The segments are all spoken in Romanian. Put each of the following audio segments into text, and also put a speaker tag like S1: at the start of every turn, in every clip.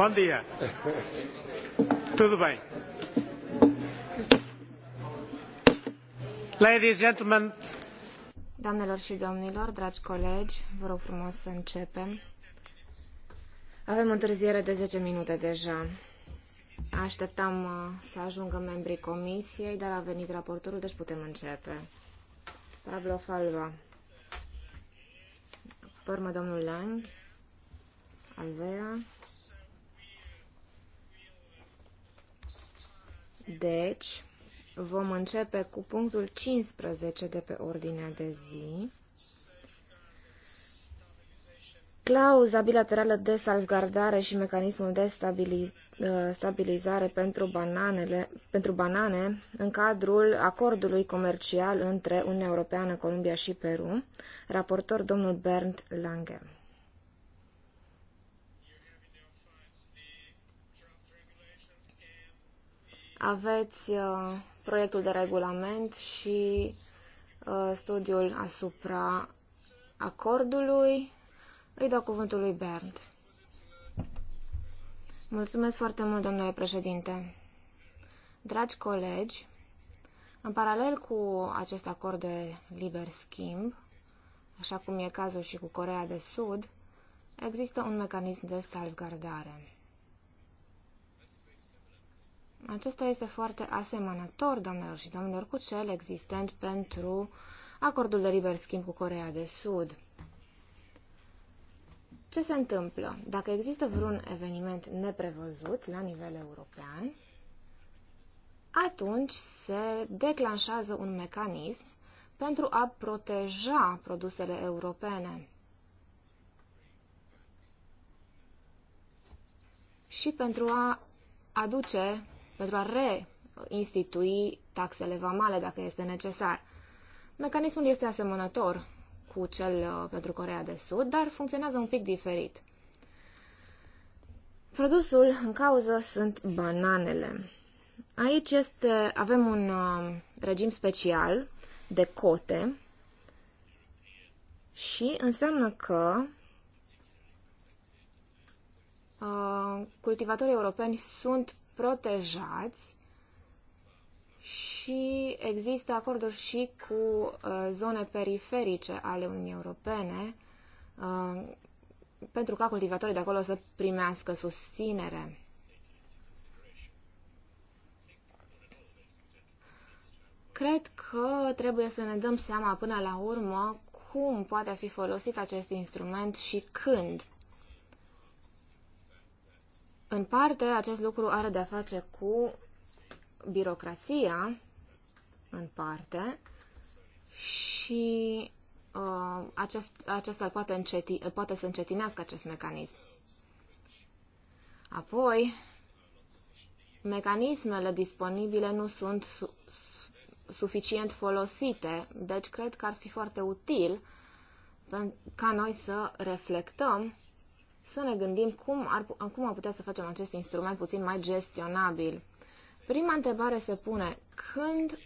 S1: Bom dia. Tudo bem. Ladies and gentlemen.
S2: Doamnelor și domnilor, dragi colegi, vă rog frumos să începem. Avem întârziere de 10 minute deja. Așteptam uh, să ajungă membrii comisiei, dar a venit raportorul, deci putem începe. Pablo Falva. Pe urmă domnul Lang. Alvea. Deci, vom începe cu punctul 15 de pe ordinea de zi. Clauza bilaterală de salvgardare și mecanismul de stabilizare uh, stabilizare pentru, bananele, pentru banane în cadrul acordului comercial între Uniunea Europeană, Columbia și Peru, raportor domnul Bernd Lange. Aveți uh, proiectul de regulament și uh, studiul asupra acordului. Îi dau cuvântul lui Bernd. Mulțumesc foarte mult, domnule președinte. Dragi colegi, în paralel cu acest acord de liber schimb, așa cum e cazul și cu Corea de Sud, există un mecanism de salvgardare. Acesta este foarte asemănător, domnilor și domnilor, cu cel existent pentru acordul de liber schimb cu Corea de Sud. Ce se întâmplă? Dacă există vreun eveniment neprevăzut la nivel european, atunci se declanșează un mecanism pentru a proteja produsele europene. și pentru a aduce pentru a reinstitui taxele vamale dacă este necesar. Mecanismul este asemănător cu cel uh, pentru Corea de Sud, dar funcționează un pic diferit. Produsul în cauză sunt bananele. Aici este, avem un uh, regim special de cote și înseamnă că uh, cultivatorii europeni sunt protejați și există acorduri și cu uh, zone periferice ale Uniunii Europene uh, pentru ca cultivatorii de acolo să primească susținere. Cred că trebuie să ne dăm seama până la urmă cum poate fi folosit acest instrument și când în parte, acest lucru are de-a face cu birocrația, în parte, și uh, acest, acesta poate, înceti, poate să încetinească acest mecanism. Apoi, mecanismele disponibile nu sunt su- suficient folosite, deci cred că ar fi foarte util ca noi să reflectăm să ne gândim cum, ar, cum am putea să facem acest instrument puțin mai gestionabil. Prima întrebare se pune, când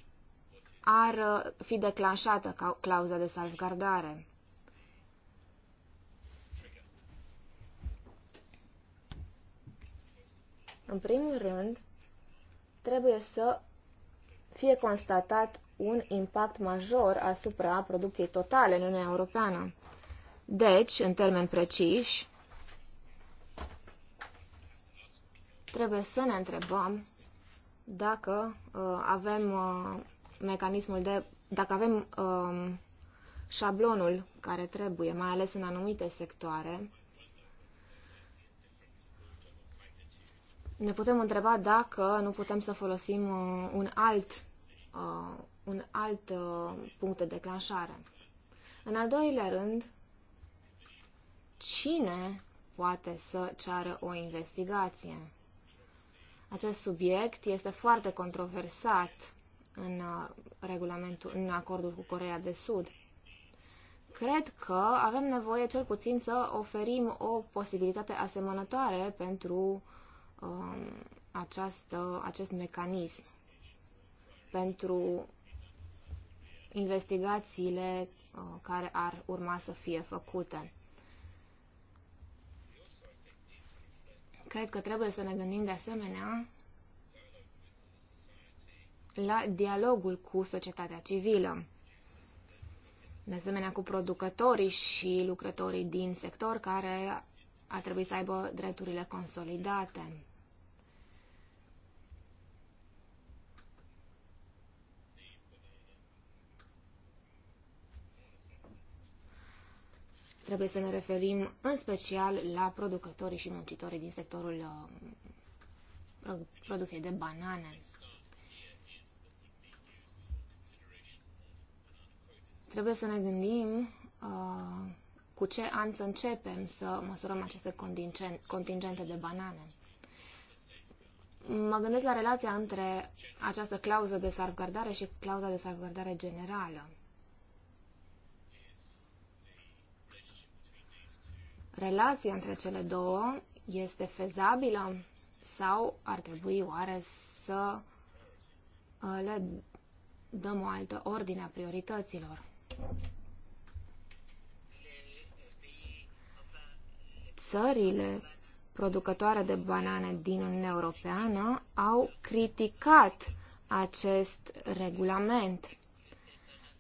S2: ar uh, fi declanșată clauza de salvgardare? În primul rând, trebuie să fie constatat un impact major asupra producției totale în Uniunea Europeană. Deci, în termeni preciși, Trebuie să ne întrebăm dacă uh, avem uh, mecanismul de. dacă avem uh, șablonul care trebuie, mai ales în anumite sectoare. Ne putem întreba dacă nu putem să folosim uh, un alt, uh, un alt uh, punct de declanșare. În al doilea rând, cine poate să ceară o investigație? Acest subiect este foarte controversat în uh, regulamentul, în acordul cu Corea de Sud. Cred că avem nevoie cel puțin să oferim o posibilitate asemănătoare pentru um, această, acest mecanism, pentru investigațiile uh, care ar urma să fie făcute. cred că trebuie să ne gândim de asemenea la dialogul cu societatea civilă. De asemenea, cu producătorii și lucrătorii din sector care ar trebui să aibă drepturile consolidate. Trebuie să ne referim în special la producătorii și muncitorii din sectorul uh, produsei de banane. Trebuie să ne gândim uh, cu ce an să începem să măsurăm aceste contingente de banane. Mă gândesc la relația între această clauză de salvgardare și clauza de salvgardare generală. relația între cele două este fezabilă sau ar trebui oare să uh, le dăm o altă ordine a priorităților? Țările producătoare de banane din Uniunea Europeană au criticat acest regulament.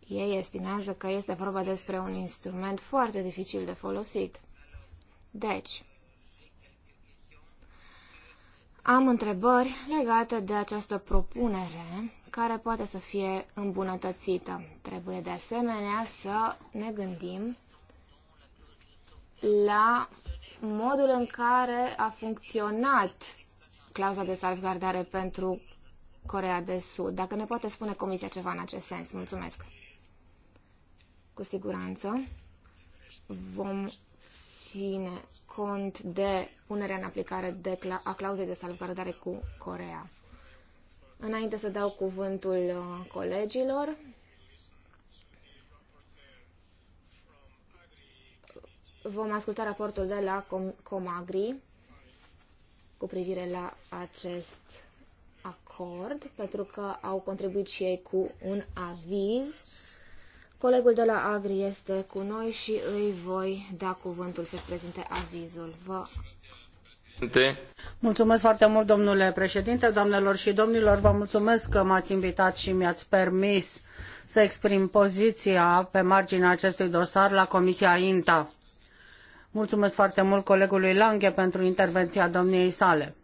S2: Ei estimează că este vorba despre un instrument foarte dificil de folosit. Deci, am întrebări legate de această propunere care poate să fie îmbunătățită. Trebuie de asemenea să ne gândim la modul în care a funcționat clauza de salvgardare pentru Corea de Sud. Dacă ne poate spune Comisia ceva în acest sens. Mulțumesc. Cu siguranță vom ține cont de punerea în aplicare de cla- a clauzei de salvgardare cu Corea. Înainte să dau cuvântul uh, colegilor, vom asculta raportul de la Com- Comagri cu privire la acest acord, pentru că au contribuit și ei cu un aviz Colegul de la Agri este cu noi și îi voi da
S3: cuvântul să prezinte avizul. Vă Mulțumesc foarte mult, domnule președinte, doamnelor și domnilor. Vă mulțumesc că m-ați invitat și mi-ați permis să exprim poziția pe marginea acestui dosar la Comisia INTA. Mulțumesc foarte mult colegului Lange pentru intervenția domniei sale.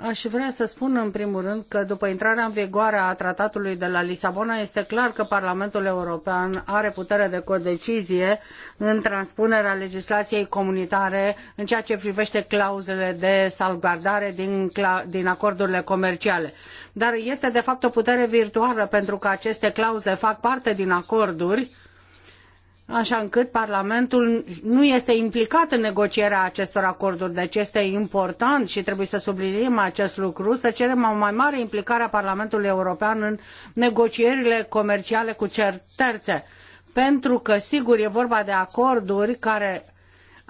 S3: Aș vrea să spun în primul rând că după intrarea în vigoare a tratatului de la Lisabona este clar că Parlamentul European are putere de codecizie în transpunerea legislației comunitare în ceea ce privește clauzele de salvgardare din, din acordurile comerciale. Dar este de fapt o putere virtuală pentru că aceste clauze fac parte din acorduri uh, așa încât Parlamentul nu este implicat în negocierea acestor acorduri. Deci este important și trebuie să subliniem acest lucru, să cerem o mai mare implicare a Parlamentului European în negocierile comerciale cu țări terțe. Pentru că, sigur, e vorba de acorduri care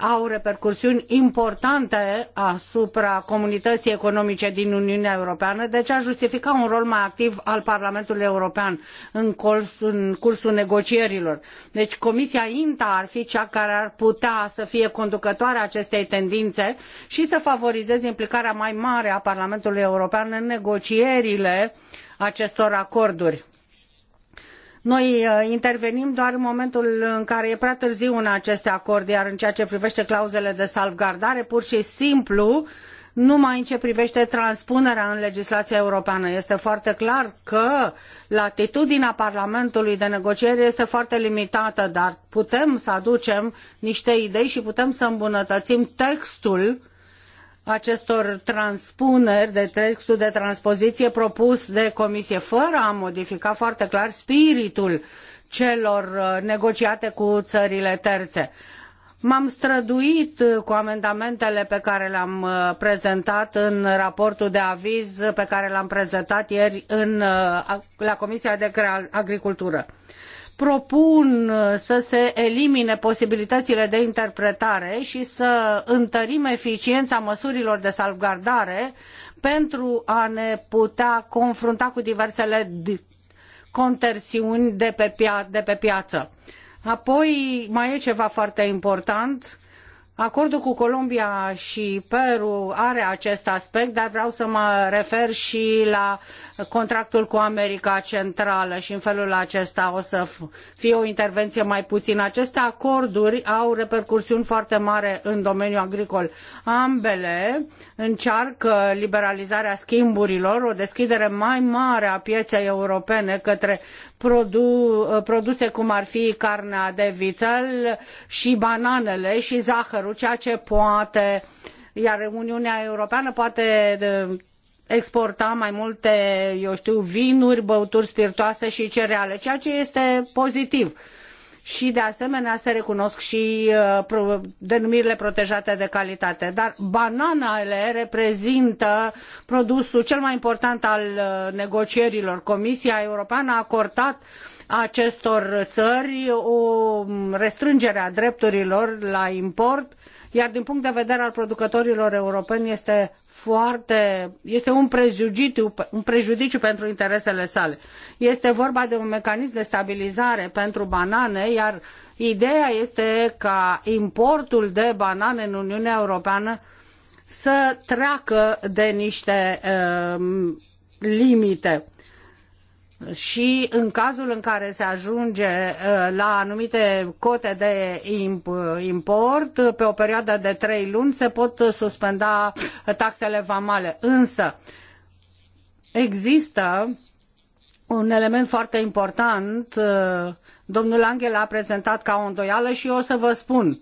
S3: au repercusiuni importante asupra comunității economice din Uniunea Europeană, deci a justifica un rol mai activ al Parlamentului European în, cursul, în cursul negocierilor. Deci Comisia INTA ar fi cea care ar putea să fie conducătoarea acestei tendințe și să favorizeze implicarea mai mare a Parlamentului European în negocierile acestor acorduri noi uh, intervenim doar în momentul în care e prea târziu în aceste acorduri, iar în ceea ce privește clauzele de salvgardare, pur și simplu, numai în ce privește transpunerea în legislația europeană. Este foarte clar că latitudinea Parlamentului de negociere este foarte limitată, dar putem să aducem niște idei și putem să îmbunătățim textul uh, acestor transpuneri de textul de transpoziție propus de comisie fără a modifica foarte clar spiritul celor uh, negociate cu țările terțe. M-am străduit uh, cu amendamentele pe care le-am uh, prezentat în raportul de aviz pe care l-am prezentat ieri în, la Comisia de Agricultură propun uh, să se elimine posibilitățile de interpretare și să întărim eficiența măsurilor de salvgardare pentru a ne putea confrunta cu diversele contersiuni de pe, pia- de pe piață. Apoi mai e ceva foarte important Acordul cu Columbia și Peru are acest aspect, dar vreau să mă refer și la contractul cu America Centrală și în felul acesta o să fie o intervenție mai puțin. Aceste acorduri au repercursiuni foarte mari în domeniul agricol. Ambele încearcă liberalizarea schimburilor, o deschidere mai mare a pieței europene către produ- produse cum ar fi carnea de vițel și bananele și zahărul Belarus ceea ce poate, iar Uniunea Europeană poate exporta mai multe, eu știu, vinuri, băuturi spiritoase și cereale, ceea ce este pozitiv. Și de asemenea se recunosc și uh, denumirile protejate de calitate. Dar bananele reprezintă produsul cel mai important al uh, negocierilor. Comisia Europeană a acordat uh, acestor țări o restrângere a drepturilor la import, iar din punct de vedere al producătorilor europeni este foarte, este un prejudiciu, un prejudiciu pentru interesele sale. Este vorba de un mecanism de stabilizare pentru banane, iar ideea este ca importul de banane în Uniunea Europeană să treacă de niște uh, limite și în cazul în care se ajunge uh, la anumite cote de import, pe o perioadă de trei luni se pot suspenda taxele vamale. Însă există un element foarte important, uh, domnul Angel a prezentat ca o îndoială și eu o să vă spun.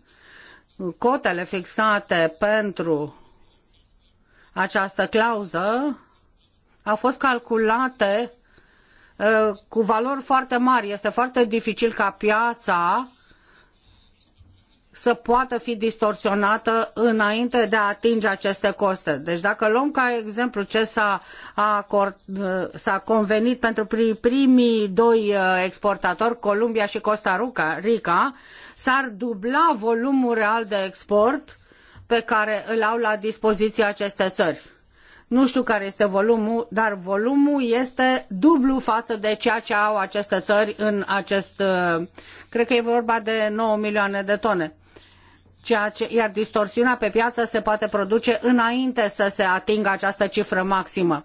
S3: Cotele fixate pentru această clauză au fost calculate Uh, cu valori foarte mari. Este foarte dificil ca piața să poată fi distorsionată înainte de a atinge aceste coste. Deci dacă luăm ca exemplu ce s-a, acord, uh, s-a convenit pentru primii doi uh, exportatori, Columbia și Costa Rica, s-ar dubla volumul real de export pe care îl au la dispoziție aceste țări nu știu care este volumul, dar volumul este dublu față de ceea ce au aceste țări în acest... Uh, cred că e vorba de 9 milioane de tone. Ceea ce, iar distorsiunea pe piață se poate produce înainte să se atingă această cifră maximă.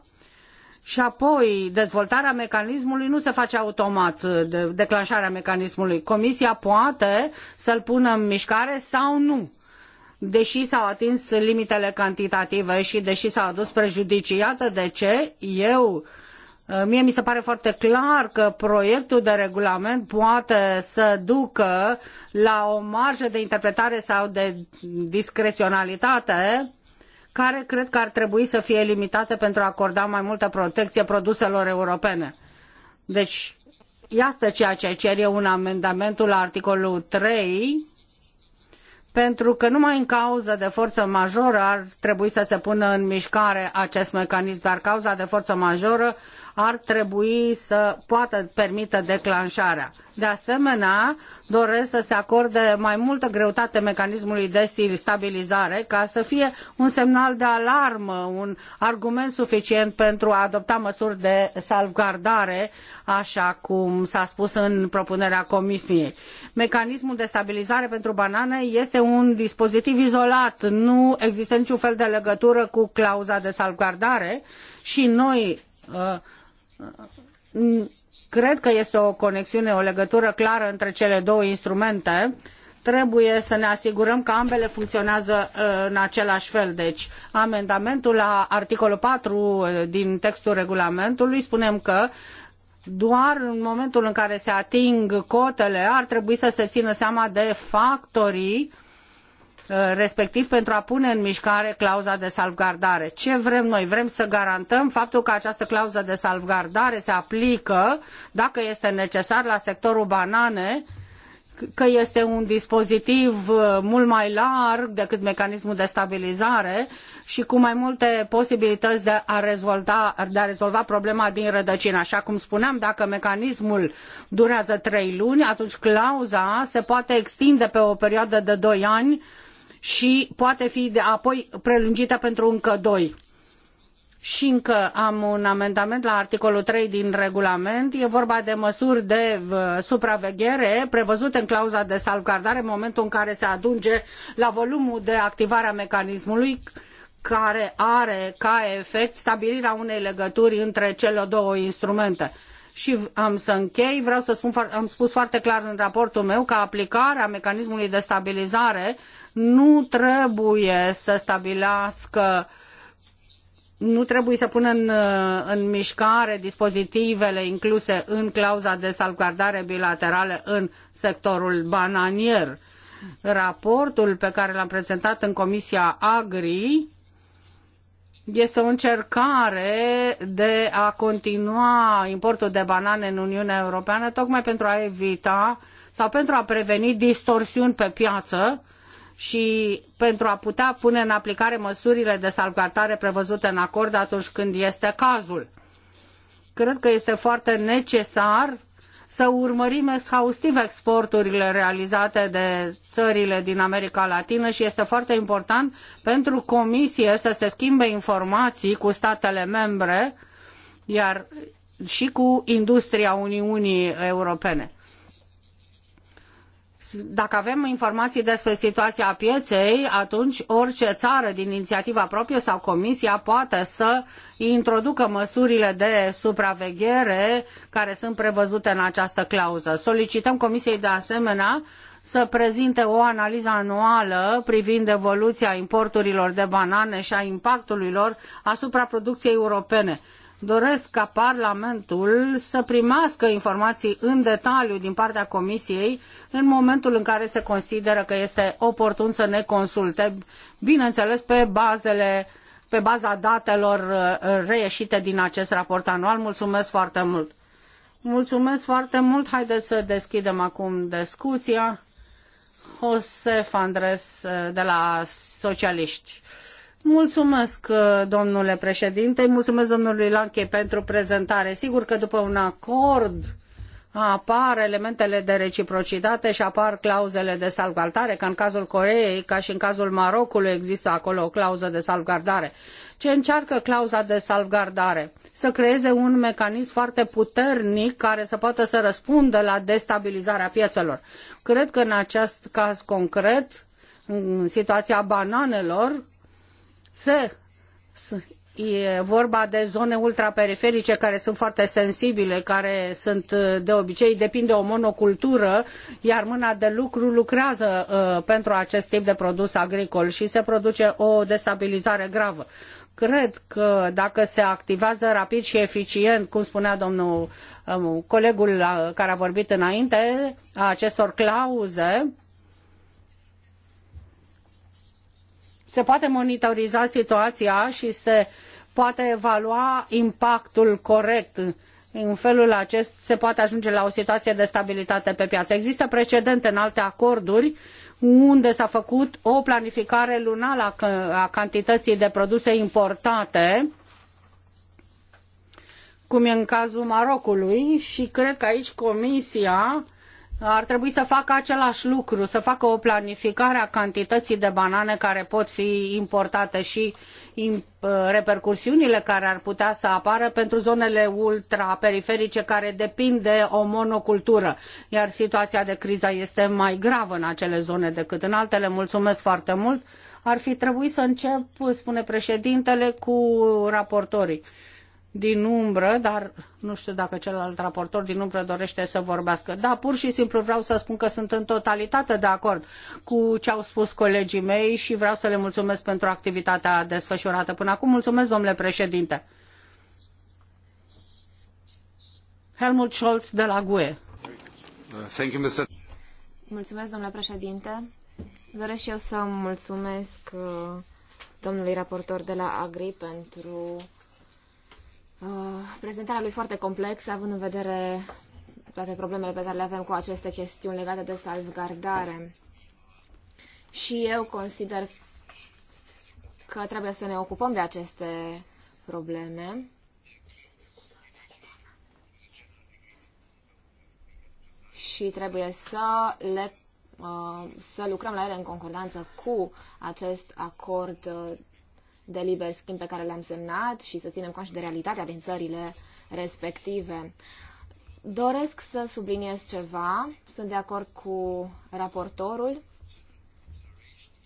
S3: Și apoi, dezvoltarea mecanismului nu se face automat, uh, de, declanșarea mecanismului. Comisia poate să-l pună în mișcare sau nu deși s-au atins limitele cantitative și deși s-au adus prejudicii. Iată de ce eu uh, Mie mi se pare foarte clar că proiectul de regulament poate să ducă la o marjă de interpretare sau de discreționalitate care cred că ar trebui să fie limitate pentru a acorda mai multă protecție produselor europene. Deci, iată ceea ce cer eu în amendamentul la articolul 3 pentru că numai în cauza de forță majoră ar trebui să se pună în mișcare acest mecanism, dar cauza de forță majoră ar trebui să poată permite declanșarea. De asemenea, doresc să se acorde mai multă greutate mecanismului de stabilizare ca să fie un semnal de alarmă, un argument suficient pentru a adopta măsuri de salvgardare, așa cum s-a spus în propunerea Comisiei. Mecanismul de stabilizare pentru banane este un dispozitiv izolat, nu există niciun fel de legătură cu clauza de salvgardare și noi uh, uh, Cred că este o conexiune, o legătură clară între cele două instrumente. Trebuie să ne asigurăm că ambele funcționează uh, în același fel. Deci, amendamentul la articolul 4 uh, din textul regulamentului spunem că doar în momentul în care se ating cotele ar trebui să se țină seama de factorii uh, Uh, respectiv pentru a pune în mișcare clauza de salvgardare. Ce vrem noi? Vrem să garantăm faptul că această clauză de salvgardare se aplică, dacă este necesar, la sectorul banane, că este un dispozitiv uh, mult mai larg decât mecanismul de stabilizare și cu mai multe posibilități de a, rezolva, de a rezolva problema din rădăcină. Așa cum spuneam, dacă mecanismul durează trei luni, atunci clauza se poate extinde pe o perioadă de doi ani uh, și poate fi apoi prelungită pentru încă doi. Și încă am un amendament la articolul 3 din regulament. E vorba de măsuri de uh, supraveghere prevăzute în clauza de salvgardare în momentul în care se ajunge la volumul de activare a mecanismului care are ca efect stabilirea unei legături între cele două instrumente. Și am să închei, vreau să spun, am spus foarte clar în raportul meu că aplicarea mecanismului de stabilizare uh, nu trebuie să stabilească nu trebuie să pună în, în mișcare dispozitivele incluse în clauza de salvgardare bilaterală în sectorul bananier. Raportul pe care l-am prezentat în Comisia Agri este o încercare de a continua importul de banane în Uniunea Europeană, tocmai pentru a evita sau pentru a preveni distorsiuni pe piață și pentru a putea pune în aplicare măsurile de salvgardare prevăzute în acord atunci când este cazul. Cred că este foarte necesar să urmărim exhaustiv exporturile realizate de țările din America Latină și este foarte important pentru Comisie să se schimbe informații cu statele membre iar și cu industria Uniunii Europene dacă avem informații despre situația pieței, atunci orice țară din inițiativa proprie sau comisia poate să introducă măsurile de supraveghere care sunt prevăzute în această clauză. Solicităm comisiei de asemenea să prezinte o analiză anuală privind evoluția importurilor de banane și a impactului lor asupra producției europene doresc ca Parlamentul să primească informații în detaliu din partea Comisiei în momentul în care se consideră că este oportun să ne consulte, bineînțeles pe bazele pe baza datelor uh, reieșite din acest raport anual. Mulțumesc foarte mult! Mulțumesc foarte mult! Haideți să deschidem acum discuția. Josef Andres uh, de la Socialiști. Mulțumesc, uh, domnule președinte, mulțumesc domnului Lanche pentru prezentare. Sigur că după un acord apar elementele de reciprocitate și apar clauzele de salvgardare, ca în cazul Coreei, ca și în cazul Marocului există acolo o clauză de salvgardare. Ce încearcă clauza de salvgardare? Să creeze un mecanism foarte puternic care să poată să răspundă la destabilizarea piețelor. Cred că în acest caz concret, în situația bananelor, să, să E vorba de zone ultraperiferice care sunt foarte sensibile, care sunt uh, de obicei depinde o monocultură, iar mâna de lucru lucrează uh, pentru acest tip de produs agricol și se produce o destabilizare gravă. Cred că dacă se activează rapid și eficient, cum spunea domnul um, colegul uh, care a vorbit înainte, a acestor clauze, se poate monitoriza situația și se poate evalua impactul corect. În felul acesta se poate ajunge la o situație de stabilitate pe piață. Există precedente în alte acorduri unde s-a făcut o planificare lunară a cantității de produse importate, cum e în cazul Marocului, și cred că aici Comisia ar trebui să facă același lucru, să facă o planificare a cantității de banane care pot fi importate și uh, repercursiunile care ar putea să apară pentru zonele ultraperiferice care depind de o monocultură, iar situația de criză este mai gravă în acele zone decât în altele. Mulțumesc foarte mult! Ar fi trebuit să încep, spune președintele, cu raportorii din umbră, dar nu știu dacă celălalt raportor din umbră dorește să vorbească. Da, pur și simplu vreau să spun că sunt în totalitate de acord cu ce au spus colegii mei și vreau să le mulțumesc pentru activitatea desfășurată până acum. Mulțumesc, domnule președinte. Helmut Scholz de la GUE. Mulțumesc, domnule președinte.
S2: Doresc și eu să mulțumesc uh, domnului raportor de la Agri pentru Uh, prezentarea lui foarte complexă, având în vedere toate problemele pe care le avem cu aceste chestiuni legate de salvgardare. Și eu consider că trebuie să ne ocupăm de aceste probleme. Și trebuie să le uh, să lucrăm la ele în concordanță cu acest acord uh, de liber schimb pe care le-am semnat și să ținem cont și de realitatea din țările respective. Doresc să subliniez ceva. Sunt de acord cu raportorul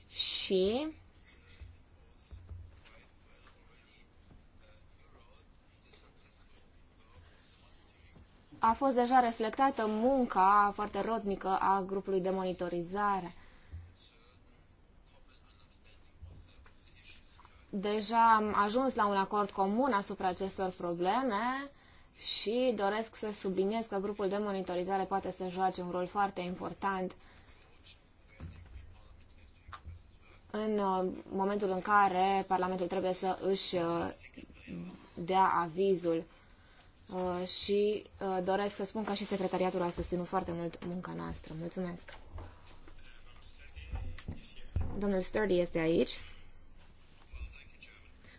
S2: și a fost deja reflectată munca foarte rodnică a grupului de monitorizare. deja am ajuns la un acord comun asupra acestor probleme și doresc să subliniez că grupul de monitorizare poate să joace un rol foarte important în uh, momentul în care Parlamentul trebuie să își uh, dea avizul uh, și doresc să spun că și secretariatul a susținut foarte mult munca noastră. Mulțumesc! Domnul Sturdy este aici.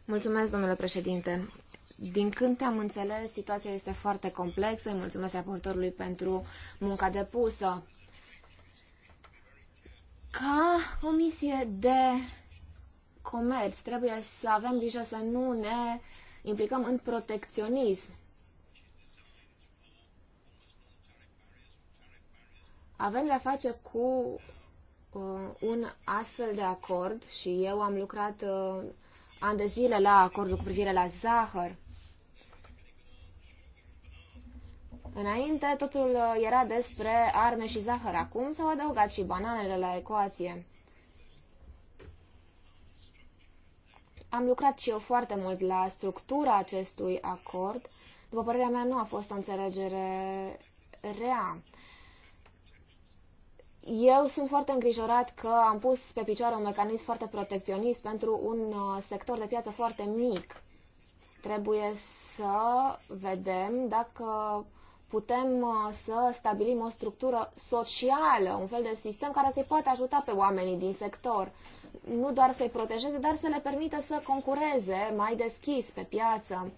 S2: Mulțumesc, domnule președinte. Din câte am înțeles, situația este foarte complexă. Îi mulțumesc raportorului pentru munca depusă. Ca comisie de comerț, trebuie să avem grijă să nu ne implicăm în protecționism. Avem de-a face cu uh, un astfel de acord și eu am lucrat uh, ani de zile la acordul cu privire la zahăr. Înainte totul uh, era despre arme și zahăr, acum s-au adăugat și bananele la ecuație. Am lucrat și eu foarte mult la structura acestui acord. După părerea mea, nu a fost o înțelegere rea. Eu sunt foarte îngrijorat că am pus pe picioare un mecanism foarte protecționist pentru un uh, sector de piață foarte mic. Trebuie să vedem dacă putem uh, să stabilim o structură socială, un fel de sistem care să-i poată ajuta pe oamenii din sector. Nu doar să-i protejeze, dar să le permită să concureze mai deschis pe piață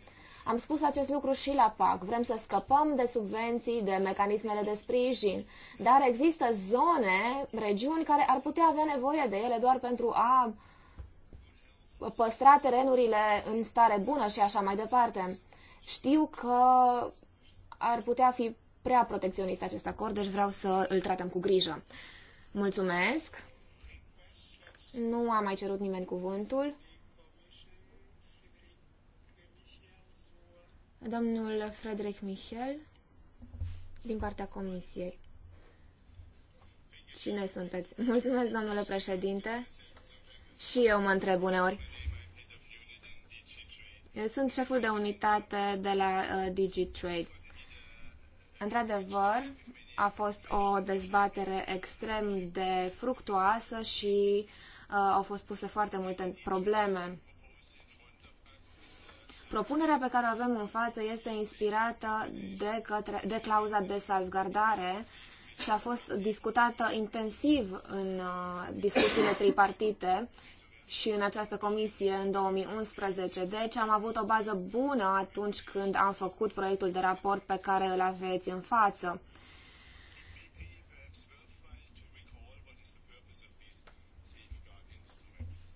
S2: am spus acest lucru și la PAC. Vrem să scăpăm de subvenții, de mecanismele de sprijin, dar există zone, regiuni care ar putea avea nevoie de ele doar pentru a păstra terenurile în stare bună și așa mai departe. Știu că ar putea fi prea protecționist acest acord, deci vreau să îl tratăm cu grijă. Mulțumesc! Nu a mai cerut nimeni cuvântul. domnul Frederic Michel din partea Comisiei. Cine sunteți? Mulțumesc, domnule președinte. Și eu mă întreb uneori. Eu sunt șeful de unitate de la uh, DigiTrade. Într-adevăr, a fost o dezbatere extrem de fructuoasă și uh, au fost puse foarte multe probleme Propunerea pe care o avem în față este inspirată de, către, de clauza de salvgardare și a fost discutată intensiv în uh, discuțiile tripartite și în această comisie în 2011. Deci am avut o bază bună atunci când am făcut proiectul de raport pe care îl aveți în față.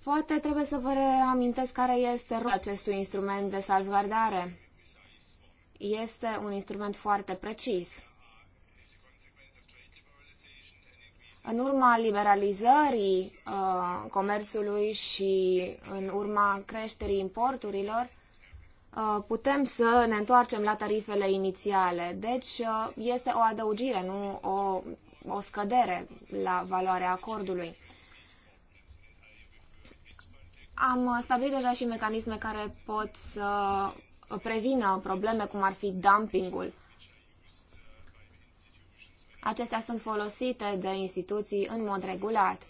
S2: Poate trebuie să vă reamintesc care este rolul acestui instrument de salvgardare. Este un instrument foarte precis. În urma liberalizării uh, comerțului și în urma creșterii importurilor, uh, putem să ne întoarcem la tarifele inițiale. Deci uh, este o adăugire, nu o, o scădere la valoarea acordului. Am uh, stabilit deja și mecanisme care pot să uh, prevină probleme cum ar fi dumpingul. Acestea sunt folosite de instituții în mod regulat.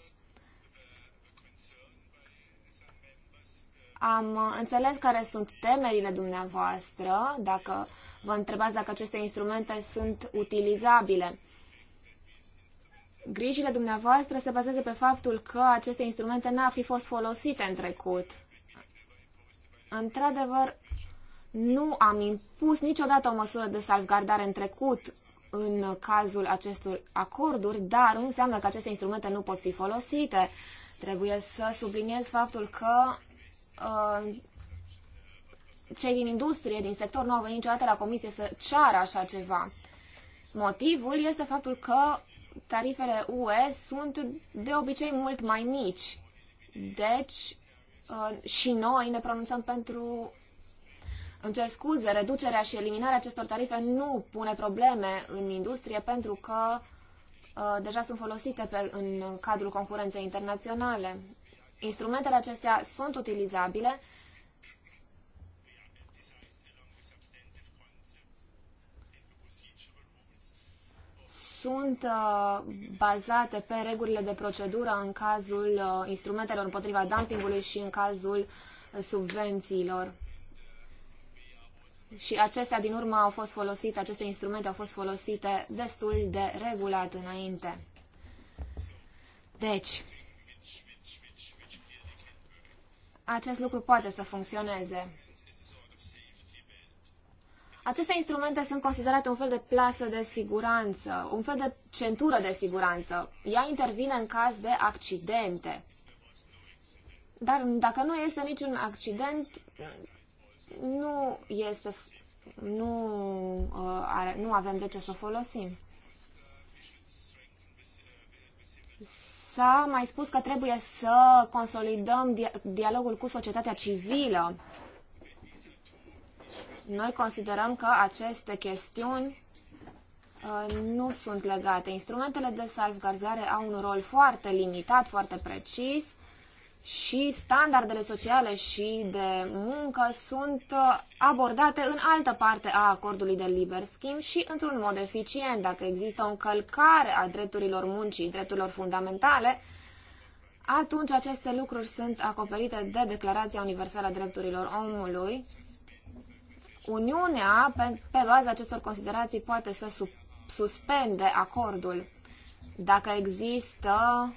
S2: Am uh, înțeles care sunt temerile dumneavoastră, dacă vă întrebați dacă aceste instrumente sunt utilizabile grijile dumneavoastră se bazează pe faptul că aceste instrumente n-ar fi fost folosite în trecut. Într-adevăr, nu am impus niciodată o măsură de salvgardare în trecut în cazul acestor acorduri, dar nu înseamnă că aceste instrumente nu pot fi folosite. Trebuie să subliniez faptul că uh, cei din industrie, din sector, nu au venit niciodată la comisie să ceară așa ceva. Motivul este faptul că tarifele UE sunt de obicei mult mai mici. Deci, uh, și noi ne pronunțăm pentru îmi cer scuze, reducerea și eliminarea acestor tarife nu pune probleme în industrie pentru că uh, deja sunt folosite pe, în cadrul concurenței internaționale. Instrumentele acestea sunt utilizabile sunt uh, bazate pe regulile de procedură în cazul uh, instrumentelor împotriva dumpingului și în cazul uh, subvențiilor. Și acestea din urmă au fost folosite, aceste instrumente au fost folosite destul de regulat înainte. Deci, acest lucru poate să funcționeze. Aceste instrumente sunt considerate un fel de plasă de siguranță, un fel de centură de siguranță. Ea intervine în caz de accidente. Dar dacă nu este niciun accident, nu este nu, uh, are, nu avem de ce să o folosim. S-a mai spus că trebuie să consolidăm dia dialogul cu societatea civilă noi considerăm că aceste chestiuni uh, nu sunt legate. Instrumentele de salvgardare au un rol foarte limitat, foarte precis și standardele sociale și de muncă sunt uh, abordate în altă parte a acordului de liber schimb și într-un mod eficient. Dacă există o încălcare a drepturilor muncii, drepturilor fundamentale, atunci aceste lucruri sunt acoperite de Declarația Universală a Drepturilor Omului Uniunea, pe, pe baza acestor considerații, poate să su- suspende acordul dacă există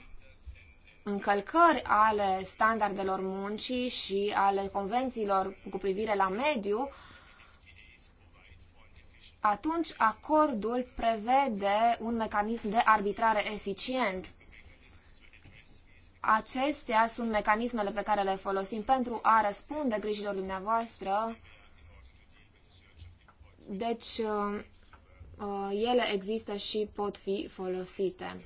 S2: încălcări ale standardelor muncii și ale convențiilor cu privire la mediu, atunci acordul prevede un mecanism de arbitrare eficient. Acestea sunt mecanismele pe care le folosim pentru a răspunde grijilor dumneavoastră deci, uh, uh, ele există și pot fi folosite.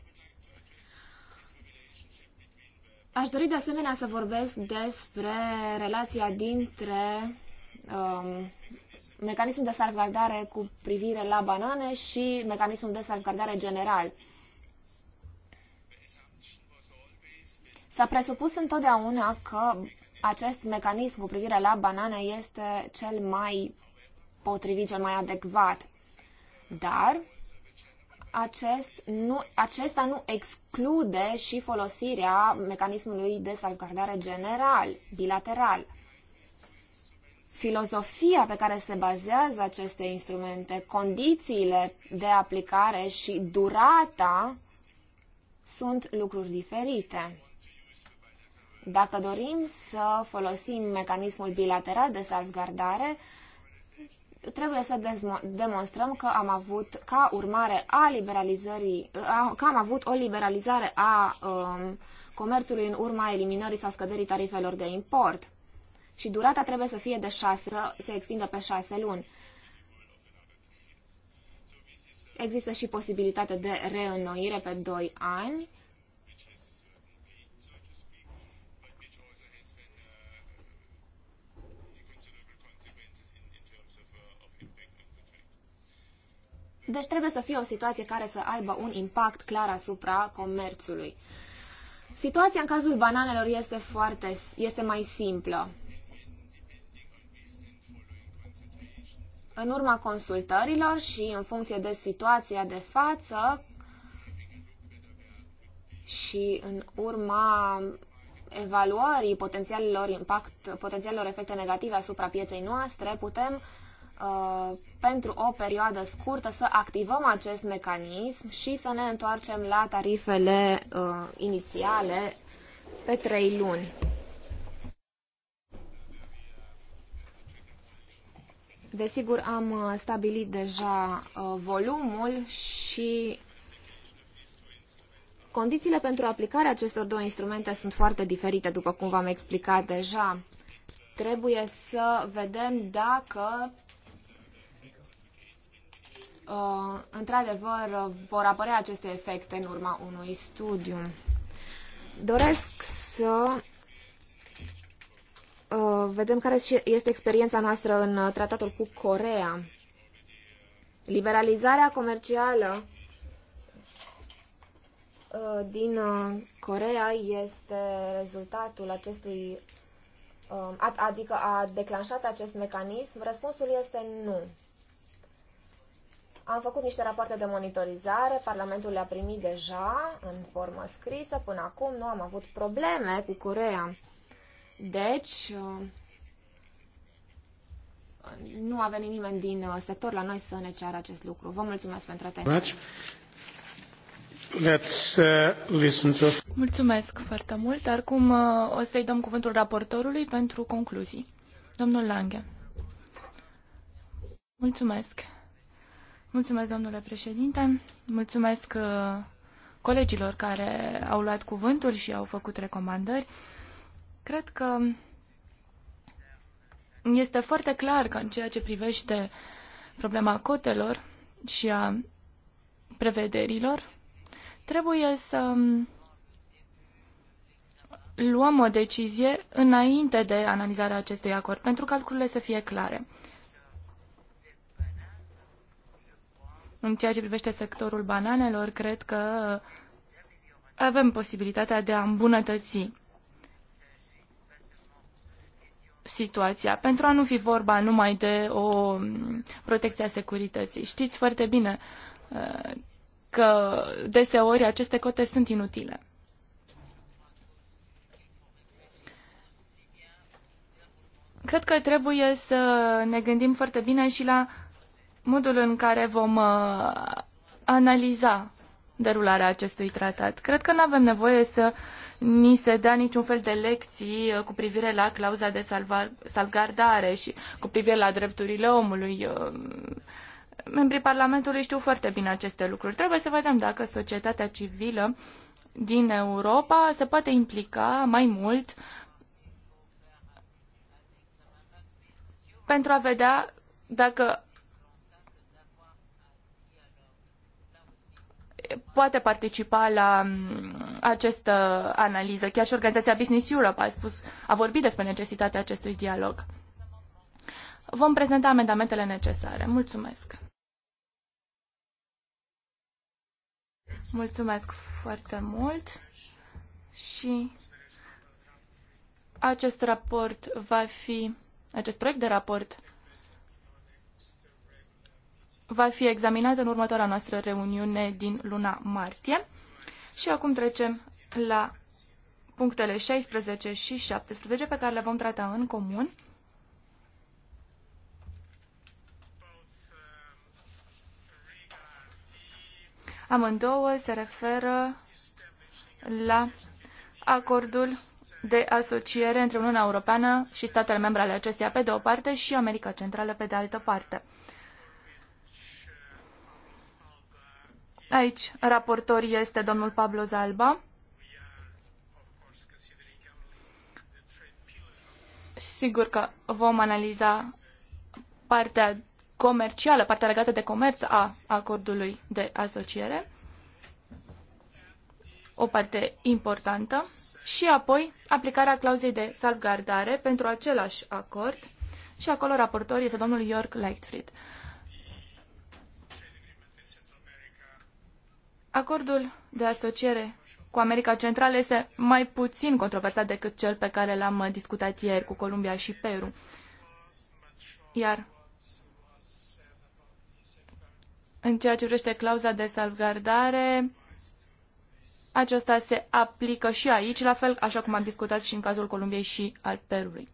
S2: Aș dori de asemenea să vorbesc despre relația dintre um, mecanismul de salvgardare cu privire la banane și mecanismul de salvgardare general. S-a presupus întotdeauna că acest mecanism cu privire la banane este cel mai potrivit cel mai adecvat. Dar acest nu, acesta nu exclude și folosirea mecanismului de salvgardare general, bilateral. Filozofia pe care se bazează aceste instrumente, condițiile de aplicare și durata sunt lucruri diferite. Dacă dorim să folosim mecanismul bilateral de salvgardare, trebuie să demonstrăm că am avut, ca urmare a liberalizării, a, că am avut o liberalizare a um, comerțului în urma eliminării sau scăderii tarifelor de import. Și durata trebuie să fie de șase, se extindă pe șase luni. Există și posibilitatea de reînnoire pe doi ani Deci trebuie să fie o situație care să aibă un impact clar asupra comerțului. Situația în cazul bananelor este, foarte, este mai simplă. În urma consultărilor și în funcție de situația de față și în urma evaluării potențialelor impact, potențialelor efecte negative asupra pieței noastre, putem uh, Uh, pentru o perioadă scurtă să activăm acest mecanism și să ne întoarcem la tarifele uh, inițiale pe trei luni. Desigur, am uh, stabilit deja uh, volumul și condițiile pentru aplicarea acestor două instrumente sunt foarte diferite, după cum v-am explicat deja. Trebuie să vedem dacă Uh, într-adevăr, uh, vor apărea aceste efecte în urma unui studiu. Doresc să uh, vedem care este experiența noastră în tratatul cu Corea. Liberalizarea comercială din Corea este rezultatul acestui, adică a declanșat acest mecanism? Răspunsul este nu. Am făcut niște rapoarte de monitorizare, Parlamentul le-a primit deja în formă scrisă, până acum nu am avut probleme cu Corea. Deci, uh, nu a venit nimeni din uh, sector la noi să ne ceară acest lucru. Vă mulțumesc pentru atenție.
S1: Let's, uh, listen to...
S4: Mulțumesc foarte mult. Acum o să-i dăm cuvântul raportorului pentru concluzii. Domnul Lange. Mulțumesc. Mulțumesc, domnule președinte. Mulțumesc uh, colegilor care au luat cuvântul și au făcut recomandări. Cred că este foarte clar că în ceea ce privește problema cotelor și a prevederilor, trebuie să um, luăm o decizie înainte de analizarea acestui acord, pentru ca lucrurile să fie clare. În ceea ce privește sectorul bananelor, cred că avem posibilitatea de a îmbunătăți situația, pentru a nu fi vorba numai de o protecție a securității. Știți foarte bine uh, că deseori aceste cote sunt inutile. Cred că trebuie să ne gândim foarte bine și la modul în care vom uh, analiza derularea acestui tratat. Cred că nu avem nevoie să ni se dea niciun fel de lecții uh, cu privire la clauza de salvgardare și cu privire la drepturile omului. Uh, membrii Parlamentului știu foarte bine aceste lucruri. Trebuie să vedem dacă societatea civilă din Europa se poate implica mai mult pentru a vedea dacă poate participa la mm, această analiză. Chiar și organizația Business Europe a, spus, a vorbit despre necesitatea acestui dialog. Vom prezenta amendamentele necesare. Mulțumesc! Mulțumesc foarte mult și acest raport va fi, acest proiect de raport va fi examinat în următoarea noastră reuniune din luna martie. Și acum trecem la punctele 16 și 17 pe care le vom trata în comun. Amândouă se referă la acordul de asociere între Uniunea Europeană și statele membre ale acesteia pe de o parte și America Centrală pe de altă parte. Aici, raportor este domnul Pablo Zalba. Sigur că vom analiza partea comercială, partea legată de comerț a acordului de asociere, o parte importantă, și apoi aplicarea clauzei de salvgardare pentru același acord și acolo raportor este domnul York Lightfried. Acordul de asociere cu America Centrală este mai puțin controversat decât cel pe care l-am uh, discutat ieri cu Columbia și Peru. Iar în ceea ce privește clauza de salvgardare, aceasta se aplică și aici, la fel așa cum am discutat și în cazul Columbiei și al Perului.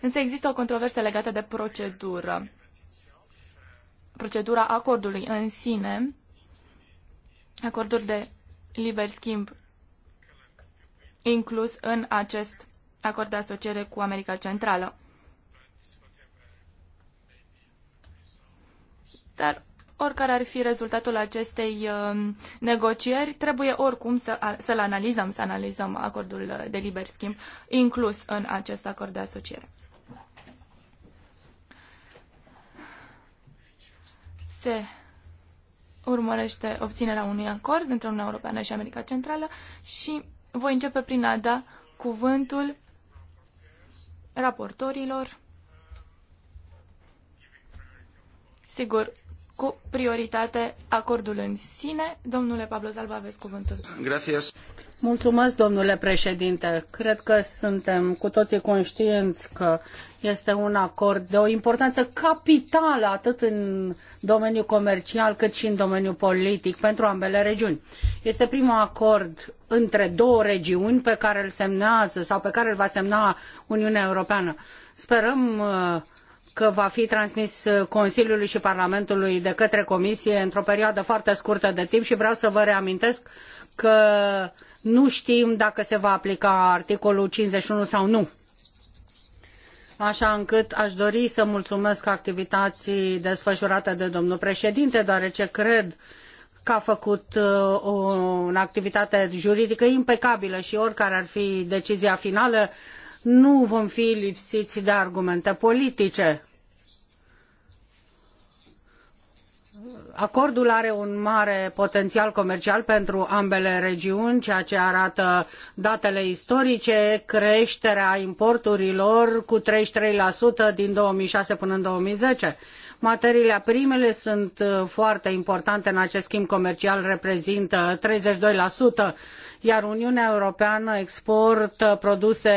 S4: Însă există o controversă legată de procedură. Procedura acordului în sine, acordul de liber schimb inclus în acest acord de asociere cu America Centrală. Dar oricare ar fi rezultatul acestei uh, negocieri, trebuie oricum să, să-l analizăm, să analizăm acordul de liber schimb inclus în acest acord de asociere. se urmărește obținerea unui acord între Uniunea Europeană și America Centrală și voi începe prin a da cuvântul raportorilor. Sigur, cu prioritate acordul în sine. Domnule Pablo Zalba, aveți cuvântul.
S3: Gracias. Mulțumesc, domnule președinte. Cred că suntem cu toții conștienți că este un acord de o importanță capitală atât în domeniul comercial cât și în domeniul politic pentru ambele regiuni. Este primul acord între două regiuni pe care îl semnează sau pe care îl va semna Uniunea Europeană. Sperăm uh, că va fi transmis uh, Consiliului și Parlamentului de către Comisie într-o perioadă foarte scurtă de timp și vreau să vă reamintesc că nu știm dacă se va aplica articolul 51 sau nu. Așa încât aș dori să mulțumesc activității desfășurate de domnul președinte, deoarece cred că a făcut uh, o activitate juridică impecabilă și oricare ar fi decizia finală, nu vom fi lipsiți de argumente politice. Acordul are un mare potențial comercial pentru ambele regiuni, ceea ce arată datele istorice, creșterea importurilor cu 33% din 2006 până în 2010. Materiile primele sunt foarte importante în acest schimb comercial, reprezintă 32% iar Uniunea Europeană exportă produse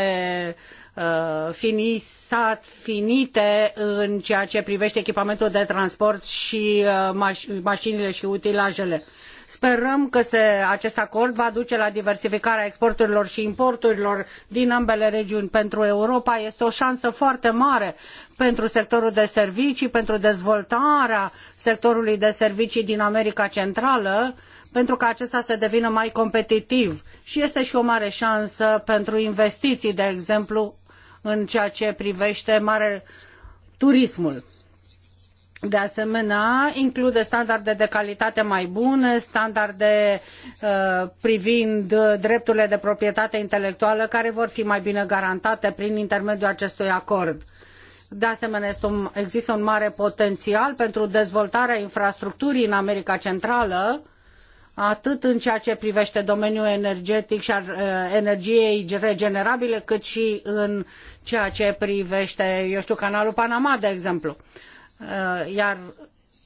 S3: uh, finisat, finite în ceea ce privește echipamentul de transport și uh, maș- mașinile și utilajele. Sperăm că se, acest acord va duce la diversificarea exporturilor și importurilor din ambele regiuni. Pentru Europa este o șansă foarte mare pentru sectorul de servicii, pentru dezvoltarea sectorului de servicii din America Centrală, uh, pentru ca acesta să devină mai competitiv și este și o mare șansă pentru investiții, de exemplu, în ceea ce privește mare turismul. De asemenea, include standarde de calitate mai bune, standarde uh, privind drepturile de proprietate intelectuală care vor fi mai bine garantate prin intermediul acestui acord. De asemenea, un, există un mare potențial pentru dezvoltarea infrastructurii în America Centrală, atât în ceea ce privește domeniul energetic și al uh, energiei regenerabile, cât și în ceea ce privește, eu știu, canalul Panama, de exemplu. Uh, iar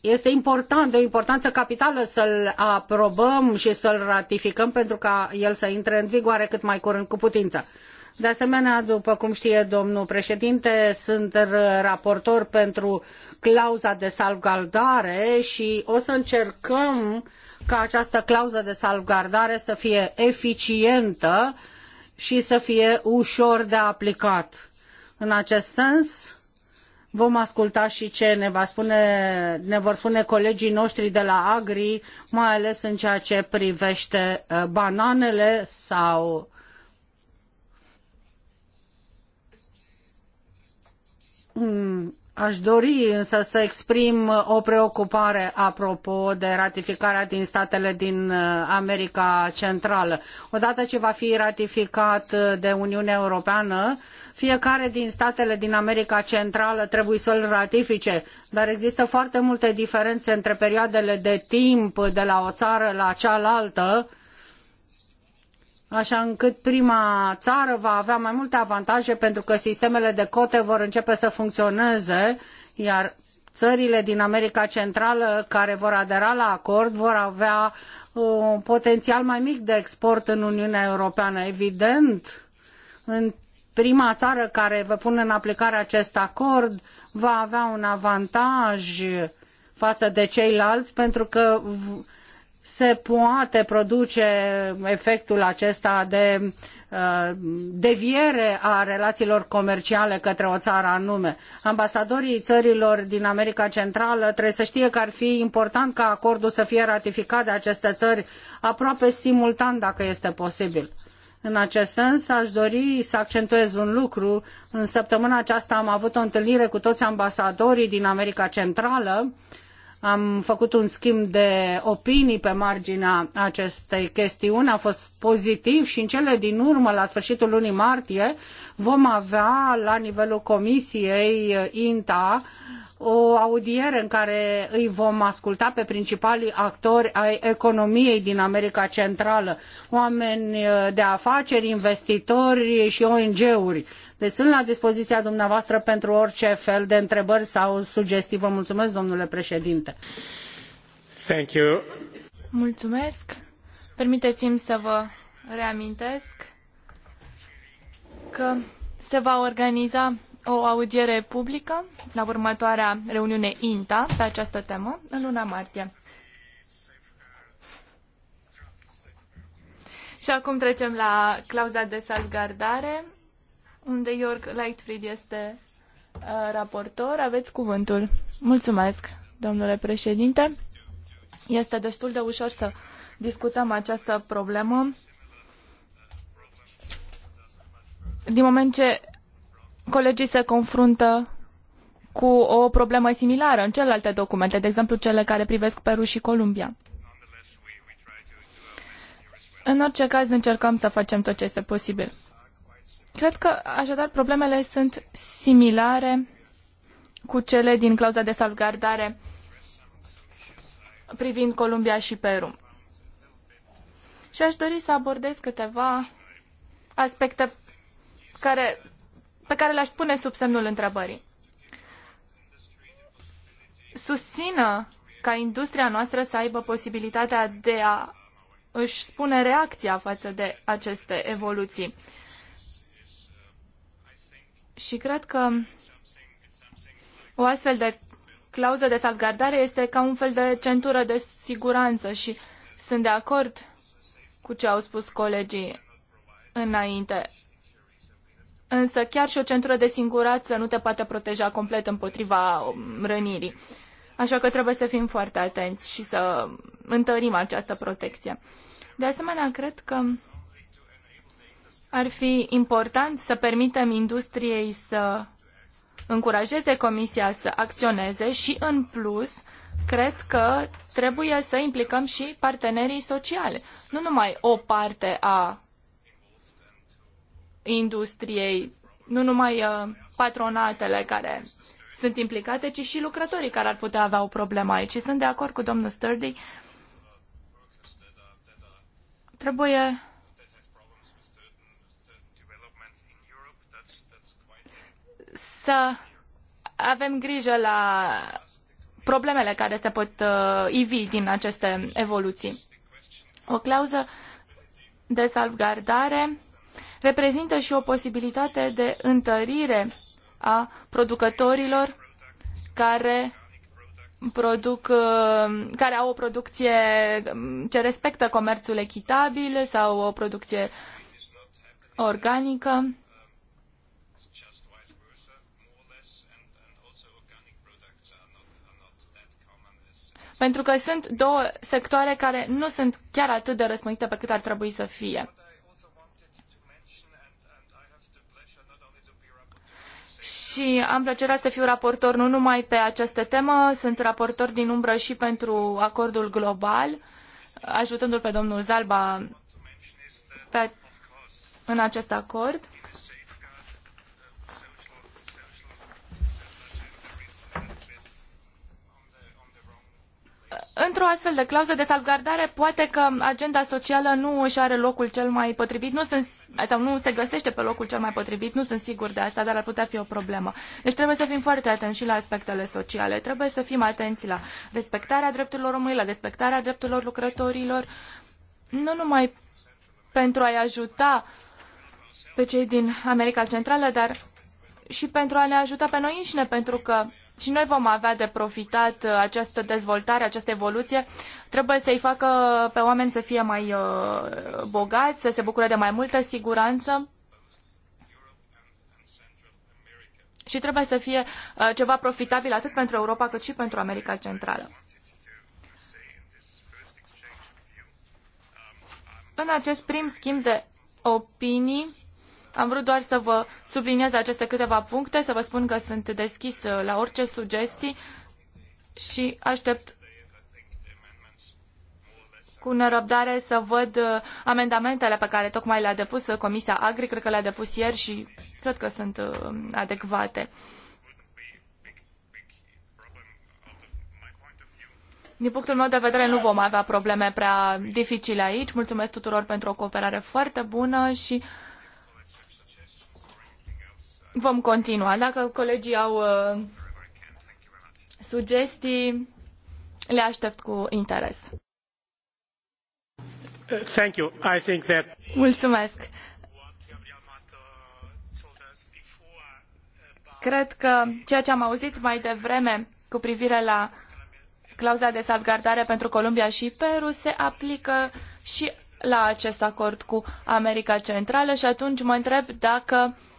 S3: este important, de o importanță capitală să-l aprobăm și să-l ratificăm pentru ca el să intre în vigoare cât mai curând cu putință. De asemenea, după cum știe domnul președinte, sunt raportor pentru clauza de salvgardare și o să încercăm uh, ca această clauză de salvgardare să fie eficientă și să fie ușor de aplicat. În acest sens, vom asculta și ce ne, va spune, ne vor spune colegii noștri de la Agri, mai ales în ceea ce privește uh, bananele sau Aș dori însă să exprim o preocupare apropo de ratificarea din statele din uh, America Centrală. Odată ce va fi ratificat uh, de Uniunea Europeană, fiecare din statele din America Centrală trebuie să-l ratifice, dar există foarte multe diferențe între perioadele de timp de la o țară la cealaltă uh, așa încât prima țară va avea mai multe avantaje pentru că sistemele de cote vor începe să funcționeze, iar țările din America Centrală care vor adera la acord vor avea uh, un potențial mai mic de export în Uniunea Europeană. Evident, în prima țară care va pune în aplicare acest acord va avea un avantaj față de ceilalți pentru că se poate produce efectul acesta de uh, deviere a relațiilor comerciale către o țară anume. Ambasadorii țărilor din America Centrală trebuie să știe că ar fi important ca acordul să fie ratificat de aceste țări aproape simultan, dacă este posibil. În acest sens, aș dori să accentuez un lucru. În săptămâna aceasta am avut o întâlnire cu toți ambasadorii din America Centrală uh, am făcut un schimb de opinii pe marginea acestei chestiuni, a fost pozitiv și în cele din urmă, la sfârșitul lunii martie, vom avea la nivelul Comisiei uh, INTA o audiere în care îi vom asculta pe principalii actori ai economiei din America Centrală, oameni uh, de afaceri, investitori și ONG-uri. Deci sunt la dispoziția dumneavoastră pentru orice fel de întrebări sau sugestii. Vă mulțumesc, domnule președinte.
S1: Thank you.
S4: Mulțumesc. Permiteți-mi să vă reamintesc că se va organiza o audiere publică la următoarea reuniune INTA pe această temă în luna martie. Și acum trecem la clauza de salvgardare, unde York Lightfried este uh, raportor. Aveți cuvântul. Mulțumesc, domnule președinte. Este destul de ușor să discutăm această problemă din moment ce colegii se confruntă cu o problemă similară în celelalte documente, de exemplu cele care privesc Peru și Columbia. În orice caz, încercăm să facem tot ce este posibil. Cred că, așadar, problemele sunt similare cu cele din clauza de salvgardare privind Columbia și Peru. Și aș dori să abordez câteva aspecte care pe care le-aș pune sub semnul întrebării. Susțină ca industria noastră să aibă posibilitatea de a își spune reacția față de aceste evoluții. Și cred că o astfel de clauză de salvgardare este ca un fel de centură de siguranță și sunt de acord cu ce au spus colegii înainte. Însă chiar și o centură de singurață nu te poate proteja complet împotriva um, rănirii. Așa că trebuie să fim foarte atenți și să întărim această protecție. De asemenea, cred că ar fi important să permitem industriei să încurajeze Comisia să acționeze și, în plus, cred că trebuie să implicăm și partenerii sociale. Nu numai o parte a industriei, nu numai uh, patronatele care sunt implicate, ci și lucrătorii care ar putea avea o problemă aici. sunt de acord cu domnul Sturdy. Trebuie să avem grijă la problemele care se pot uh, ivi din aceste evoluții. O clauză de salvgardare reprezintă și o posibilitate de întărire a producătorilor care produc, uh, care au o producție ce respectă comerțul echitabil sau o producție organică. Pentru că sunt două sectoare care nu sunt chiar atât de răspândite pe cât ar trebui să fie. și am plăcerea să fiu raportor nu numai pe această temă, sunt raportor din umbră și pentru acordul global, ajutându-l pe domnul Zalba pe, în acest acord. Într-o astfel de clauză de salvgardare, poate că agenda socială nu își are locul cel mai potrivit, nu sunt, sau nu se găsește pe locul cel mai potrivit, nu sunt sigur de asta, dar ar putea fi o problemă. Deci trebuie să fim foarte atenți și la aspectele sociale, trebuie să fim atenți la respectarea drepturilor omului, la respectarea drepturilor lucrătorilor, nu numai pentru a-i ajuta pe cei din America Centrală, dar și pentru a ne ajuta pe noi înșine, pentru că și noi vom avea de profitat uh, această dezvoltare, această evoluție. Trebuie să-i facă pe oameni să fie mai uh, bogați, să se bucure de mai multă siguranță. Și trebuie să fie uh, ceva profitabil atât pentru Europa cât și pentru America Centrală. În acest prim schimb de opinii, am vrut doar să vă subliniez aceste câteva puncte, să vă spun că sunt deschis uh, la orice sugestii și aștept cu nerăbdare să văd uh, amendamentele pe care tocmai le-a depus uh, Comisia Agri, cred că le-a depus ieri și cred că sunt adecvate. Din punctul meu de vedere, nu vom avea probleme prea dificile aici. Mulțumesc tuturor pentru o cooperare foarte bună și vom continua. Dacă colegii au uh, sugestii, le aștept cu interes.
S5: Thank you. I think that...
S4: Mulțumesc. Cred că ceea ce am auzit mai devreme cu privire la clauza de salvgardare pentru Columbia și Peru se aplică și la acest acord cu America Centrală și atunci mă întreb dacă uh,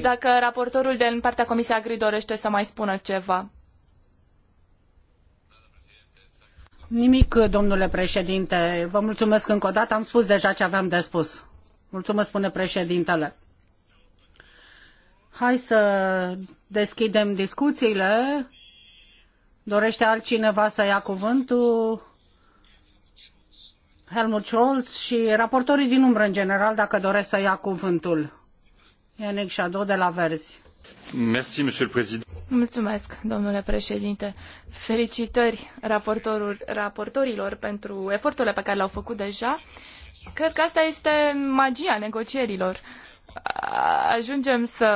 S4: dacă raportorul din partea Comisiei Agri dorește să mai spună ceva.
S3: Nimic, domnule președinte. Vă mulțumesc încă o dată. Am spus deja ce aveam de spus. Mulțumesc, spune președintele. Hai să deschidem discuțiile. Dorește altcineva să ia cuvântul? Helmut Scholz și raportorii din umbră în general, dacă doresc să ia cuvântul.
S4: Ianic Șado de la Verzi. Mulțumesc, domnule președinte. Felicitări raportorilor pentru eforturile pe care le-au făcut deja. Cred că asta este magia negocierilor. Ajungem să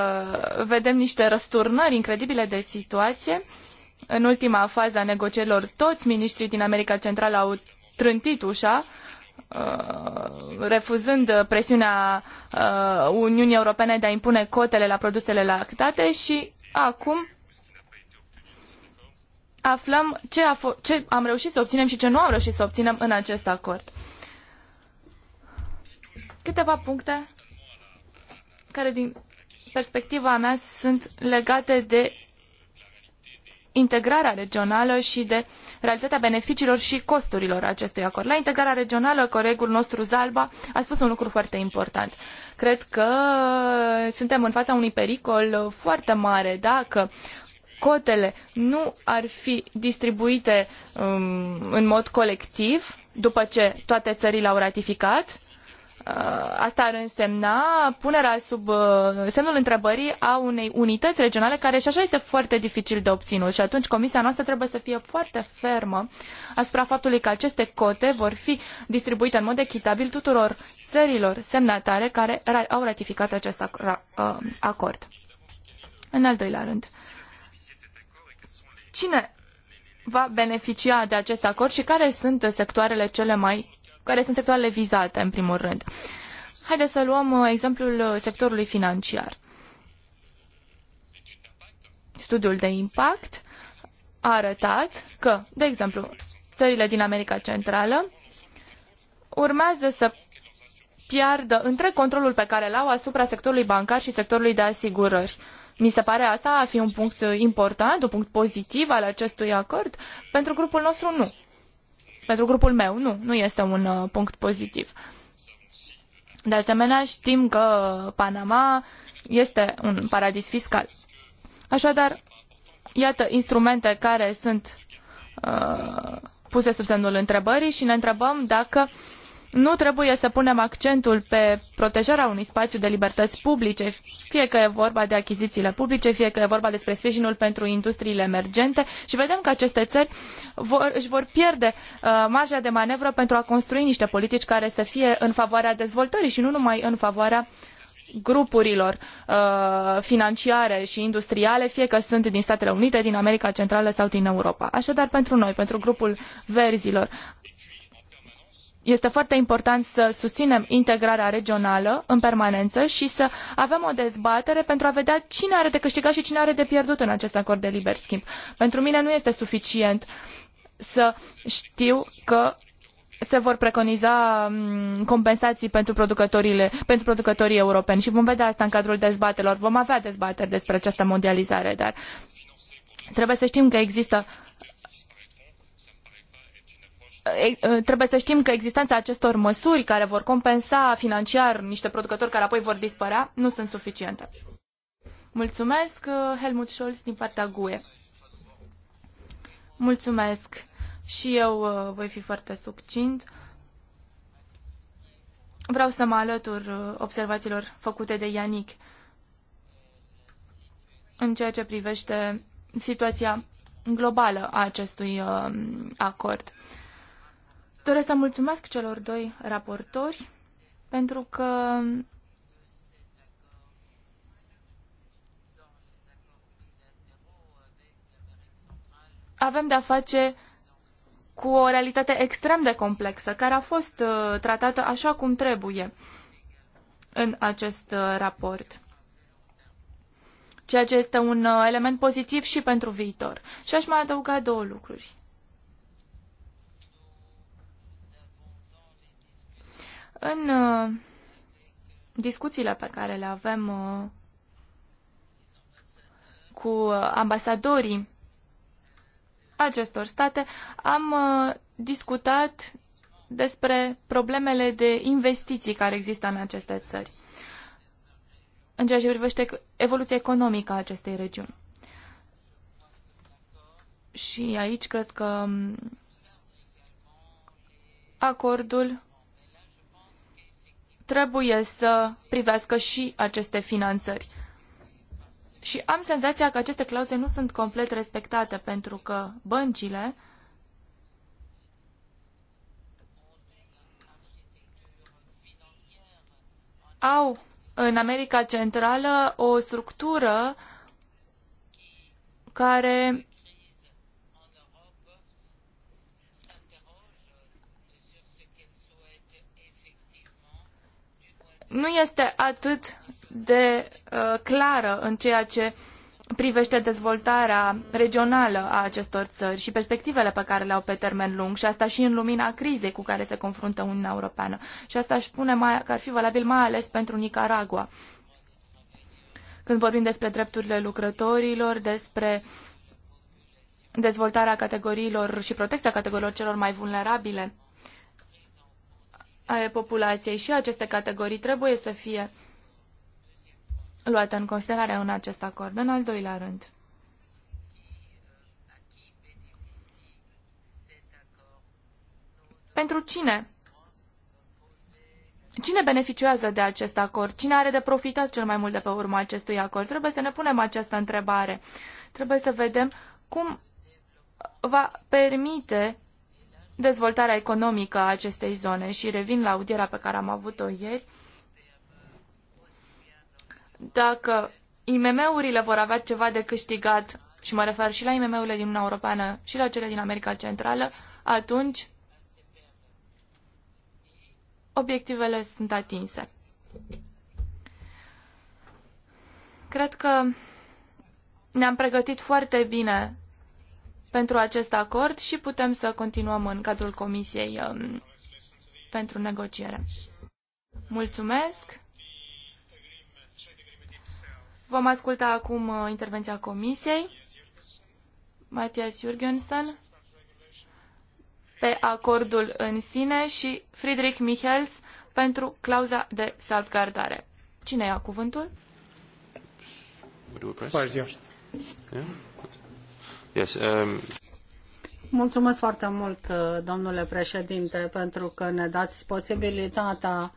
S4: vedem niște răsturnări incredibile de situație. În ultima fază a negocierilor, toți miniștrii din America Centrală au trântit ușa Uh, refuzând uh, presiunea uh, Uniunii Europene de a impune cotele la produsele lactate și acum aflăm ce, a ce am reușit să obținem și ce nu am reușit să obținem în acest acord. Câteva puncte care din perspectiva mea sunt legate de integrarea regională și de realitatea beneficiilor și costurilor acestui acord. La integrarea regională, colegul nostru Zalba a spus un lucru foarte important. Cred că suntem în fața unui pericol foarte mare dacă cotele nu ar fi distribuite um, în mod colectiv după ce toate țările au ratificat, Uh, asta ar însemna punerea sub uh, semnul întrebării a unei unități regionale care și așa este foarte dificil de obținut și atunci comisia noastră trebuie să fie foarte fermă asupra faptului că aceste cote vor fi distribuite în mod echitabil tuturor țărilor semnatare care au ratificat acest uh, acord. În al doilea rând, cine va beneficia de acest acord și care sunt sectoarele cele mai care sunt sectoarele vizate, în primul rând. Haideți să luăm uh, exemplul uh, sectorului financiar. Studiul de impact a arătat că, de exemplu, țările din America Centrală urmează să piardă întreg controlul pe care l-au asupra sectorului bancar și sectorului de asigurări. Mi se pare asta a fi un punct important, un punct pozitiv al acestui acord? Pentru grupul nostru nu pentru grupul meu, nu, nu este un uh, punct pozitiv. De asemenea, știm că Panama este un paradis fiscal. Așadar, iată instrumente care sunt uh, puse sub semnul întrebării și ne întrebăm dacă uh, nu trebuie să punem accentul pe protejarea unui spațiu de libertăți publice, fie că e vorba de achizițiile publice, fie că e vorba despre sprijinul pentru industriile emergente și vedem că aceste țări vor, își vor pierde uh, marja de manevră pentru a construi niște politici care să fie în favoarea dezvoltării și nu numai în favoarea grupurilor uh, financiare și industriale, fie că sunt din Statele Unite, din America Centrală sau din Europa. Așadar, pentru noi, pentru grupul verzilor, este foarte important să susținem integrarea regională în permanență și să avem o dezbatere pentru a vedea cine are de câștigat și cine are de pierdut în acest acord de liber schimb. Pentru mine nu este suficient să știu că se vor preconiza mm, compensații pentru, producătorile, pentru producătorii europeni și vom vedea asta în cadrul dezbaterilor. Vom avea dezbateri despre această mondializare, dar trebuie să știm că există trebuie să știm că existența acestor măsuri care vor compensa financiar niște producători care apoi vor dispărea nu sunt suficiente. Mulțumesc, uh, Helmut Scholz din partea GUE. Mulțumesc și eu uh, voi fi foarte succint. Vreau să mă alătur uh, observațiilor făcute de Ianic în ceea ce privește situația globală a acestui acord. Uh, Doresc să mulțumesc celor doi raportori pentru că avem de-a face cu o realitate extrem de complexă, care a fost uh, tratată așa cum trebuie în acest uh, raport ceea ce este un uh, element pozitiv și pentru viitor. Și aș mai adăuga două lucruri. În uh, discuțiile pe care le avem uh, cu ambasadorii acestor state, am uh, discutat despre problemele de investiții care există în aceste țări, în ceea ce privește evoluția economică a acestei regiuni. Și aici cred că um, acordul trebuie să privească și aceste finanțări. Și am senzația că aceste clauze nu sunt complet respectate pentru că băncile au în America Centrală o structură care nu este atât de uh, clară în ceea ce privește dezvoltarea regională a acestor țări și perspectivele pe care le au pe termen lung și asta și în lumina crizei cu care se confruntă Uniunea Europeană. Și asta aș spune mai, că ar fi valabil mai ales pentru Nicaragua. Când vorbim despre drepturile lucrătorilor, despre dezvoltarea categoriilor și protecția categoriilor celor mai vulnerabile, ale populației și aceste categorii trebuie să fie luate în considerare în acest acord. În al doilea rând, pentru cine? Cine beneficiază de acest acord? Cine are de profitat cel mai mult de pe urma acestui acord? Trebuie să ne punem această întrebare. Trebuie să vedem cum va permite dezvoltarea economică a acestei zone și revin la audierea pe care am avut-o ieri. Dacă IMM-urile vor avea ceva de câștigat, și mă refer și la IMM-urile din Uniunea Europeană și la cele din America Centrală, atunci obiectivele sunt atinse. Cred că ne-am pregătit foarte bine pentru acest acord și putem să continuăm în cadrul Comisiei um, pentru negociere. Mulțumesc! Vom asculta acum uh, intervenția Comisiei. Matthias Jürgensen pe acordul în sine și Friedrich Michels pentru clauza de salvgardare. Cine ia cuvântul?
S6: Um,
S3: Mulțumesc foarte mult, uh, domnule președinte, pentru că ne dați posibilitatea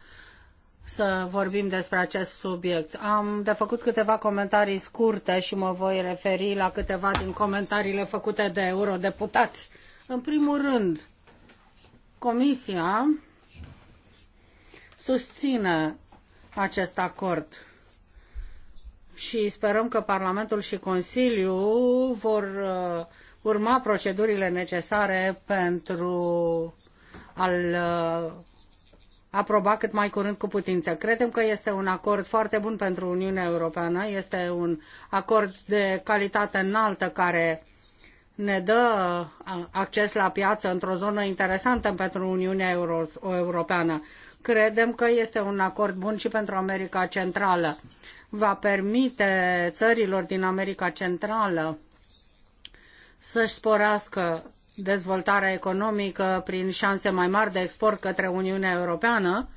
S3: să vorbim despre acest subiect. Am de făcut câteva comentarii scurte și mă voi referi la câteva din comentariile făcute de eurodeputați. În primul rând, Comisia susține acest acord și sperăm că Parlamentul și Consiliul vor uh, urma procedurile necesare pentru a-l uh, aproba cât mai curând cu putință. Credem că este un acord foarte bun pentru Uniunea Europeană, este un acord de calitate înaltă care ne dă uh, acces la piață într-o zonă interesantă pentru Uniunea Euro Europeană. Credem că este un acord bun și pentru America Centrală va permite țărilor din America Centrală să-și sporească dezvoltarea economică prin șanse mai mari de export către Uniunea Europeană,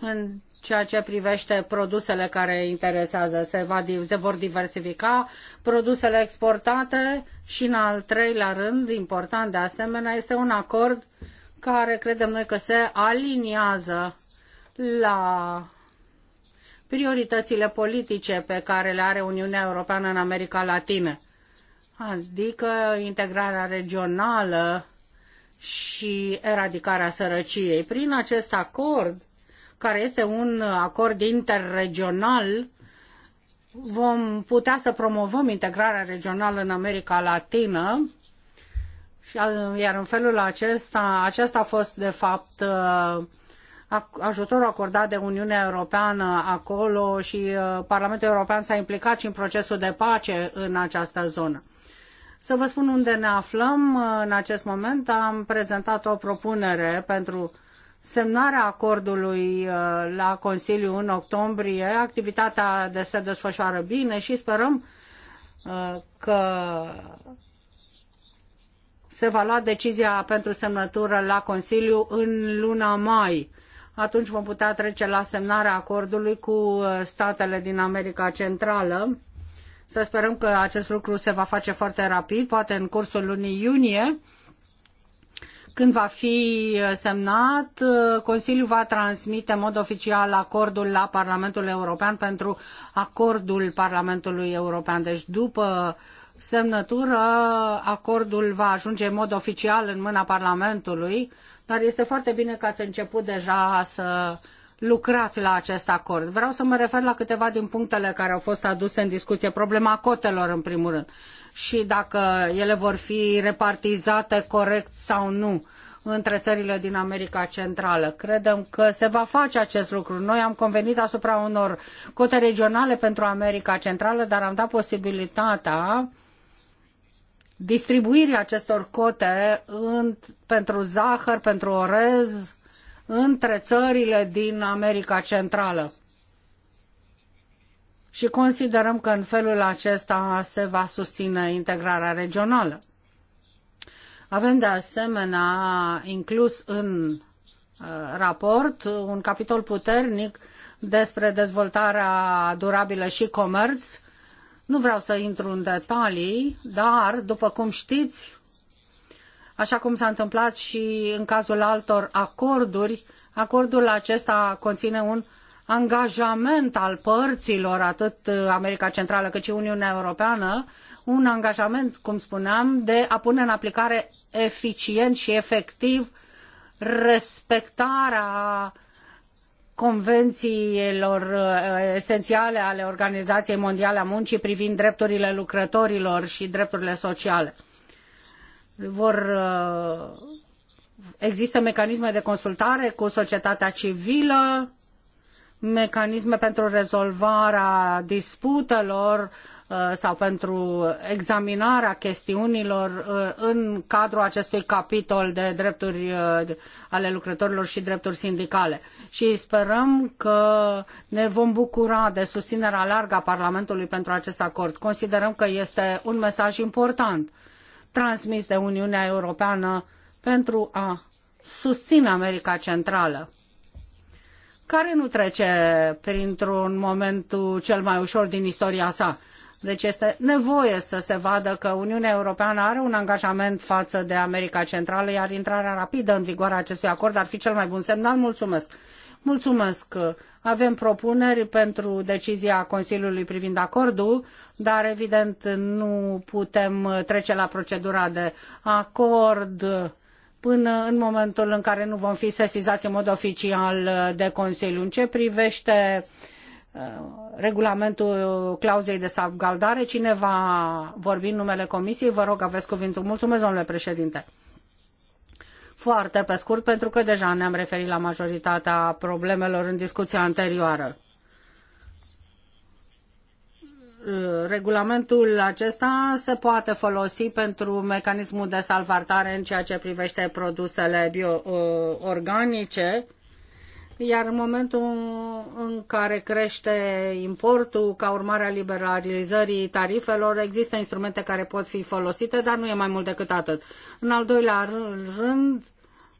S3: în ceea ce privește produsele care interesează. Se, va, se vor diversifica produsele exportate și, în al treilea rând, important de asemenea, este un acord care credem noi că se aliniază la prioritățile politice pe care le are Uniunea Europeană în America Latină, adică integrarea regională și eradicarea sărăciei. Prin acest acord, care este un acord interregional, vom putea să promovăm integrarea regională în America Latină, iar în felul acesta, acesta a fost, de fapt, uh, ajutorul acordat de Uniunea Europeană acolo și uh, Parlamentul European s-a implicat și în procesul de pace în această zonă. Să vă spun unde ne aflăm uh, în acest moment. Am prezentat o propunere pentru semnarea acordului uh, la Consiliu în octombrie. Activitatea de se desfășoară bine și sperăm că se va lua decizia pentru semnătură la Consiliu în luna mai atunci vom putea trece la semnarea acordului cu uh, statele din America Centrală. Să sperăm că acest lucru se va face foarte rapid, poate în cursul lunii iunie. Când va fi uh, semnat, uh, Consiliul va transmite în mod oficial acordul la Parlamentul European pentru acordul Parlamentului European. Deci după uh, semnătură, acordul va ajunge în mod oficial în mâna Parlamentului, dar este foarte bine că ați început deja să lucrați la acest acord. Vreau să mă refer la câteva din punctele care au fost aduse în discuție. Problema cotelor, în primul rând, și dacă ele vor fi repartizate corect sau nu între țările din America Centrală. Credem că se va face acest lucru. Noi am convenit asupra unor cote regionale pentru America Centrală, dar am dat posibilitatea distribuirii acestor cote în, pentru zahăr, pentru orez, între țările din America Centrală. Și considerăm că în felul acesta se va susține integrarea regională. Avem de asemenea inclus în uh, raport un capitol puternic despre dezvoltarea durabilă și comerț, nu vreau să intru în detalii, dar, după cum știți, așa cum s-a întâmplat și în cazul altor acorduri, acordul acesta conține un angajament al părților, atât America Centrală cât și Uniunea Europeană, un angajament, cum spuneam, de a pune în aplicare eficient și efectiv respectarea convențiilor uh, esențiale ale Organizației Mondiale a Muncii privind drepturile lucrătorilor și drepturile sociale. Vor uh, Există mecanisme de consultare cu societatea civilă, mecanisme pentru rezolvarea disputelor Uh, sau pentru examinarea chestiunilor uh, în cadrul acestui capitol de drepturi uh, ale lucrătorilor și drepturi sindicale. Și sperăm că ne vom bucura de susținerea largă a Parlamentului pentru acest acord. Considerăm că este un mesaj important transmis de Uniunea Europeană pentru a susține America Centrală care nu trece printr-un moment cel mai ușor din istoria sa. Deci este nevoie să se vadă că Uniunea Europeană are un angajament față de America Centrală, iar intrarea rapidă în vigoare a acestui acord ar fi cel mai bun semnal. Mulțumesc! Mulțumesc! Avem propuneri pentru decizia Consiliului privind acordul, dar evident nu putem trece la procedura de acord până în momentul în care nu vom fi sesizați în mod oficial de Consiliu. În ce privește uh, Uh, regulamentul clauzei de salvgardare. Cine va vorbi în numele Comisiei? Vă rog, aveți cuvântul. Mulțumesc, domnule președinte. Foarte pe scurt, pentru că deja ne-am referit la majoritatea problemelor în discuția anterioară. Regulamentul acesta se poate folosi pentru mecanismul de salvartare în ceea ce privește produsele bioorganice. Uh, iar în momentul în care crește importul ca urmare a liberalizării tarifelor, există instrumente care pot fi folosite, dar nu e mai mult decât atât. În al doilea rând,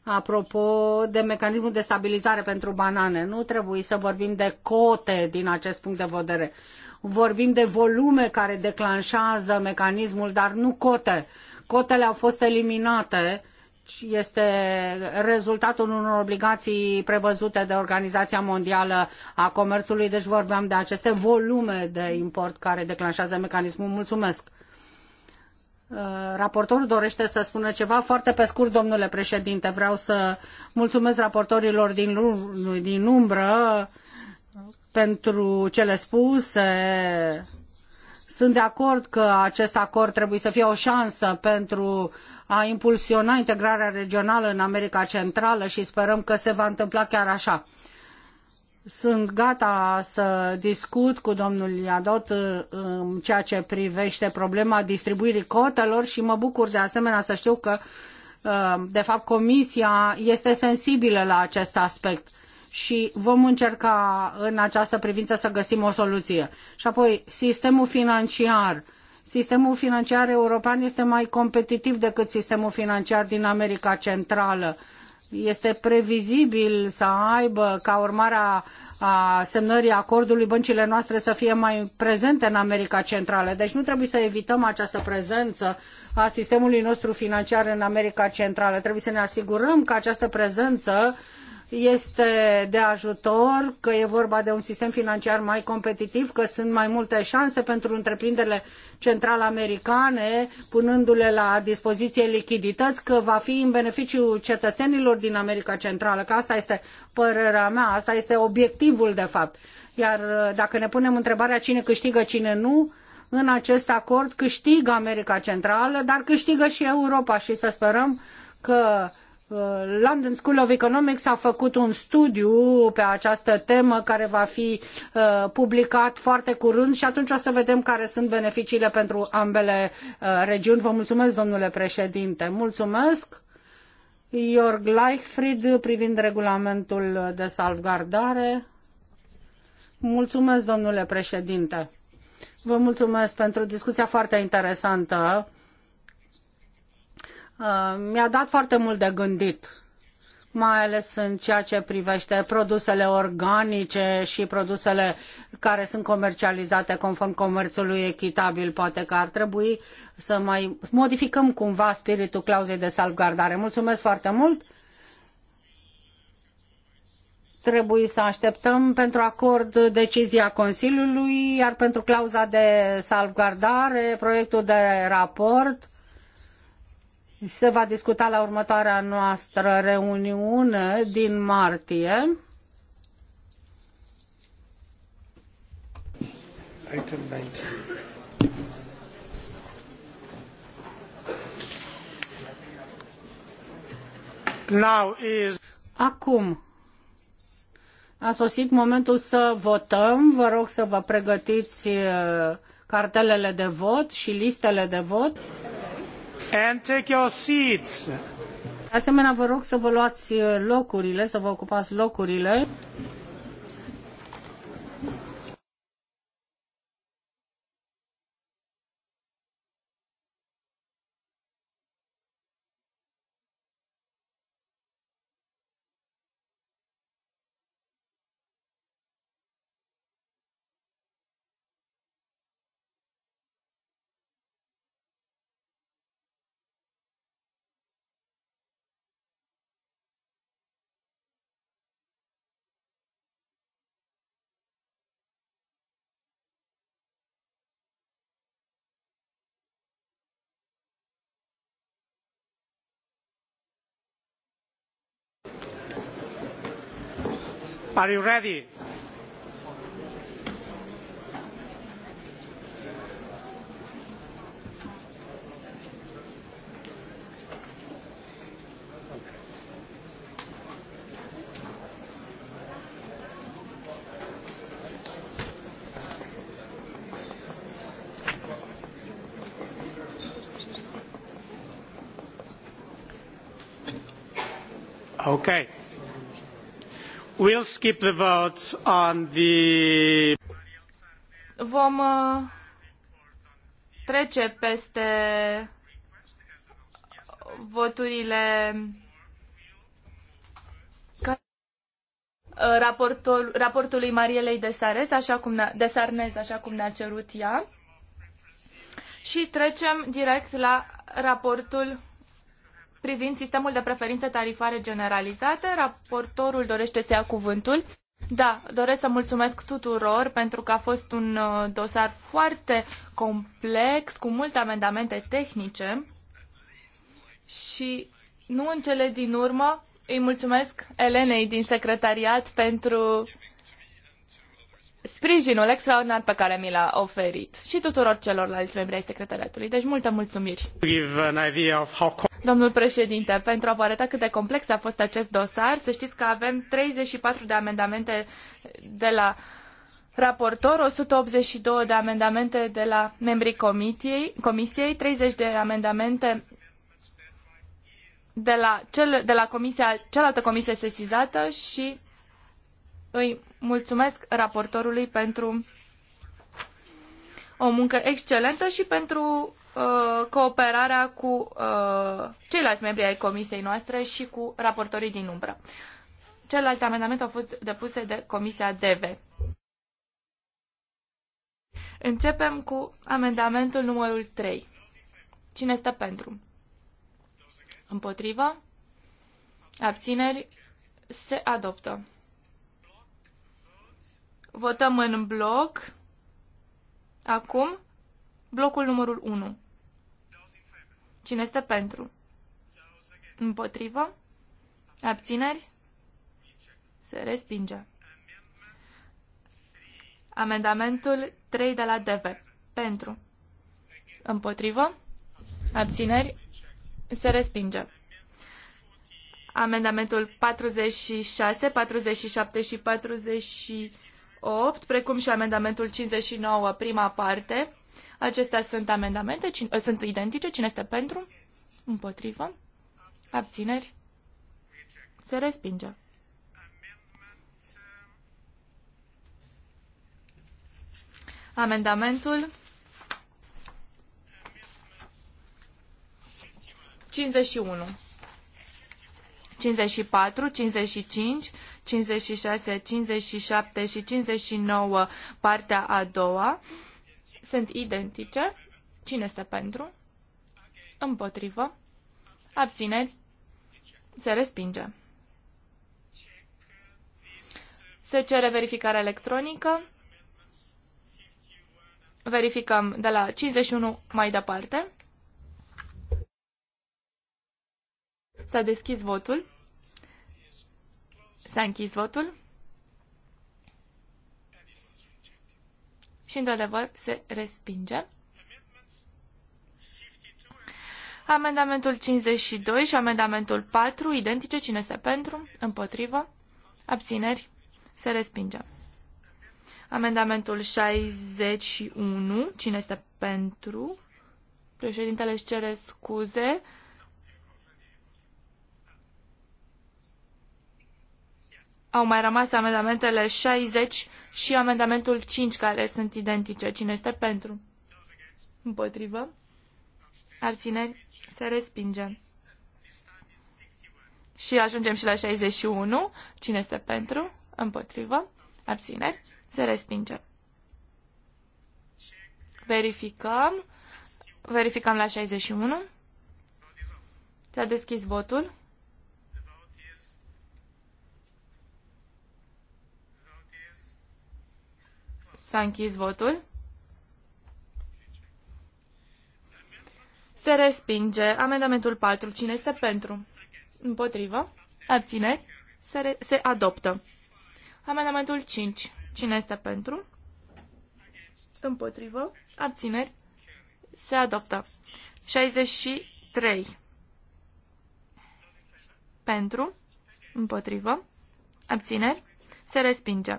S3: apropo de mecanismul de stabilizare pentru banane, nu trebuie să vorbim de cote din acest punct de vedere. Vorbim de volume care declanșează mecanismul, dar nu cote. Cotele au fost eliminate deci este rezultatul unor obligații prevăzute de Organizația Mondială a Comerțului, deci vorbeam de aceste volume de import care declanșează mecanismul. Mulțumesc! Uh, raportorul dorește să spună ceva foarte pe scurt, domnule președinte. Vreau să mulțumesc raportorilor din, din umbră pentru cele spuse. Sunt de acord că acest acord trebuie să fie o șansă pentru a impulsiona integrarea regională în America Centrală și sperăm că se va întâmpla chiar așa. Sunt gata să discut cu domnul Iadot uh, în ceea ce privește problema distribuirii cotelor și mă bucur de asemenea să știu că, uh, de fapt, Comisia este sensibilă la acest aspect și vom încerca în această privință să găsim o soluție. Și apoi, sistemul financiar Sistemul financiar european este mai competitiv decât sistemul financiar din America Centrală. Este previzibil să aibă, ca urmare a, a semnării acordului, băncile noastre să fie mai prezente în America Centrală. Deci nu trebuie să evităm această prezență a sistemului nostru financiar în America Centrală. Trebuie să ne asigurăm că această prezență uh, este de ajutor, că e vorba de un sistem financiar mai competitiv, că sunt mai multe șanse pentru întreprinderile central-americane, punându-le la dispoziție lichidități, că va fi în beneficiu cetățenilor din America Centrală, că asta este părerea mea, asta este obiectivul de fapt. Iar uh, dacă ne punem întrebarea cine câștigă, cine nu, în acest acord câștigă America Centrală, dar câștigă și Europa și să sperăm că Uh, London School of Economics a făcut un studiu pe această temă care va fi uh, publicat foarte curând și atunci o să vedem care sunt beneficiile pentru ambele uh, regiuni. Vă mulțumesc, domnule președinte. Mulțumesc. Iorg Leichfried privind regulamentul de salvgardare. Mulțumesc, domnule președinte. Vă mulțumesc pentru discuția foarte interesantă Uh, mi-a dat foarte mult de gândit, mai ales în ceea ce privește produsele organice și produsele care sunt comercializate conform comerțului echitabil. Poate că ar trebui să mai modificăm cumva spiritul clauzei de salvgardare. Mulțumesc foarte mult! Trebuie să așteptăm pentru acord decizia Consiliului, iar pentru clauza de salvgardare, proiectul de raport se va discuta la următoarea noastră reuniune din martie. Item 19. Now is... Acum a sosit momentul să votăm. Vă rog să vă pregătiți uh, cartelele de vot și listele de vot. And take your seats. De asemenea, vă rog să vă luați uh, locurile, să vă ocupați locurile.
S1: Are you ready?
S4: We'll skip the on the... Vom uh, trece peste voturile uh, raportul, raportului Marielei de Sarez, așa cum ne, de Sarnez, așa cum ne-a cerut ea. Și trecem direct la raportul privind sistemul de preferințe tarifare generalizate. Raportorul dorește să ia cuvântul. Da, doresc să mulțumesc tuturor pentru că a fost un uh, dosar foarte complex, cu multe amendamente tehnice și nu în cele din urmă îi mulțumesc Elenei din secretariat pentru sprijinul extraordinar pe care mi l-a oferit și tuturor celorlalți membri ai secretariatului. Deci multă mulțumiri! Domnul președinte, pentru a vă arăta cât de complex a fost acest dosar, să știți că avem 34 de amendamente de la raportor, 182 de amendamente de la membrii comitiei, comisiei, 30 de amendamente de la, cel, de la comisia, cealaltă comisie sesizată și îi mulțumesc raportorului pentru o muncă excelentă și pentru Uh, cooperarea cu uh, ceilalți membri ai comisiei noastre și cu raportorii din umbră. Celelalte amendamente au fost depuse de Comisia DV. Începem cu amendamentul numărul 3. Cine stă pentru? Împotrivă? Abțineri? Se adoptă. Votăm în bloc. Acum Blocul numărul 1. Cine este pentru? Împotrivă? Abțineri? Se respinge. Amendamentul 3 de la DV. Pentru. Împotrivă? Abțineri? Se respinge. Amendamentul 46, 47 și 48, precum și amendamentul 59, prima parte, Acestea sunt amendamente, cine, ă, sunt identice. Cine este pentru? Împotrivă. Abțineri. Se respinge. Amendamentul 51. 54, 55, 56, 57 și 59, partea a doua sunt identice. Cine este pentru? Împotrivă. Abțineri. Se respinge. Se cere verificare electronică. Verificăm de la 51 mai departe. S-a deschis votul. S-a închis votul. și, într-adevăr, se respinge. Amendamentul 52 și amendamentul 4, identice, cine este pentru, împotrivă, abțineri, se respinge. Amendamentul 61, cine este pentru, președintele își cere scuze, au mai rămas amendamentele 60 și amendamentul 5 care sunt identice. Cine este pentru? Împotrivă. Arțineri? Se respinge. Și ajungem și la 61. Cine este pentru? Împotrivă. Abțineri. Se respinge. Verificăm. Verificăm la 61. S-a deschis votul. S-a închis votul. Se respinge amendamentul 4. Cine este pentru? Împotrivă. Abțineri. Se, re- se adoptă. Amendamentul 5. Cine este pentru? Împotrivă. Abțineri. Se adoptă. 63. Pentru. Împotrivă. Abțineri. Se respinge.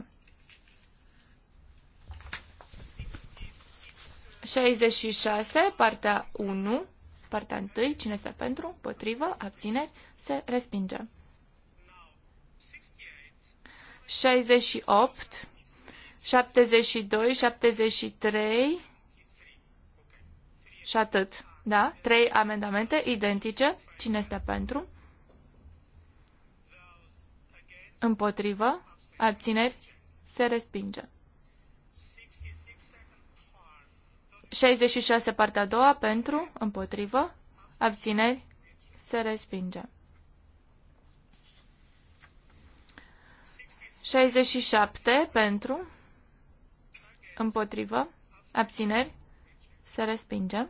S4: 66, partea 1, partea 1, cine este pentru, potrivă, abțineri, se respinge. 68, 72, 73 și atât. Da? Trei amendamente identice. Cine este pentru? Împotrivă? Abțineri? Se respinge. 66 partea a doua pentru, împotrivă, abțineri, se respinge. 67 pentru, împotrivă, abțineri, se respinge.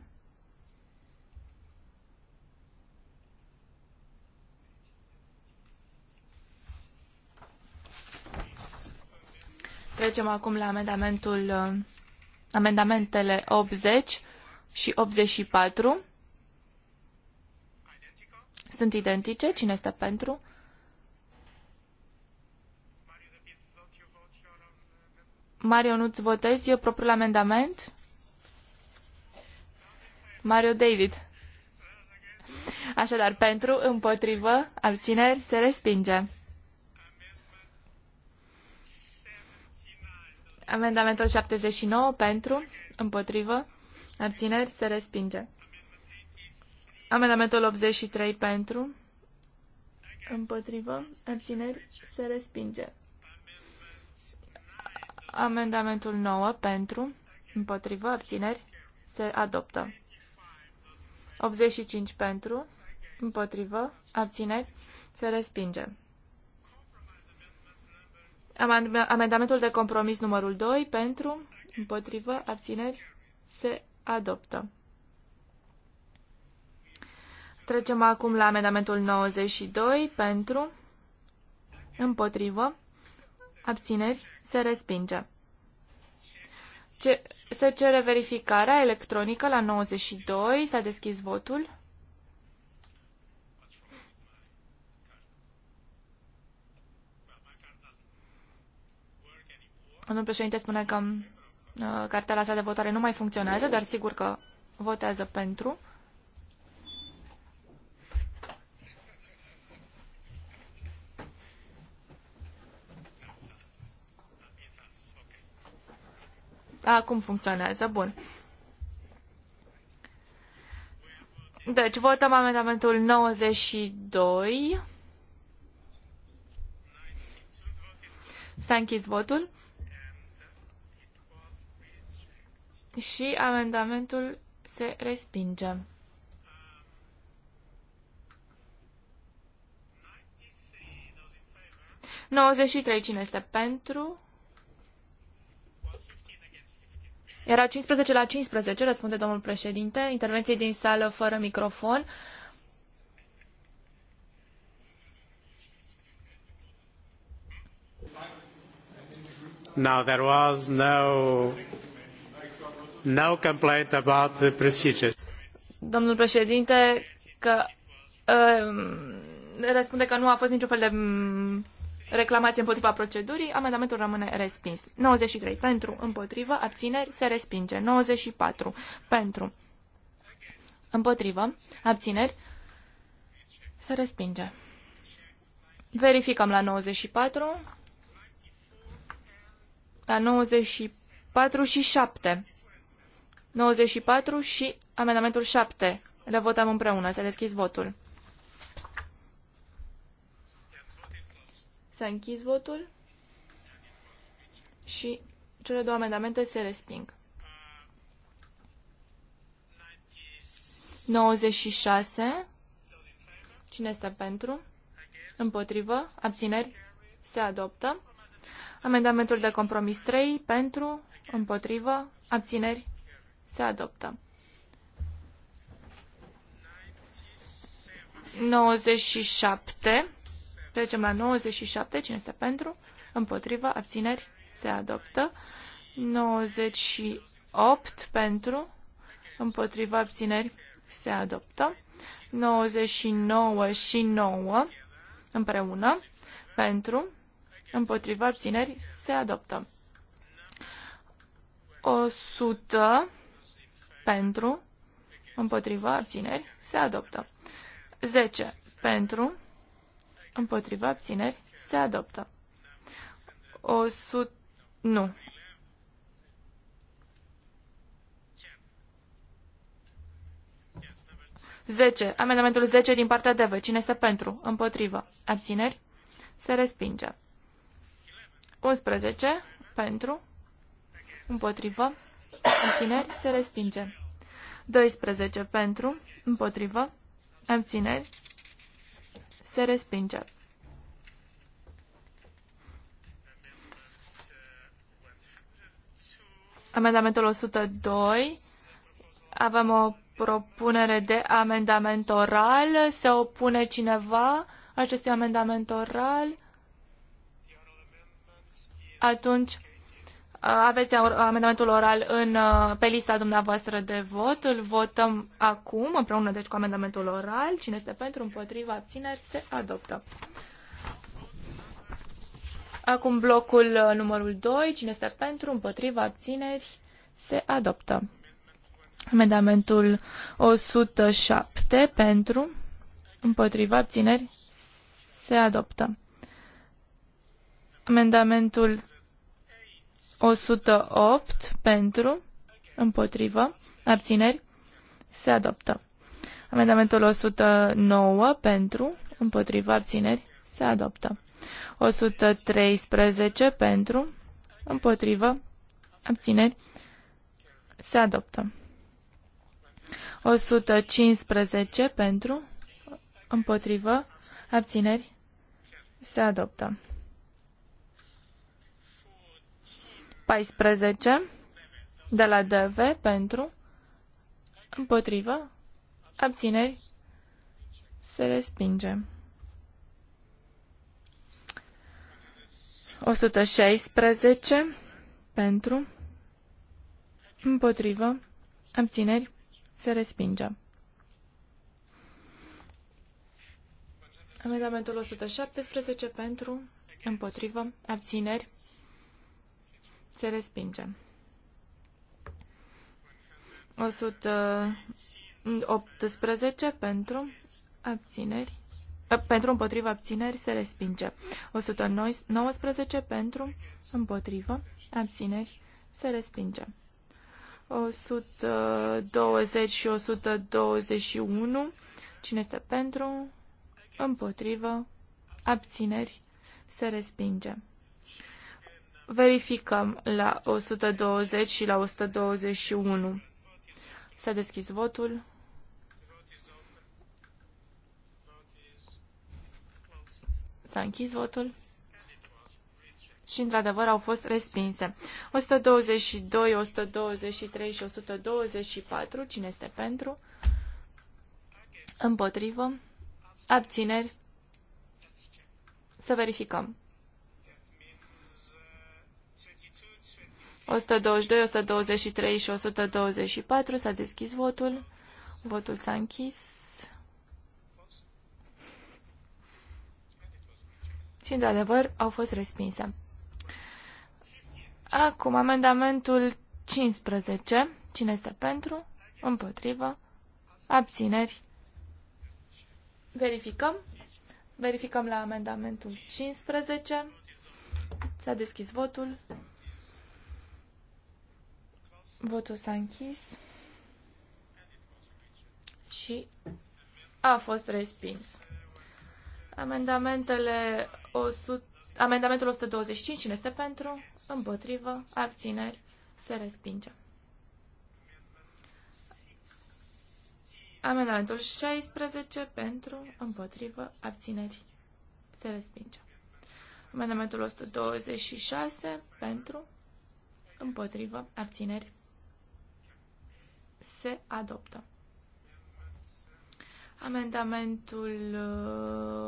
S4: Trecem acum la amendamentul uh, amendamentele 80 și 84 sunt identice. Cine este pentru? Mario, nu-ți votezi eu propriul amendament? Mario David. Așadar, pentru, împotrivă, abțineri, se respinge. Amendamentul 79 pentru, împotrivă, abțineri, se respinge. Amendamentul 83 pentru, împotrivă, abțineri, se respinge. Amendamentul 9 pentru, împotrivă, abțineri, se adoptă. 85 pentru, împotrivă, abțineri, se respinge. Amendamentul de compromis numărul 2 pentru, împotrivă, abțineri, se adoptă. Trecem acum la amendamentul 92 pentru, împotrivă, abțineri, se respinge. Ce, se cere verificarea electronică la 92, s-a deschis votul. Domnul președinte spune că uh, cartela sa de votare nu mai funcționează, dar sigur că votează pentru. Acum funcționează, bun. Deci, votăm amendamentul 92. S-a închis votul. și amendamentul se respinge. 93 cine este pentru? Era 15 la 15, răspunde domnul președinte. Intervenție din sală fără microfon.
S1: Now there was no no complaint about the procedure.
S4: Domnul președinte, că um, răspunde că nu a fost niciun fel de um, reclamație împotriva procedurii, amendamentul rămâne respins. 93 pentru, împotrivă, abțineri, se respinge. 94 pentru, împotrivă, abțineri, se respinge. Verificăm la 94, la 94 și 7. 94 și amendamentul 7. Le votăm împreună. Să deschizi votul. S-a închis votul și cele două amendamente se resping. 96. Cine este pentru? Împotrivă? Abțineri? Se adoptă. Amendamentul de compromis 3. Pentru? Împotrivă? Abțineri? Se adoptă. 97. Trecem la 97. Cine este pentru? Împotriva. Abțineri. Se adoptă. 98 pentru. Împotriva. Abțineri. Se adoptă. 99 și 9 împreună. Pentru. Împotriva. Abțineri. Se adoptă. 100 pentru, împotriva, abțineri, se adoptă. 10 pentru, împotriva, abțineri, se adoptă. 100, nu, Zece. Amendamentul 10 din partea DV. Cine este pentru? Împotrivă. Abțineri? Se respinge. 11. Pentru. Împotrivă. Abțineri se respinge. 12 pentru, împotrivă, abțineri se respinge. Amendamentul 102. Avem o propunere de amendament oral. Se opune cineva acestui amendament oral? Atunci aveți amendamentul oral în, uh, pe lista dumneavoastră de vot. Îl votăm acum, împreună deci cu amendamentul oral. Cine este pentru, împotriva, abțineri, se adoptă. Acum blocul uh, numărul 2. Cine este pentru, împotriva, abțineri, se adoptă. Amendamentul 107 pentru, împotriva, abțineri, se adoptă. Amendamentul 108 pentru, împotrivă, abțineri, se adoptă. Amendamentul 109 pentru, împotrivă, abțineri, se adoptă. 113 pentru, împotrivă, abțineri, se adoptă. 115 pentru, împotrivă, abțineri, se adoptă. 14 de la DV pentru, împotrivă, abțineri, se respinge. 116 pentru, împotrivă, abțineri, se respinge. Amendamentul 117 pentru, împotrivă, abțineri, se respinge. 118 uh, pentru abțineri. Uh, pentru împotriva abțineri se respinge. 119 pentru împotriva abțineri se respinge. 120 și 121. Cine este pentru? împotriva Abțineri? Se respinge. Verificăm la 120 și la 121. S-a deschis votul. S-a închis votul. Și, într-adevăr, au fost respinse. 122, 123 și 124. Cine este pentru? Împotrivă. Abțineri. Să verificăm. 122, 123 și 124. S-a deschis votul. Votul s-a închis. Și, într-adevăr, au fost respinse. Acum, amendamentul 15. Cine este pentru? Împotrivă? Abțineri? Verificăm. Verificăm la amendamentul 15. S-a deschis votul. Votul s-a închis și a fost respins. Amendamentele 100, amendamentul 125, cine este pentru? Împotrivă, abțineri, se respinge. Amendamentul 16 pentru, împotrivă, abțineri, se respinge. Amendamentul 126 pentru, împotrivă, abțineri, se adoptă. Amendamentul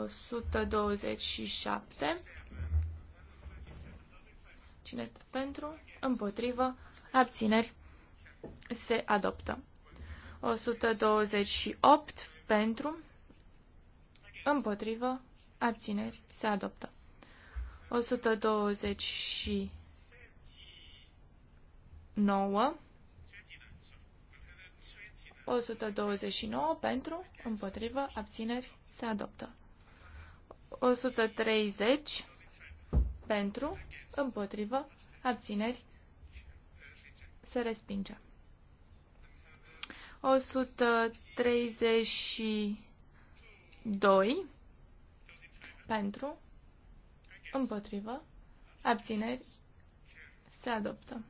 S4: 127. Uh, Cine este pentru? Împotrivă? Abțineri? Se adoptă. 128 pentru, împotrivă, abțineri, se adoptă. 129 129 pentru, împotrivă, abțineri, se adoptă. 130 pentru, împotrivă, abțineri, se respinge. 132 pentru, împotrivă, abțineri, se adoptă.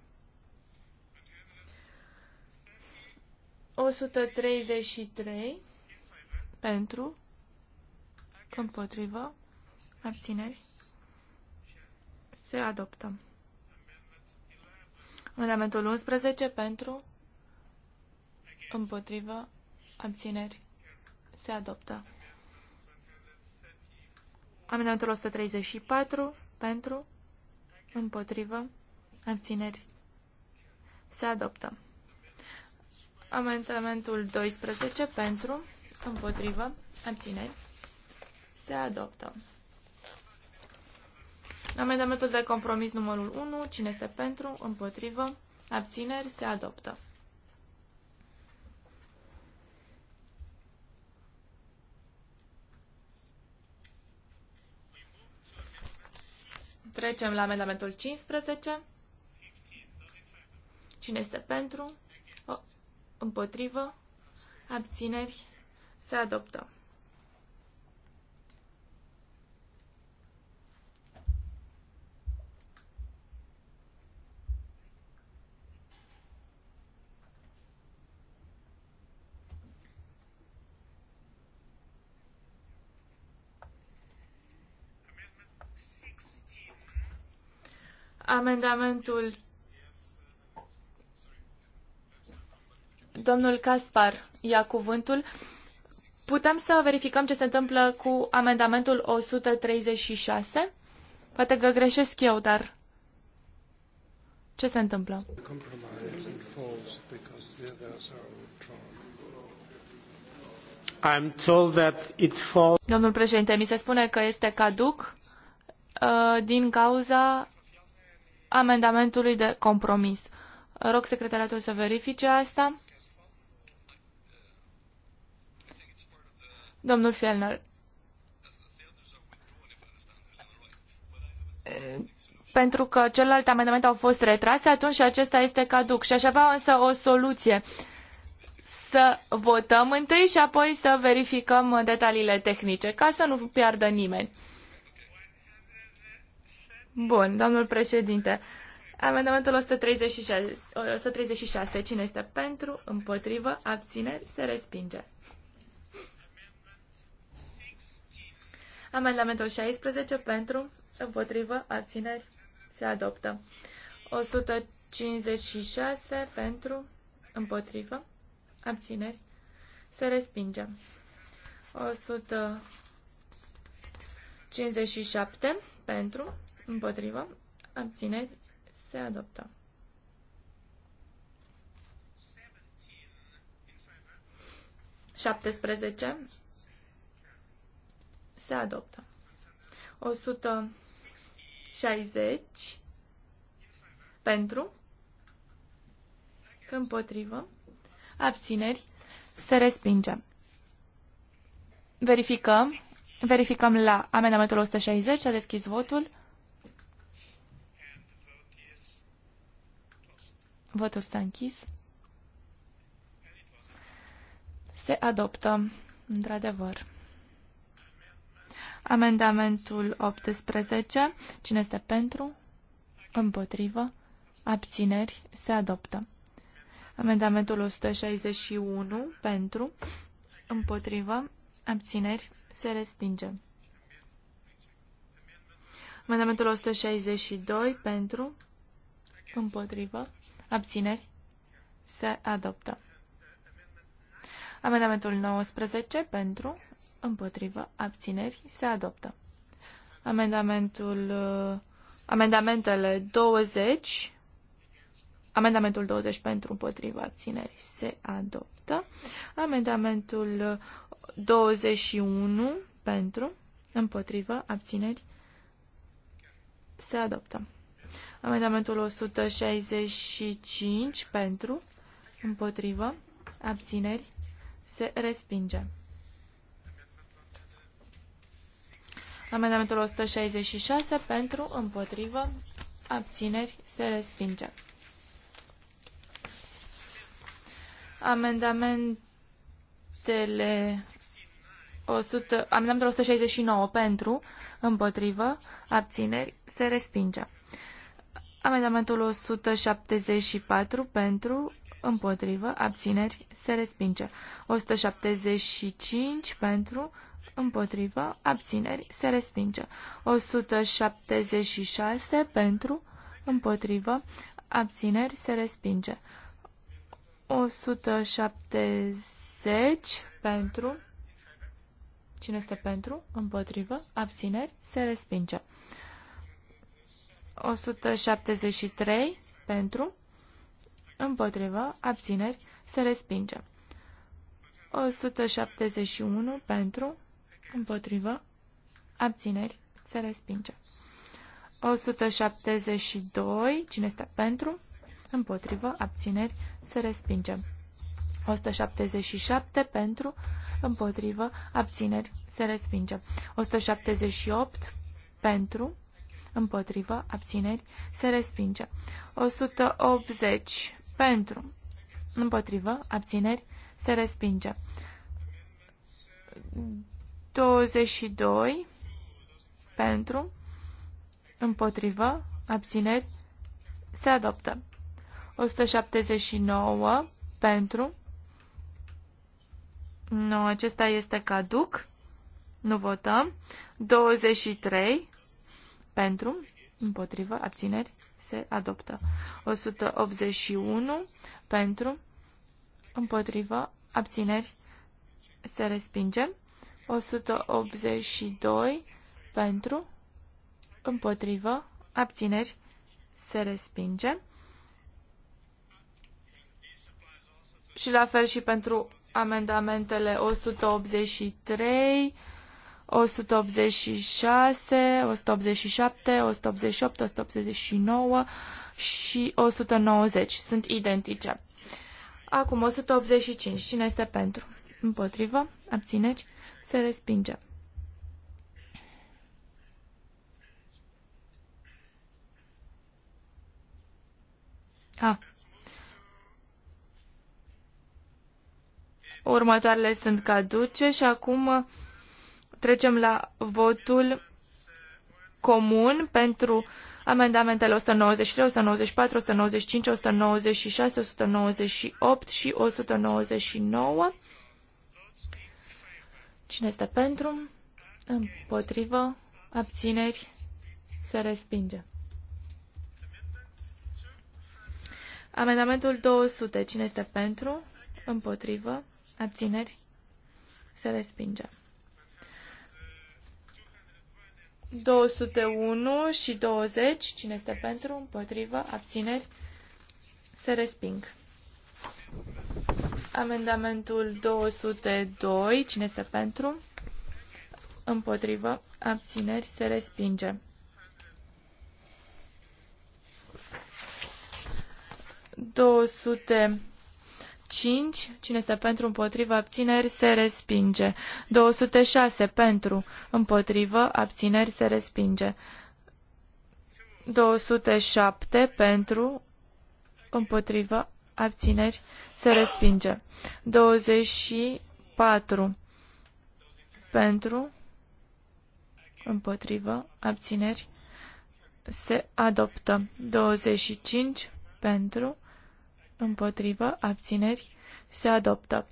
S4: 133 pentru, împotrivă, abțineri, se adoptă. Amendamentul 11 pentru, împotrivă, abțineri, se adoptă. Amendamentul 134 pentru, împotrivă, abțineri, se adoptă. Amendamentul 12 pentru, împotrivă, abțineri, se adoptă. Amendamentul de compromis numărul 1, cine este pentru, împotrivă, abțineri, se adoptă. Trecem la amendamentul 15. Cine este pentru? Împotrivă? Abțineri? Se adoptă. Amendamentul Domnul Caspar ia cuvântul. Putem să verificăm ce se întâmplă cu amendamentul 136? Poate că greșesc eu, dar ce se întâmplă? I'm told that it falls... Domnul președinte, mi se spune că este caduc uh, din cauza amendamentului de compromis. Rog secretariatul să verifice asta. Domnul Fellner. Pentru că celelalte amendamente au fost retrase, atunci și acesta este caduc. Și aș avea însă o soluție. Să votăm întâi și apoi să verificăm detaliile tehnice, ca să nu piardă nimeni. Bun, domnul președinte. Amendamentul 136, 136. Cine este pentru, împotrivă, abține, se respinge. Amendamentul 16 pentru, împotrivă, abțineri, se adoptă. 156 pentru, împotrivă, abțineri, se respinge. 157 pentru, împotrivă, abțineri, se adoptă. 17 se adoptă. 160 pentru, împotrivă, abțineri, se respinge. Verificăm. Verificăm la amendamentul 160. a deschis votul. Votul s-a închis. Se adoptă, într-adevăr. Amendamentul 18. Cine este pentru? Împotrivă. Abțineri. Se adoptă. Amendamentul 161. Pentru. Împotrivă. Abțineri. Se respinge. Amendamentul 162. Pentru. Împotrivă. Abțineri. Se adoptă. Amendamentul 19. Pentru împotrivă, abțineri, se adoptă. Amendamentul, uh, amendamentele 20, amendamentul 20 pentru împotrivă, abțineri, se adoptă. Amendamentul 21 pentru împotrivă, abțineri, se adoptă. Amendamentul 165 pentru, împotrivă, abțineri, se respinge. Amendamentul 166 pentru, împotrivă, abțineri, se respinge. Amendamentele 100, amendamentul 169 pentru, împotrivă, abțineri, se respinge. Amendamentul 174 pentru, împotrivă, abțineri, se respinge. 175 pentru, împotrivă, abțineri, se respinge. 176 pentru, împotrivă, abțineri, se respinge. 170 pentru, cine este pentru, împotrivă, abțineri, se respinge. 173 pentru, împotrivă, abțineri, se respinge. 171 pentru, împotrivă, abțineri, se respinge. 172, cine este pentru, împotrivă, abțineri, se respinge. 177 pentru, împotrivă, abțineri, se respinge. 178 pentru, împotrivă, abțineri, se respinge. 180 pentru, împotrivă, abțineri, se respinge. 22 pentru, împotrivă, abțineri, se adoptă. 179 pentru. Nu, acesta este caduc. Nu votăm. 23 pentru, împotrivă, abțineri, se adoptă. 181 pentru, împotrivă, abțineri, se respinge. 182 pentru, împotrivă, abțineri, se respinge. Și la fel și pentru amendamentele 183, 186, 187, 188, 189 și 190. Sunt identice. Acum 185. Cine este pentru? Împotrivă? Abțineri? Se respinge. A. Următoarele sunt caduce și acum trecem la votul comun pentru amendamentele 193, 194, 195, 196, 198 și 199. Cine este pentru? Împotrivă? Abțineri? Se respinge. Amendamentul 200. Cine este pentru? Împotrivă? Abțineri? Se respinge. 201 și 20. Cine este pentru? Împotrivă? Abțineri? Se resping. Amendamentul 202. Cine este pentru? Împotrivă. Abțineri. Se respinge. 205. Cine este pentru, împotrivă, abțineri, se respinge. 206. Pentru, împotrivă, abțineri, se respinge. 207. Pentru, împotrivă, abțineri, se respinge. 24 pentru, împotrivă, abțineri, se adoptă. 25 pentru, împotrivă, abțineri, se adoptă.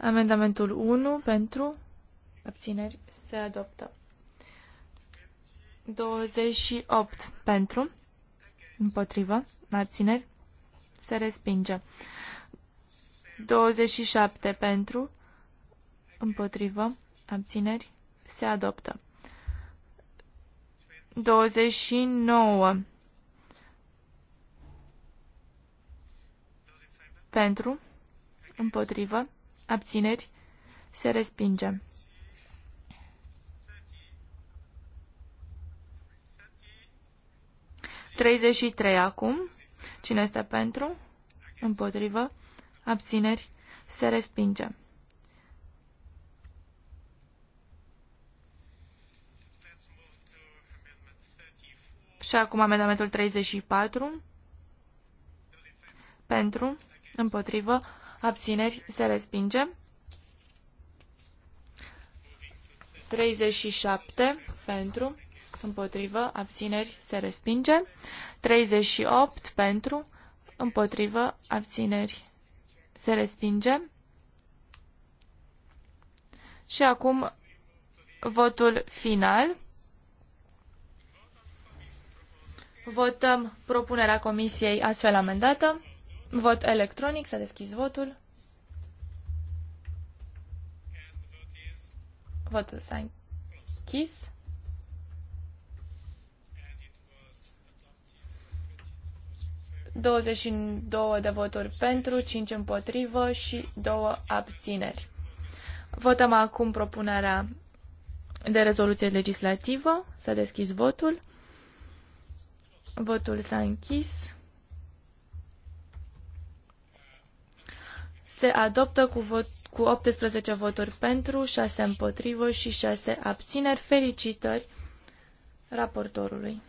S4: Amendamentul 1 pentru, abțineri, se adoptă. 28 pentru, Împotrivă. Abțineri. Se respinge. 27 pentru. Împotrivă. Abțineri. Se adoptă. 29 pentru. Împotrivă. Abțineri. Se respinge. 33 acum. Cine este pentru? Împotrivă. Abțineri. Se respinge. Și acum amendamentul 34. Pentru. Împotrivă. Abțineri. Se respinge. 37. Pentru împotrivă, abțineri, se respinge. 38 pentru, împotrivă, abțineri, se respinge. Și acum votul final. Votăm propunerea comisiei astfel amendată. Vot electronic, s-a deschis votul. Votul s-a închis. 22 de voturi pentru, 5 împotrivă și 2 abțineri. Votăm acum propunerea de rezoluție legislativă. S-a deschis votul. Votul s-a închis. Se adoptă cu, vot, cu 18 voturi pentru, 6 împotrivă și 6 abțineri. Felicitări raportorului.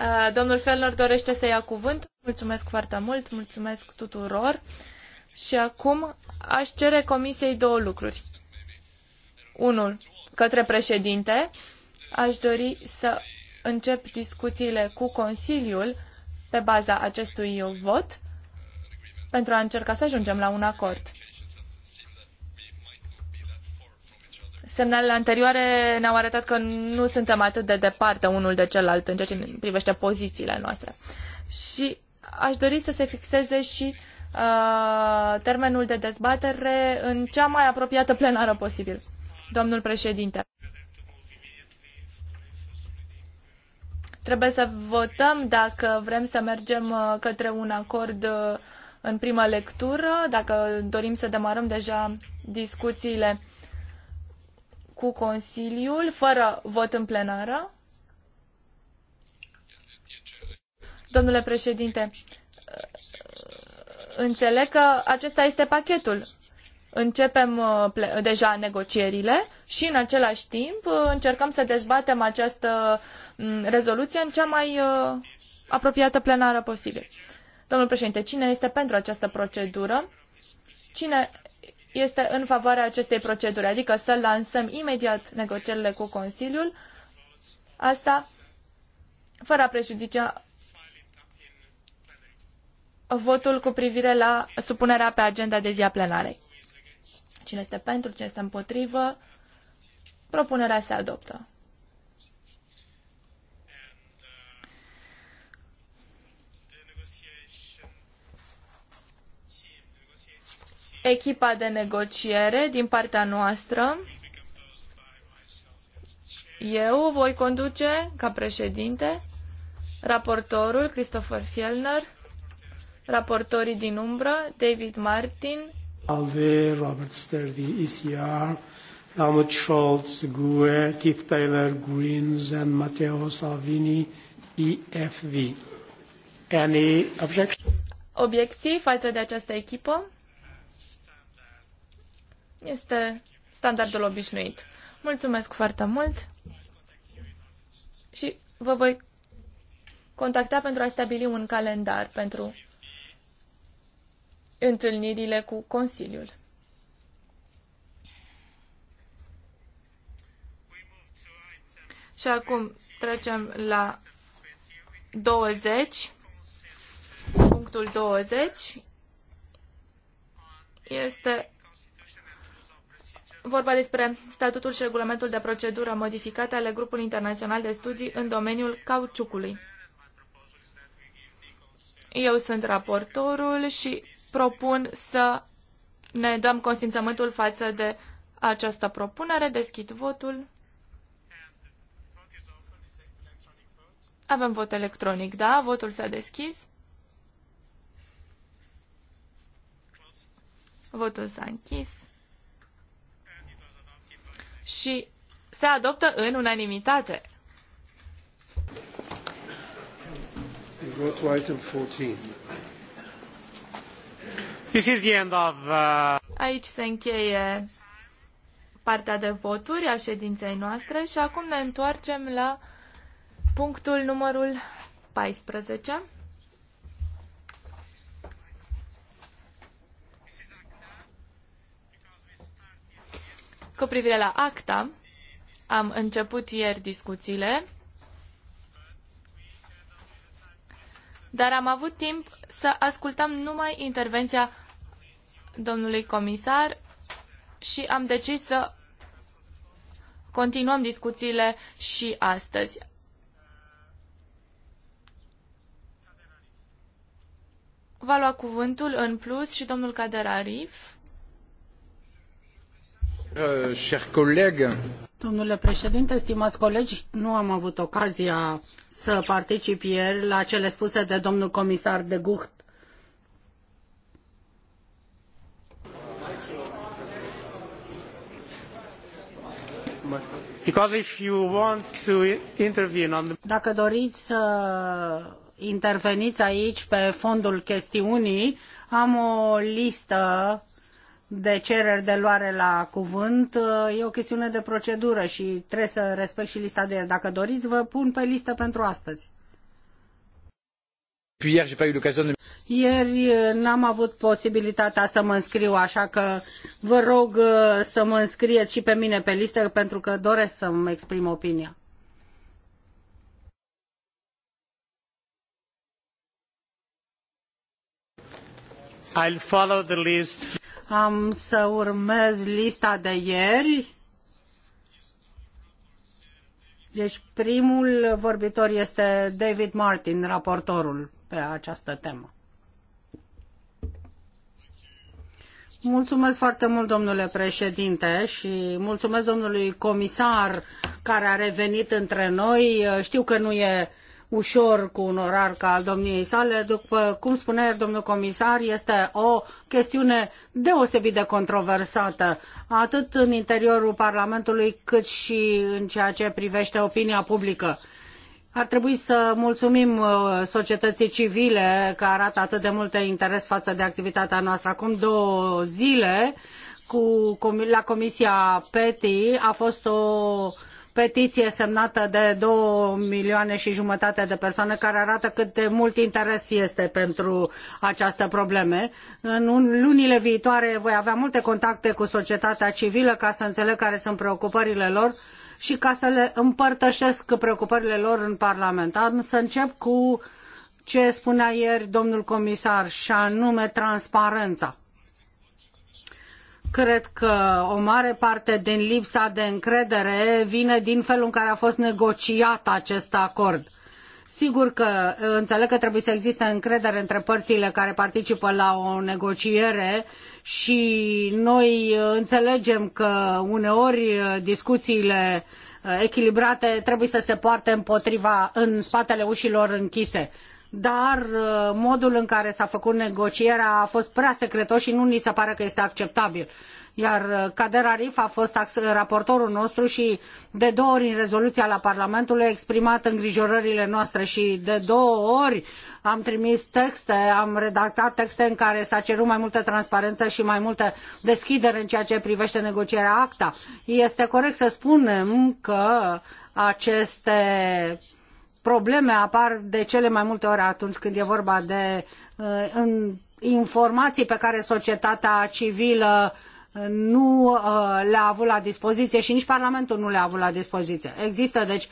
S4: Uh, domnul Fellner dorește să ia cuvânt. Mulțumesc foarte mult, mulțumesc tuturor. Și acum aș cere comisiei două lucruri. Unul, către președinte, aș dori să încep discuțiile cu Consiliul pe baza acestui vot pentru a încerca să ajungem la un acord. Semnalele anterioare ne-au arătat că nu suntem atât de departe unul de celălalt în ceea ce privește pozițiile noastre. Și aș dori să se fixeze și uh, termenul de dezbatere în cea mai apropiată plenară posibil. Domnul președinte. Trebuie să votăm dacă vrem să mergem uh, către un acord uh, în prima lectură, dacă dorim să demarăm deja discuțiile uh, cu Consiliul, fără vot în plenară? Domnule președinte, înțeleg că acesta este pachetul. Începem uh, deja negocierile și în același timp uh, încercăm să dezbatem această mm, rezoluție în cea mai uh, apropiată plenară posibil. Domnule președinte, cine este pentru această procedură? Cine este în favoarea acestei proceduri, adică să lansăm imediat negocierile cu Consiliul, asta fără a prejudicia votul cu privire la supunerea pe agenda de zi a plenarei. Cine este pentru, cine este împotrivă, propunerea se adoptă. echipa de negociere din partea noastră. Eu voi conduce ca președinte, raportorul Christopher Fielner, raportorii din umbră David Martin,
S1: Alve, Robert Sturdy, ECR, Helmut Scholz, GUE, Keith Taylor, Greens and Matteo Salvini, EFV.
S6: Any objection?
S4: Obiecții față de această echipă? Este standardul obișnuit. Mulțumesc foarte mult și vă voi contacta pentru a stabili un calendar pentru întâlnirile cu Consiliul. Și acum trecem la 20. Punctul 20 este vorba despre statutul și regulamentul de procedură modificate ale grupului internațional de studii în domeniul cauciucului. Eu sunt raportorul și propun să ne dăm consimțământul față de această propunere. Deschid votul. Avem vot electronic, da? Votul s-a deschis. Votul s-a închis și se adoptă în unanimitate. This is the end of, uh... Aici se încheie partea de voturi a ședinței noastre și acum ne întoarcem la punctul numărul 14. Cu privire la acta, am început ieri discuțiile, dar am avut timp să ascultăm numai intervenția domnului comisar și am decis să continuăm discuțiile și astăzi. Va lua cuvântul în plus și domnul Caderarif. Euh, Domnule președinte, stimați
S3: colegi, nu am avut ocazia să particip ieri la cele spuse de domnul comisar de Gucht. Because if you
S1: want to intervene on the...
S3: Dacă doriți să interveniți aici pe fondul chestiunii, am o listă de cereri de luare la cuvânt, e o chestiune de procedură și trebuie să respect și lista de el. Dacă doriți, vă pun pe listă pentru astăzi. Ieri eh, n-am avut posibilitatea să mă înscriu, așa că vă rog eh, să mă înscrieți și pe mine pe listă, pentru că doresc să-mi exprim opinia.
S1: I'll follow the list.
S3: Am să urmez lista de ieri. Deci primul vorbitor este David Martin, raportorul pe această temă. Mulțumesc foarte mult, domnule președinte, și mulțumesc domnului comisar care a revenit între noi. Știu că nu e ușor cu un orar ca al domniei sale. După cum spune domnul comisar, este o chestiune deosebit de controversată, atât în interiorul Parlamentului, cât și în ceea ce privește opinia publică. Ar trebui să mulțumim uh, societății civile că arată atât de mult interes față de activitatea noastră. Acum două zile, cu, la Comisia PETI, a fost o petiție semnată de două milioane și jumătate de persoane care arată cât de mult interes este pentru această probleme. În lunile viitoare voi avea multe contacte cu societatea civilă ca să înțeleg care sunt preocupările lor și ca să le împărtășesc preocupările lor în Parlament. Am să încep cu ce spunea ieri domnul comisar și anume transparența. Cred că o mare parte din lipsa de încredere vine din felul în care a fost negociat acest acord. Sigur că uh, înțeleg că trebuie să existe încredere între părțile care participă la o negociere și noi uh, înțelegem că uneori uh, discuțiile echilibrate trebuie să se poarte împotriva în spatele ușilor închise dar uh, modul în care s-a făcut negocierea a fost prea secretos și nu ni se pare că este acceptabil. Iar uh, Kader Arif a fost uh, raportorul nostru și de două ori în rezoluția la Parlamentul a exprimat îngrijorările noastre și de două ori am trimis texte, am redactat texte în care s-a cerut mai multă transparență și mai multă deschidere în ceea ce privește negocierea ACTA. Este corect să spunem că aceste probleme apar de cele mai multe ori atunci când e vorba de uh, în informații pe care societatea civilă uh, nu uh, le-a avut la dispoziție și nici Parlamentul nu le-a avut la dispoziție. Există, deci,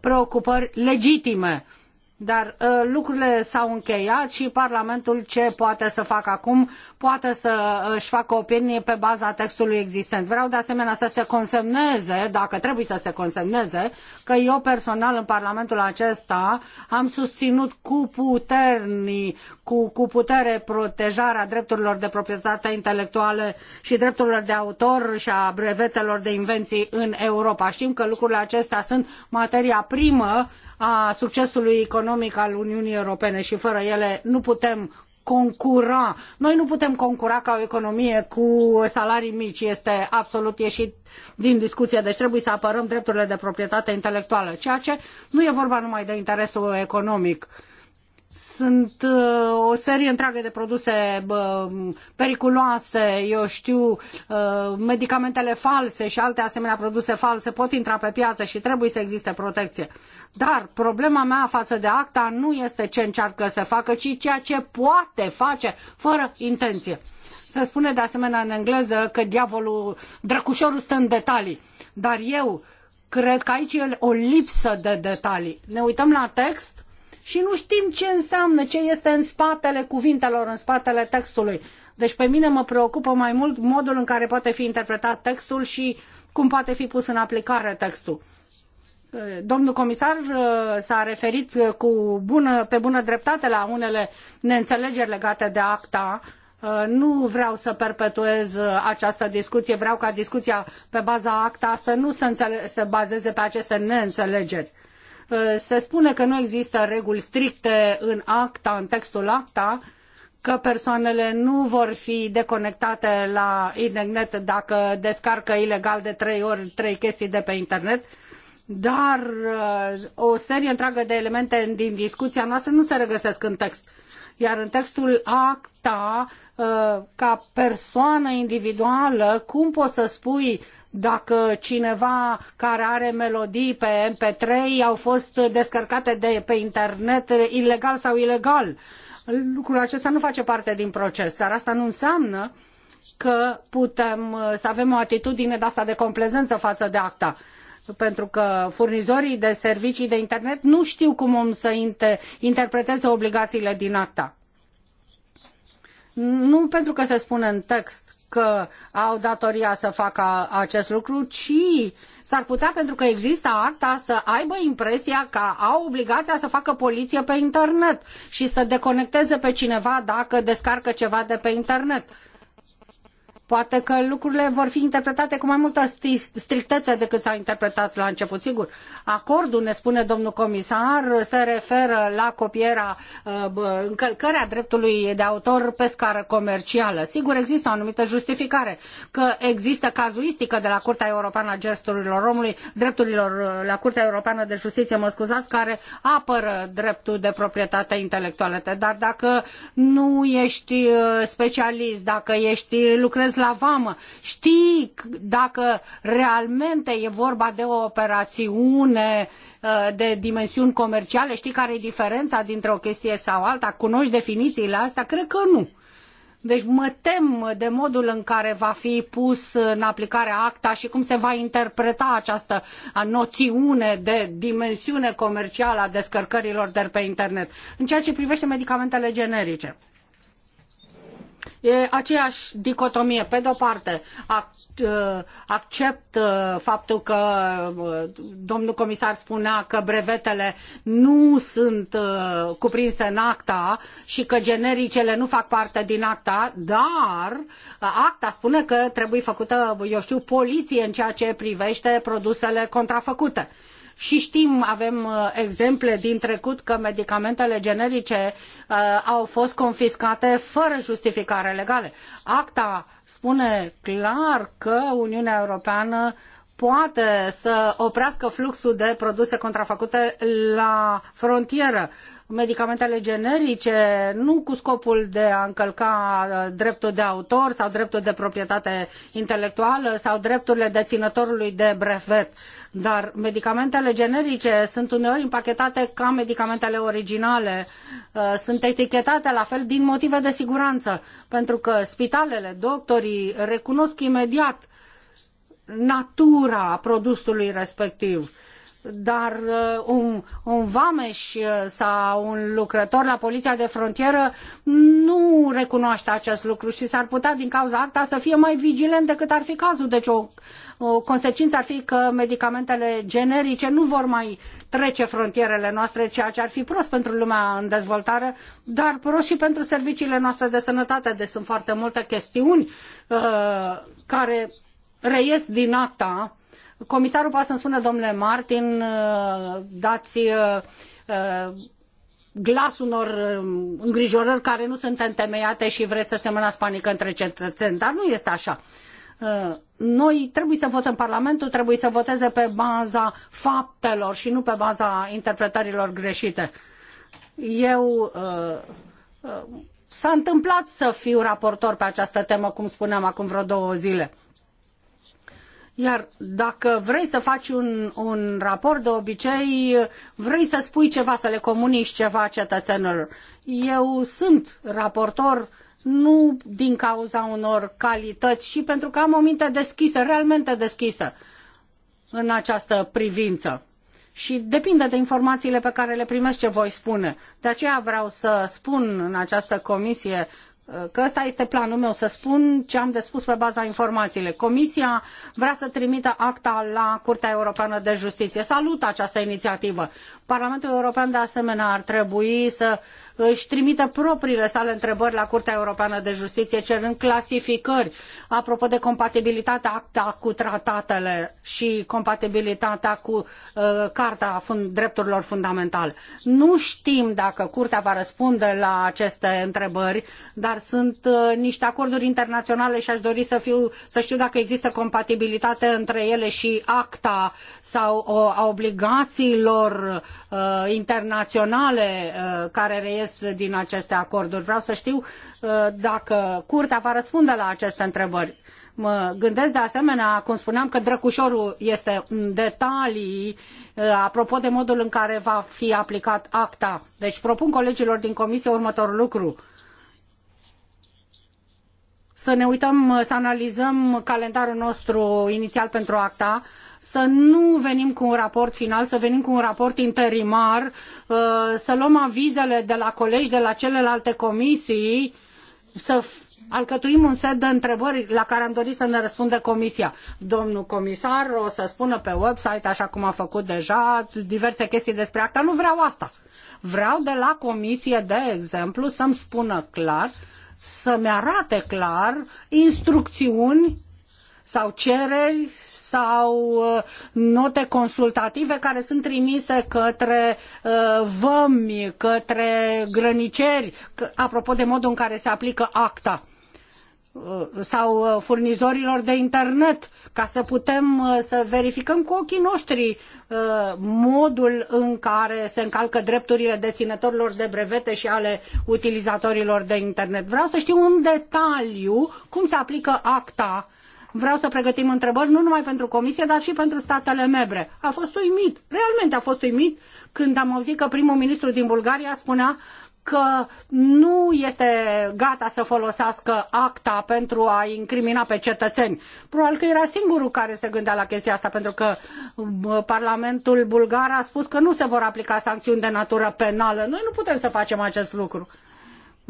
S3: preocupări legitime uh, dar uh, lucrurile s-au încheiat și Parlamentul ce poate să facă acum? Poate să uh, își facă opinie pe baza textului existent. Vreau de asemenea să se consemneze, dacă trebuie să se consemneze, că eu personal în Parlamentul acesta am susținut cu, puterni, cu, cu putere protejarea drepturilor de proprietate intelectuale și drepturilor de autor și a brevetelor de invenții în Europa. Știm că lucrurile acestea sunt materia primă a succesului economic economic al Uniunii Europene și fără ele nu putem concura. Noi nu putem concura ca o economie cu salarii mici, este absolut ieșit din discuție, deci trebuie să apărăm drepturile de proprietate intelectuală, ceea ce nu e vorba numai de interesul economic. Uh, sunt uh, o serie întreagă de produse periculoase, eu știu, uh, medicamentele false și alte asemenea produse false pot intra pe piață și trebuie să existe protecție. Dar problema mea față de acta nu este ce încearcă să facă, ci ceea ce poate face fără intenție. Se spune de asemenea în engleză că diavolul, drăcușorul stă în detalii. Dar eu cred că aici e o lipsă de detalii. Ne uităm la text și nu știm ce înseamnă, ce este în spatele cuvintelor, în spatele textului. Deci pe mine mă preocupă mai mult modul în care poate fi interpretat textul și cum poate fi pus în aplicare textul. Domnul comisar uh, s-a referit uh, cu bună, pe bună dreptate la unele neînțelegeri legate de acta. Uh, nu vreau să perpetuez această discuție, vreau ca discuția pe baza acta să nu se, înțele- se bazeze pe aceste neînțelegeri se spune că nu există reguli stricte în acta, în textul acta, că persoanele nu vor fi deconectate la internet dacă descarcă ilegal de trei ori trei chestii de pe internet, dar uh, o serie întreagă de elemente din discuția noastră nu se regăsesc în text. Iar în textul acta, uh, ca persoană individuală, cum poți să spui dacă cineva care are melodii pe MP3 au fost descărcate de pe internet ilegal sau ilegal? Lucrul acesta nu face parte din proces, dar asta nu înseamnă că putem uh, să avem o atitudine de asta de complezență față de acta pentru că furnizorii de servicii de internet nu știu cum să interpreteze obligațiile din acta. Nu pentru că se spune în text că au datoria să facă acest lucru, ci s-ar putea, pentru că există acta, să aibă impresia că au obligația să facă poliție pe internet și să deconecteze pe cineva dacă descarcă ceva de pe internet. Poate că lucrurile vor fi interpretate cu mai multă strictețe decât s-au interpretat la început. Sigur, acordul, ne spune domnul comisar, se referă la copierea, uh, încălcarea dreptului de autor pe scară comercială. Sigur, există o anumită justificare că există cazuistică de la Curtea Europeană a Gesturilor Omului, drepturilor uh, la Curtea Europeană de Justiție, mă scuzați, care apără dreptul de proprietate intelectuală. Dar dacă nu ești uh, specialist, dacă ești lucrezi la vamă. Știi dacă realmente e vorba de o operațiune uh, de dimensiuni comerciale, știi care e diferența dintre o chestie sau alta, cunoști definițiile astea? Cred că nu. Deci mă tem de modul în care va fi pus în aplicare acta și cum se va interpreta această noțiune de dimensiune comercială a descărcărilor de pe internet. În ceea ce privește medicamentele generice. E aceeași dicotomie. Pe de-o parte, uh, accept uh, faptul că uh, domnul comisar spunea că brevetele nu sunt cuprinse în acta și că genericele nu fac parte din acta, dar acta spune că trebuie făcută, eu știu, poliție în ceea ce privește produsele contrafăcute și știm, avem uh, exemple din trecut că medicamentele generice uh, au fost confiscate fără justificare legală. Acta spune clar că Uniunea Europeană poate să oprească fluxul de produse contrafăcute la frontieră medicamentele generice, nu cu scopul de a încălca uh, dreptul de autor sau dreptul de proprietate intelectuală sau drepturile deținătorului de brevet, dar medicamentele generice sunt uneori împachetate ca medicamentele originale, uh, sunt etichetate la fel din motive de siguranță, pentru că spitalele, doctorii recunosc imediat natura produsului respectiv dar uh, un, un vameș uh, sau un lucrător la poliția de frontieră nu recunoaște acest lucru și s-ar putea din cauza acta să fie mai vigilent decât ar fi cazul. Deci o, o consecință ar fi că medicamentele generice nu vor mai trece frontierele noastre, ceea ce ar fi prost pentru lumea în dezvoltare, dar prost și pentru serviciile noastre de sănătate. Deci sunt foarte multe chestiuni uh, care reies din acta Comisarul poate să-mi spună, domnule Martin, uh, dați uh, uh, glas unor îngrijorări care nu sunt întemeiate și vreți să semănați panică între cetățeni, dar nu este așa. Noi trebuie să votăm Parlamentul, trebuie să voteze pe baza faptelor și nu pe baza interpretărilor greșite. Eu s-a întâmplat să fiu raportor pe această temă, cum spuneam acum vreo două zile iar dacă vrei să faci un, un raport, de obicei vrei să spui ceva, să le comunici ceva cetățenilor. Eu sunt raportor nu din cauza unor calități, ci pentru că am o minte deschisă, realmente deschisă în această privință. Și depinde de informațiile pe care le primesc ce voi spune. De aceea vreau să spun în această comisie că ăsta este planul meu, să spun ce am de spus pe baza informațiilor. Comisia vrea să trimită acta la Curtea Europeană de Justiție. Salut această inițiativă. Parlamentul European, de asemenea, ar trebui să își trimită propriile sale întrebări la Curtea Europeană de Justiție, cerând clasificări apropo de compatibilitatea acta cu tratatele și compatibilitatea cu uh, Carta fund, Drepturilor Fundamentale. Nu știm dacă Curtea va răspunde la aceste întrebări, dar sunt uh, niște acorduri internaționale și aș dori să, fiu, să știu dacă există compatibilitate între ele și acta sau o, uh, a obligațiilor uh, internaționale uh, care reies din aceste acorduri. Vreau să știu uh, dacă curtea va răspunde la aceste întrebări. Mă gândesc de asemenea, cum spuneam, că drăcușorul este în detalii uh, apropo de modul în care va fi aplicat acta. Deci propun colegilor din comisie următorul lucru să ne uităm, să analizăm calendarul nostru inițial pentru acta, să nu venim cu un raport final, să venim cu un raport interimar, uh, să luăm avizele de la colegi, de la celelalte comisii, să alcătuim un set de întrebări la care am dorit să ne răspundă comisia. Domnul comisar o să spună pe website, așa cum a făcut deja, diverse chestii despre acta. Nu vreau asta. Vreau de la comisie, de exemplu, să-mi spună clar, să-mi arate clar instrucțiuni sau cereri sau uh, note consultative care sunt trimise către uh, vămi, către grăniceri, apropo de modul în care se aplică acta uh, sau furnizorilor de internet ca să putem să verificăm cu ochii noștri modul în care se încalcă drepturile deținătorilor de brevete și ale utilizatorilor de internet. Vreau să știu în detaliu cum se aplică acta Vreau să pregătim întrebări nu numai pentru Comisie, dar și pentru statele membre. A fost uimit, realmente a fost uimit când am auzit că primul ministru din Bulgaria spunea că nu este gata să folosească acta pentru a incrimina pe cetățeni. Probabil că era singurul care se gândea la chestia asta, pentru că Parlamentul bulgar a spus că nu se vor aplica sancțiuni de natură penală. Noi nu putem să facem acest lucru.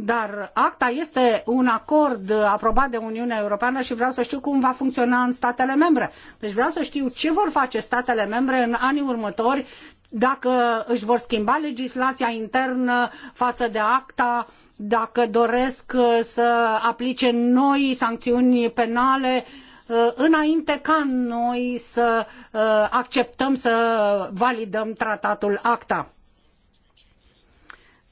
S3: Dar acta este un acord aprobat de Uniunea Europeană și vreau să știu cum va funcționa în statele membre. Deci vreau să știu ce vor face statele membre în anii următori dacă își vor schimba legislația internă față de acta, dacă doresc să aplice noi sancțiuni penale uh, înainte ca noi să uh, acceptăm să validăm tratatul acta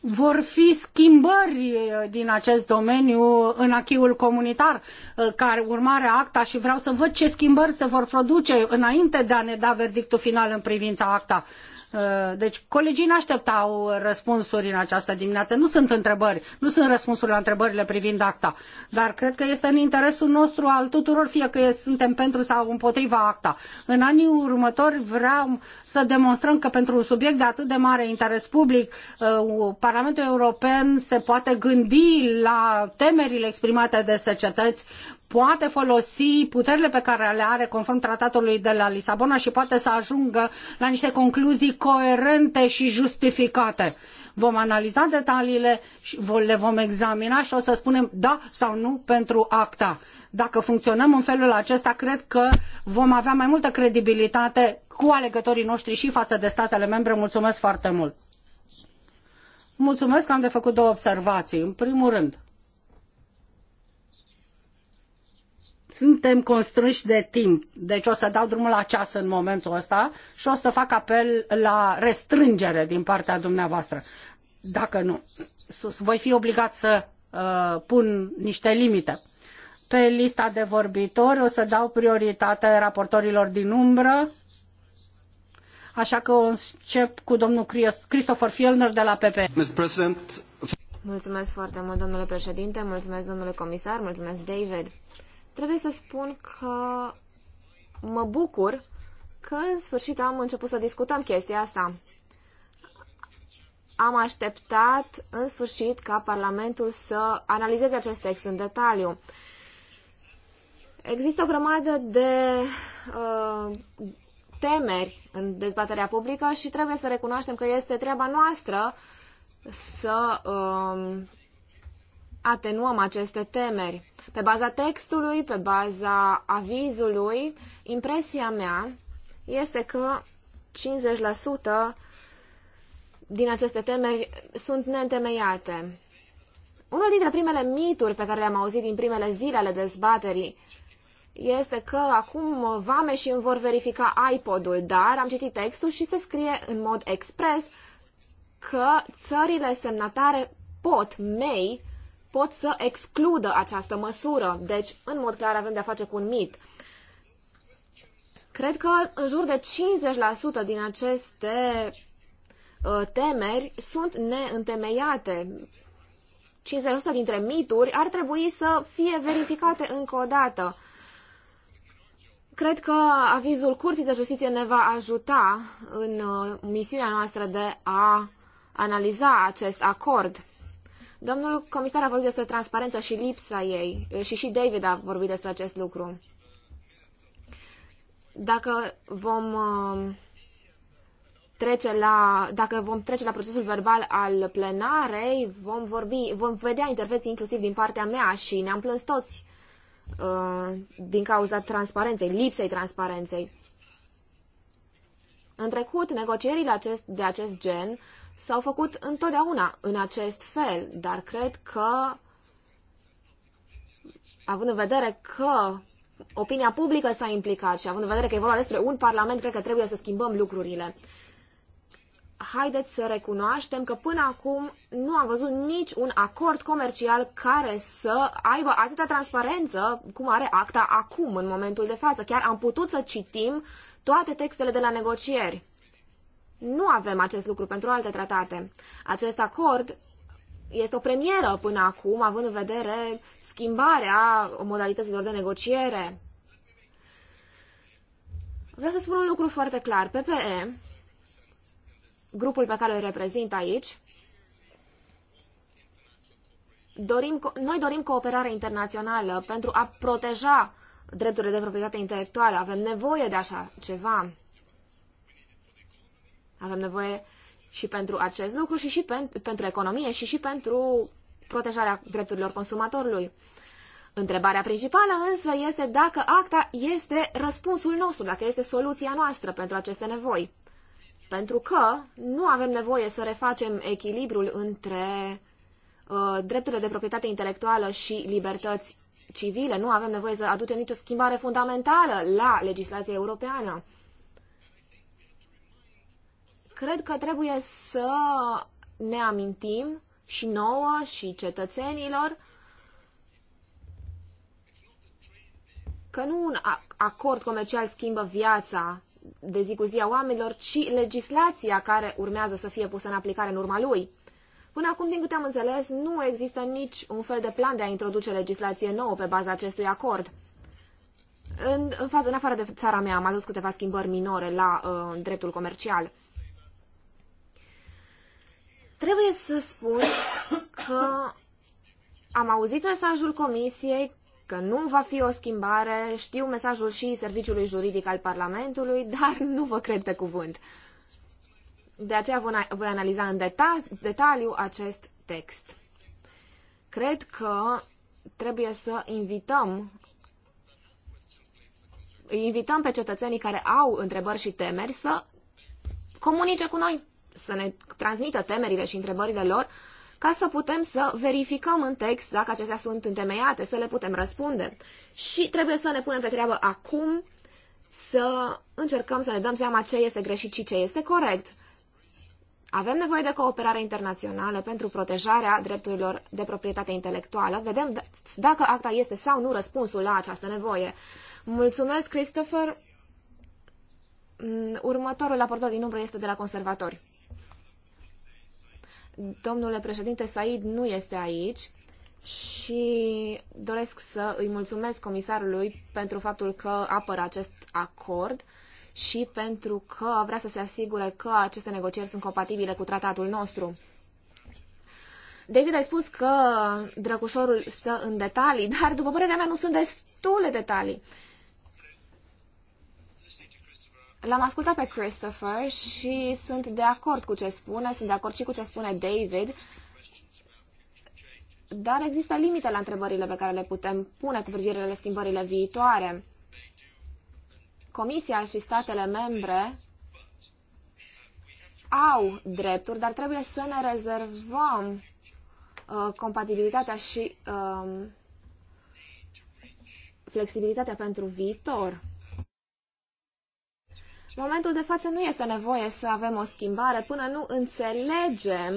S3: vor fi schimbări uh, din acest domeniu în achiul comunitar, uh, care urmare a acta și vreau să văd ce schimbări se vor produce înainte de a ne da verdictul final în privința acta. Uh, deci colegii n-așteptau răspunsuri în această dimineață. Nu sunt întrebări, nu sunt răspunsuri la întrebările privind acta. Dar cred că este în interesul nostru al tuturor, fie că suntem pentru sau împotriva acta. În anii următori vreau să demonstrăm că pentru un subiect de atât de mare interes public, uh, Parlamentul European se poate gândi la temerile exprimate de societăți, poate folosi puterile pe care le are conform tratatului de la Lisabona și poate să ajungă la niște concluzii coerente și justificate. Vom analiza detaliile, și le vom examina și o să spunem da sau nu pentru acta. Dacă funcționăm în felul acesta, cred că vom avea mai multă credibilitate cu alegătorii noștri și față de statele membre. Mulțumesc foarte mult! Mulțumesc că am de făcut două observații. În primul rând, suntem constrânși de timp. Deci o să dau drumul la ceas în momentul ăsta și o să fac apel la restrângere din partea dumneavoastră. Dacă nu, voi fi obligat să uh, pun niște limite. Pe lista de vorbitori o să dau prioritate raportorilor din umbră, așa că o încep cu domnul Christopher Fielner de la PP. Mulțumesc foarte
S2: mult, domnule președinte, mulțumesc, domnule comisar, mulțumesc, David. Trebuie să spun că mă bucur că în sfârșit am început să discutăm chestia asta. Am așteptat în sfârșit ca Parlamentul să analizeze acest text în detaliu. Există o grămadă de uh, temeri în dezbaterea publică și trebuie să recunoaștem că este treaba noastră să uh, atenuăm aceste temeri. Pe baza textului, pe baza avizului, impresia mea este că 50% din aceste temeri sunt neîntemeiate. Unul dintre primele mituri pe care le-am auzit din primele zile ale dezbaterii este că acum vame și îmi vor verifica iPod-ul, dar am citit textul și se scrie în mod expres că țările semnatare pot, mei, pot să excludă această măsură. Deci, în mod clar, avem de-a face cu un mit. Cred că în jur de 50% din aceste uh, temeri sunt neîntemeiate. 50% dintre mituri ar trebui să fie verificate încă o dată. Cred că avizul Curții de Justiție ne va ajuta în uh, misiunea noastră de a analiza acest acord. Domnul comisar a vorbit despre transparență și lipsa ei și și David a vorbit despre acest lucru. Dacă vom um, trece la, dacă vom trece la procesul verbal al plenarei, vom, vorbi, vom vedea intervenții inclusiv din partea mea și ne-am plâns toți uh, din cauza transparenței, lipsei transparenței. În trecut, negocierile acest, de acest gen s-au făcut întotdeauna în acest fel, dar cred că, având în vedere că opinia publică s-a implicat și având în vedere că e vorba despre un parlament, cred că trebuie să schimbăm lucrurile. Haideți să recunoaștem că până acum nu am văzut nici un acord comercial care să aibă atâta transparență cum are acta acum, în momentul de față. Chiar am putut să citim toate textele de la negocieri. Nu avem acest lucru pentru alte tratate. Acest acord este o premieră până acum, având în vedere schimbarea modalităților de negociere. Vreau să spun un lucru foarte clar. PPE, grupul pe care îl reprezint aici, dorim, noi dorim cooperare internațională pentru a proteja drepturile de proprietate intelectuală. Avem nevoie de așa ceva. Avem nevoie și pentru acest lucru și, și pen, pentru economie și și pentru protejarea drepturilor consumatorului. Întrebarea principală însă este dacă acta este răspunsul nostru, dacă este soluția noastră pentru aceste nevoi. Pentru că nu avem nevoie să refacem echilibrul între uh, drepturile de proprietate intelectuală și libertăți civile, nu avem nevoie să aducem nicio schimbare fundamentală la legislația europeană cred că trebuie să ne amintim și nouă și cetățenilor că nu un acord comercial schimbă viața de zi cu zi a oamenilor, ci legislația care urmează să fie pusă în aplicare în urma lui. Până acum, din câte am înțeles, nu există nici un fel de plan de a introduce legislație nouă pe baza acestui acord. În, în, fază, în afară de țara mea am adus câteva schimbări minore la uh, dreptul comercial. Trebuie să spun că am auzit mesajul comisiei că nu va fi o schimbare, știu mesajul și Serviciului Juridic al Parlamentului, dar nu vă cred pe cuvânt. De aceea voi analiza în deta- detaliu acest text. Cred că trebuie să invităm invităm pe cetățenii care au întrebări și temeri să comunice cu noi să ne transmită temerile și întrebările lor, ca să putem să verificăm în text dacă acestea sunt întemeiate, să le putem răspunde. Și trebuie să ne punem pe treabă acum să încercăm să ne dăm seama ce este greșit și ce este corect. Avem nevoie de cooperare internațională pentru protejarea drepturilor de proprietate intelectuală. Vedem dacă acta este sau nu răspunsul la această nevoie. Mulțumesc, Christopher. Mm, următorul raportor din umbră este de la conservatori. Domnule președinte Said nu este aici și doresc să îi mulțumesc comisarului pentru faptul că apără acest acord și pentru că vrea să se asigure că aceste negocieri sunt compatibile cu tratatul nostru. David, ai spus că drăgușorul stă în detalii, dar după părerea mea nu sunt destule detalii. Uh, L-am ascultat pe Christopher și sunt de acord cu ce spune, sunt de acord și cu ce spune David, dar există limite la întrebările pe care le putem pune cu privire la schimbările viitoare. Comisia și statele membre au drepturi, dar trebuie să ne rezervăm uh, compatibilitatea și uh, flexibilitatea pentru viitor. În momentul de față nu este nevoie să avem o schimbare până nu înțelegem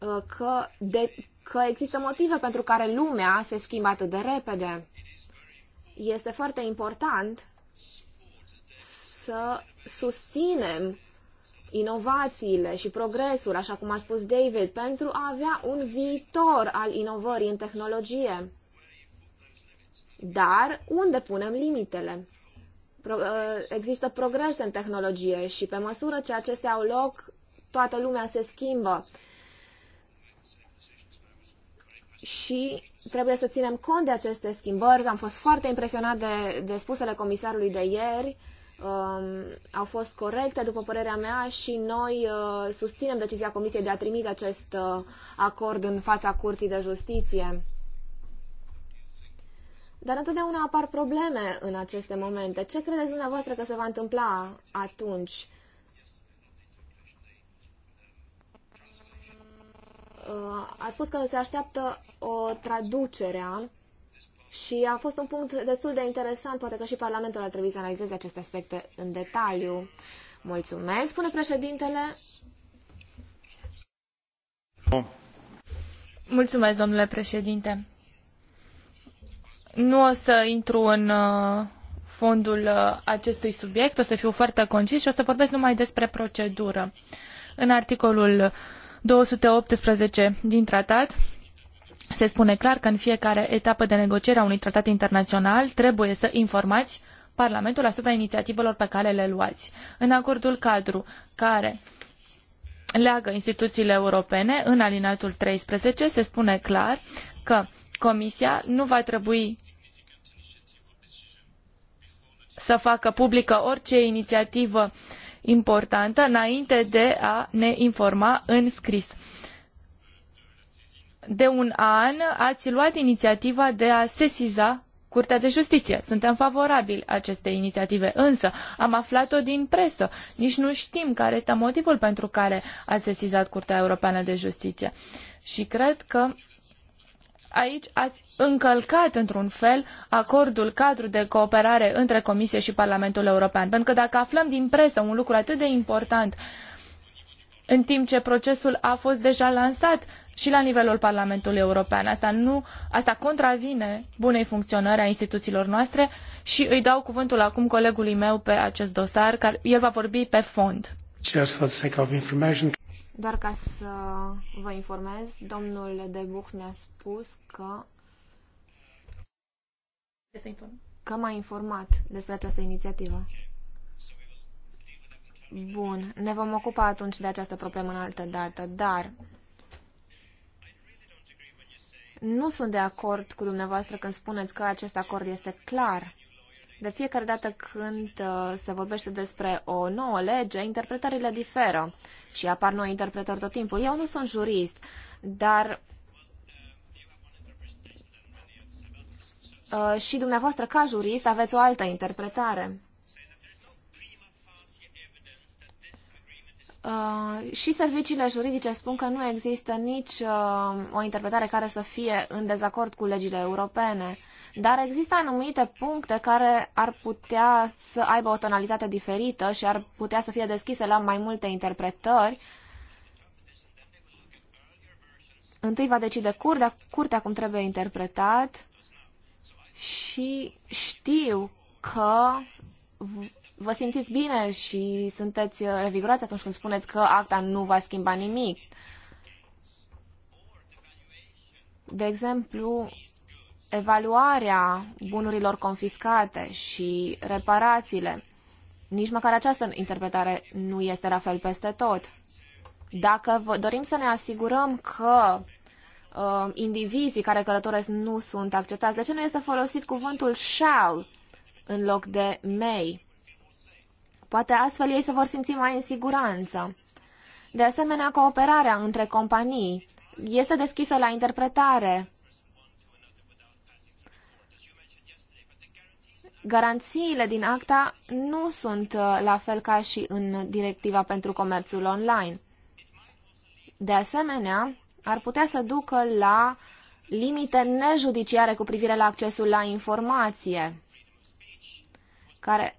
S2: uh, că, de, că există motive pentru care lumea se schimbă atât de repede. Este foarte important să susținem inovațiile și progresul, așa cum a spus David, pentru a avea un viitor al inovării în tehnologie. Dar unde punem limitele? pro, uh, există progrese în tehnologie și pe măsură ce acestea au loc, toată lumea se schimbă. Și trebuie să ținem cont de aceste schimbări. Am fost foarte impresionat de, de spusele comisarului de ieri. Um, au fost corecte, după părerea mea, și noi uh, susținem decizia Comisiei de a trimite acest uh, acord în fața Curții de Justiție. Dar întotdeauna apar probleme în aceste momente. Ce credeți dumneavoastră că se va întâmpla atunci? Uh, a spus că se așteaptă o traducere și a fost un punct destul de interesant. Poate că și Parlamentul ar trebui să analizeze aceste aspecte în detaliu. Mulțumesc, spune președintele.
S4: Mulțumesc, domnule președinte. Nu o să intru în uh, fondul uh, acestui subiect, o să fiu foarte concis și o să vorbesc numai despre procedură. În articolul 218 din tratat se spune clar că în fiecare etapă de negociere a unui tratat internațional trebuie să informați Parlamentul asupra inițiativelor pe care le luați. În acordul cadru care leagă instituțiile europene, în alinatul 13 se spune clar că Comisia nu va trebui să facă publică orice inițiativă importantă înainte de a ne informa în scris. De un an ați luat inițiativa de a sesiza Curtea de Justiție. Suntem favorabili acestei inițiative, însă am aflat-o din presă. Nici nu știm care este motivul pentru care ați sesizat Curtea Europeană de Justiție. Și cred că aici ați încălcat într-un fel acordul cadru de cooperare între Comisie și Parlamentul European. Pentru că dacă aflăm din presă un lucru atât de important, în timp ce procesul a fost deja lansat și la nivelul Parlamentului European, asta, nu, asta contravine bunei funcționări a instituțiilor noastre și îi dau cuvântul acum colegului meu pe acest dosar, care el va vorbi pe fond.
S2: Doar ca să vă informez, domnul de Buch mi-a spus că că m-a informat despre această inițiativă. Bun, ne vom ocupa atunci de această problemă în altă dată, dar nu sunt de acord cu dumneavoastră când spuneți că acest acord este clar. De fiecare dată când uh, se vorbește despre o nouă lege, interpretările diferă și apar noi interpretări tot timpul. Eu nu sunt jurist, dar uh, și dumneavoastră, ca jurist, aveți o altă interpretare. Uh, și serviciile juridice spun că nu există nici uh, o interpretare care să fie în dezacord cu legile europene. Dar există anumite puncte care ar putea să aibă o tonalitate diferită și ar putea să fie deschise la mai multe interpretări. Întâi va decide curtea, curtea cum trebuie interpretat și știu că vă simțiți bine și sunteți revigurați atunci când spuneți că acta nu va schimba nimic. De exemplu, evaluarea bunurilor confiscate și reparațiile. Nici măcar această interpretare nu este la fel peste tot. Dacă dorim să ne asigurăm că uh, indivizii care călătoresc nu sunt acceptați, de ce nu este folosit cuvântul shall în loc de may? Poate astfel ei se vor simți mai în siguranță. De asemenea, cooperarea între companii este deschisă la interpretare garanțiile din acta nu sunt uh, la fel ca și în directiva pentru comerțul online. De asemenea, ar putea să ducă la limite nejudiciare cu privire la accesul la informație, care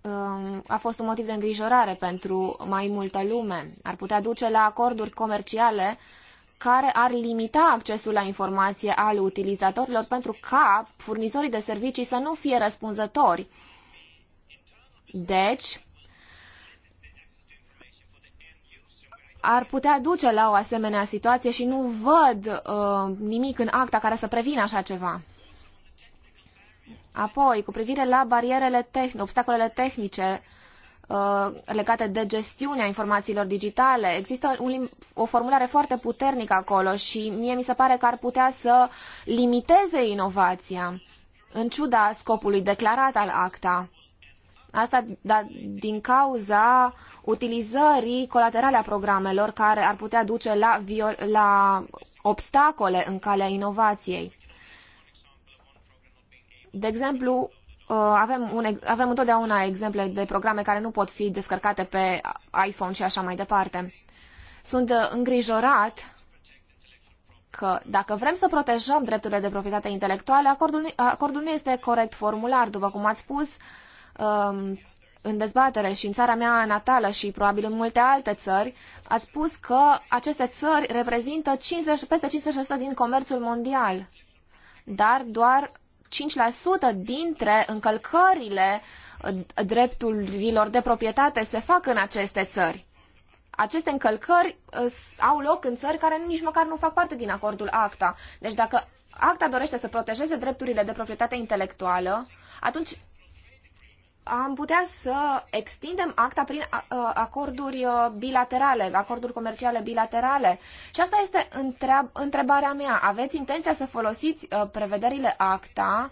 S2: um, a fost un motiv de îngrijorare pentru mai multă lume. Ar putea duce la acorduri comerciale uh, care ar limita accesul la informație al utilizatorilor pentru ca furnizorii de servicii să nu fie răspunzători. Deci, ar putea duce la o asemenea situație și nu văd uh, nimic în acta care să prevină așa ceva. Apoi, cu privire la barierele tehnice, obstacolele tehnice Uh, legate de gestiunea informațiilor digitale. Există un, o formulare foarte puternică acolo și mie mi se pare că ar putea să limiteze inovația, în ciuda scopului declarat al ACTA. Asta da, din cauza utilizării colaterale a programelor care ar putea duce la, viol, la obstacole în calea inovației. De exemplu, Uh, avem, un, avem întotdeauna exemple de programe care nu pot fi descărcate pe iPhone și așa mai departe. Sunt uh, îngrijorat că dacă vrem să protejăm drepturile de proprietate intelectuale, acordul, acordul nu este corect formular, după cum ați spus um, în dezbatere și în țara mea natală și probabil în multe alte țări, ați spus că aceste țări reprezintă 50, peste 50% din comerțul mondial, dar doar dintre încălcările drepturilor de proprietate se fac în aceste țări. Aceste încălcări uh, au loc în țări care nici măcar nu fac parte din acordul ACTA. Deci dacă ACTA dorește să protejeze drepturile de proprietate intelectuală, atunci am putea să extindem acta prin acorduri uh, bilaterale, acorduri comerciale bilaterale. Și asta este întreab- întrebarea mea. Aveți intenția să folosiți uh, prevederile acta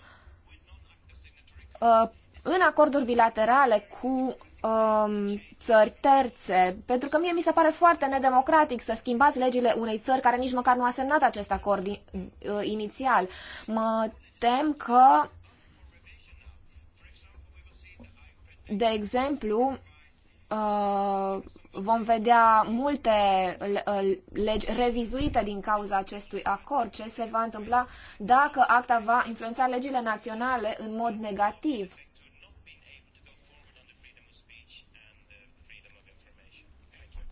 S2: uh, în acorduri bilaterale cu um, țări terțe, pentru că mie mi se pare foarte nedemocratic să schimbați legile unei țări care nici măcar nu a semnat acest acord inițial. Mă tem că De exemplu, uh, vom vedea multe uh, legi revizuite din cauza acestui acord, ce se va întâmpla dacă acta va influența legile naționale în mod negativ.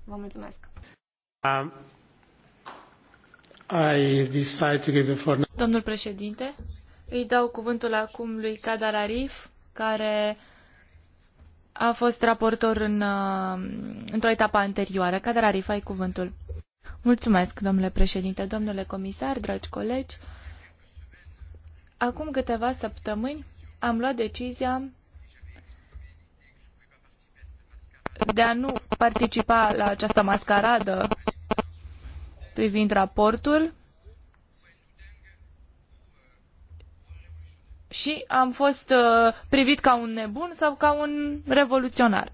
S2: Vă mulțumesc.
S6: Um, I decide to give the floor.
S4: Domnul președinte, îi dau cuvântul acum lui Kadar Arif, care a fost raportor în, uh, într-o etapă anterioară. Cadar Arif, ai cuvântul. Mulțumesc, domnule președinte, domnule comisar, dragi colegi. Acum câteva săptămâni am luat decizia de a nu participa la această mascaradă privind raportul și am fost uh, privit ca un nebun sau ca un revoluționar.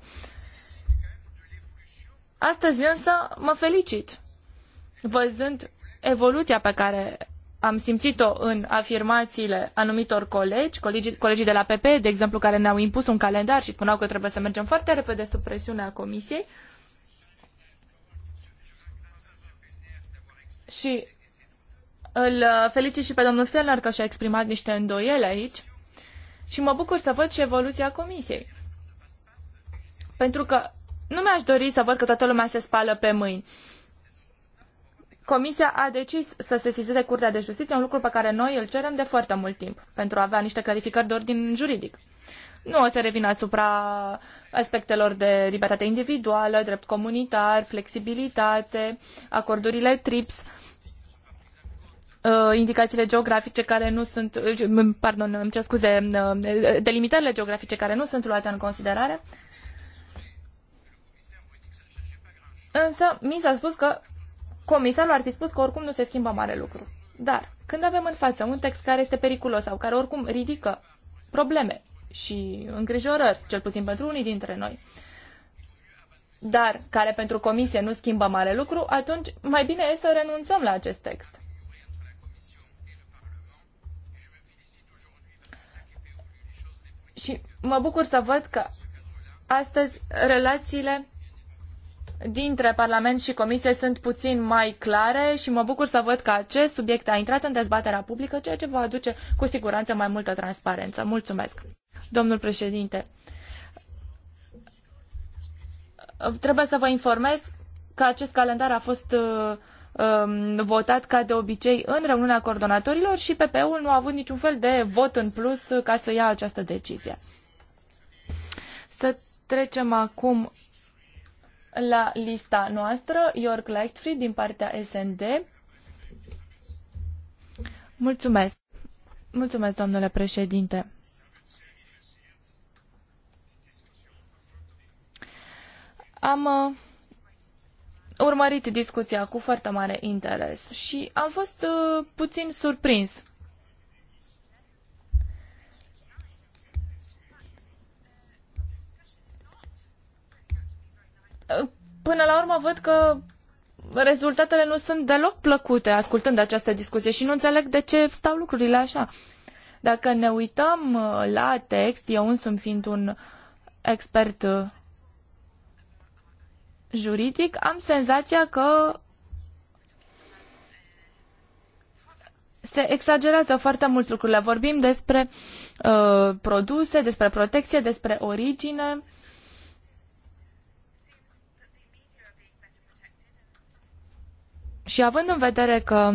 S4: Astăzi însă mă felicit, văzând evoluția pe care am simțit-o în afirmațiile anumitor colegi, colegii, colegii de la PP, de exemplu, care ne-au impus un calendar și spuneau că trebuie să mergem foarte repede sub presiunea comisiei. Și îl uh, felicit și pe domnul Fellner că și-a exprimat niște îndoiele aici și mă bucur să văd și evoluția comisiei. Pentru că nu mi-aș dori să văd că toată lumea se spală pe mâini. Comisia a decis să se sesizeze Curtea de Justiție, un lucru pe care noi îl cerem de foarte mult timp, pentru a avea niște clarificări de ordin juridic. Nu o să revin asupra aspectelor de libertate individuală, drept comunitar, flexibilitate, acordurile TRIPS uh, indicațiile geografice care nu sunt, uh, pardon, îmi cer scuze, uh, uh, delimitările geografice care nu sunt luate în considerare. Însă mi s-a spus că comisarul ar fi spus că oricum nu se schimbă mare lucru. Dar când avem în față un text care este periculos sau care oricum ridică probleme și îngrijorări, cel puțin pentru unii dintre noi, dar care pentru comisie nu schimbă mare lucru, atunci mai bine e să renunțăm la acest text. Și mă bucur să văd că astăzi relațiile dintre Parlament și Comisie sunt puțin mai clare și mă bucur să văd că acest subiect a intrat în dezbaterea publică, ceea ce va aduce cu siguranță mai multă transparență. Mulțumesc. Domnul președinte, trebuie să vă informez că acest calendar a fost uh, Um, votat ca de obicei în reuniunea coordonatorilor și PPE-ul nu a avut niciun fel de vot în plus ca să ia această decizie. Să trecem acum la lista noastră, York Lightfree din partea SND. Mulțumesc. Mulțumesc, domnule președinte. Am uh, urmărit discuția cu foarte mare interes și am fost uh, puțin surprins. Până la urmă văd că rezultatele nu sunt deloc plăcute ascultând această discuție și nu înțeleg de ce stau lucrurile așa. Dacă ne uităm uh, la text, eu însumi fiind un expert uh, juridic, am senzația că se exagerează foarte mult lucrurile. Vorbim despre uh, produse, despre protecție, despre origine. Și având în vedere că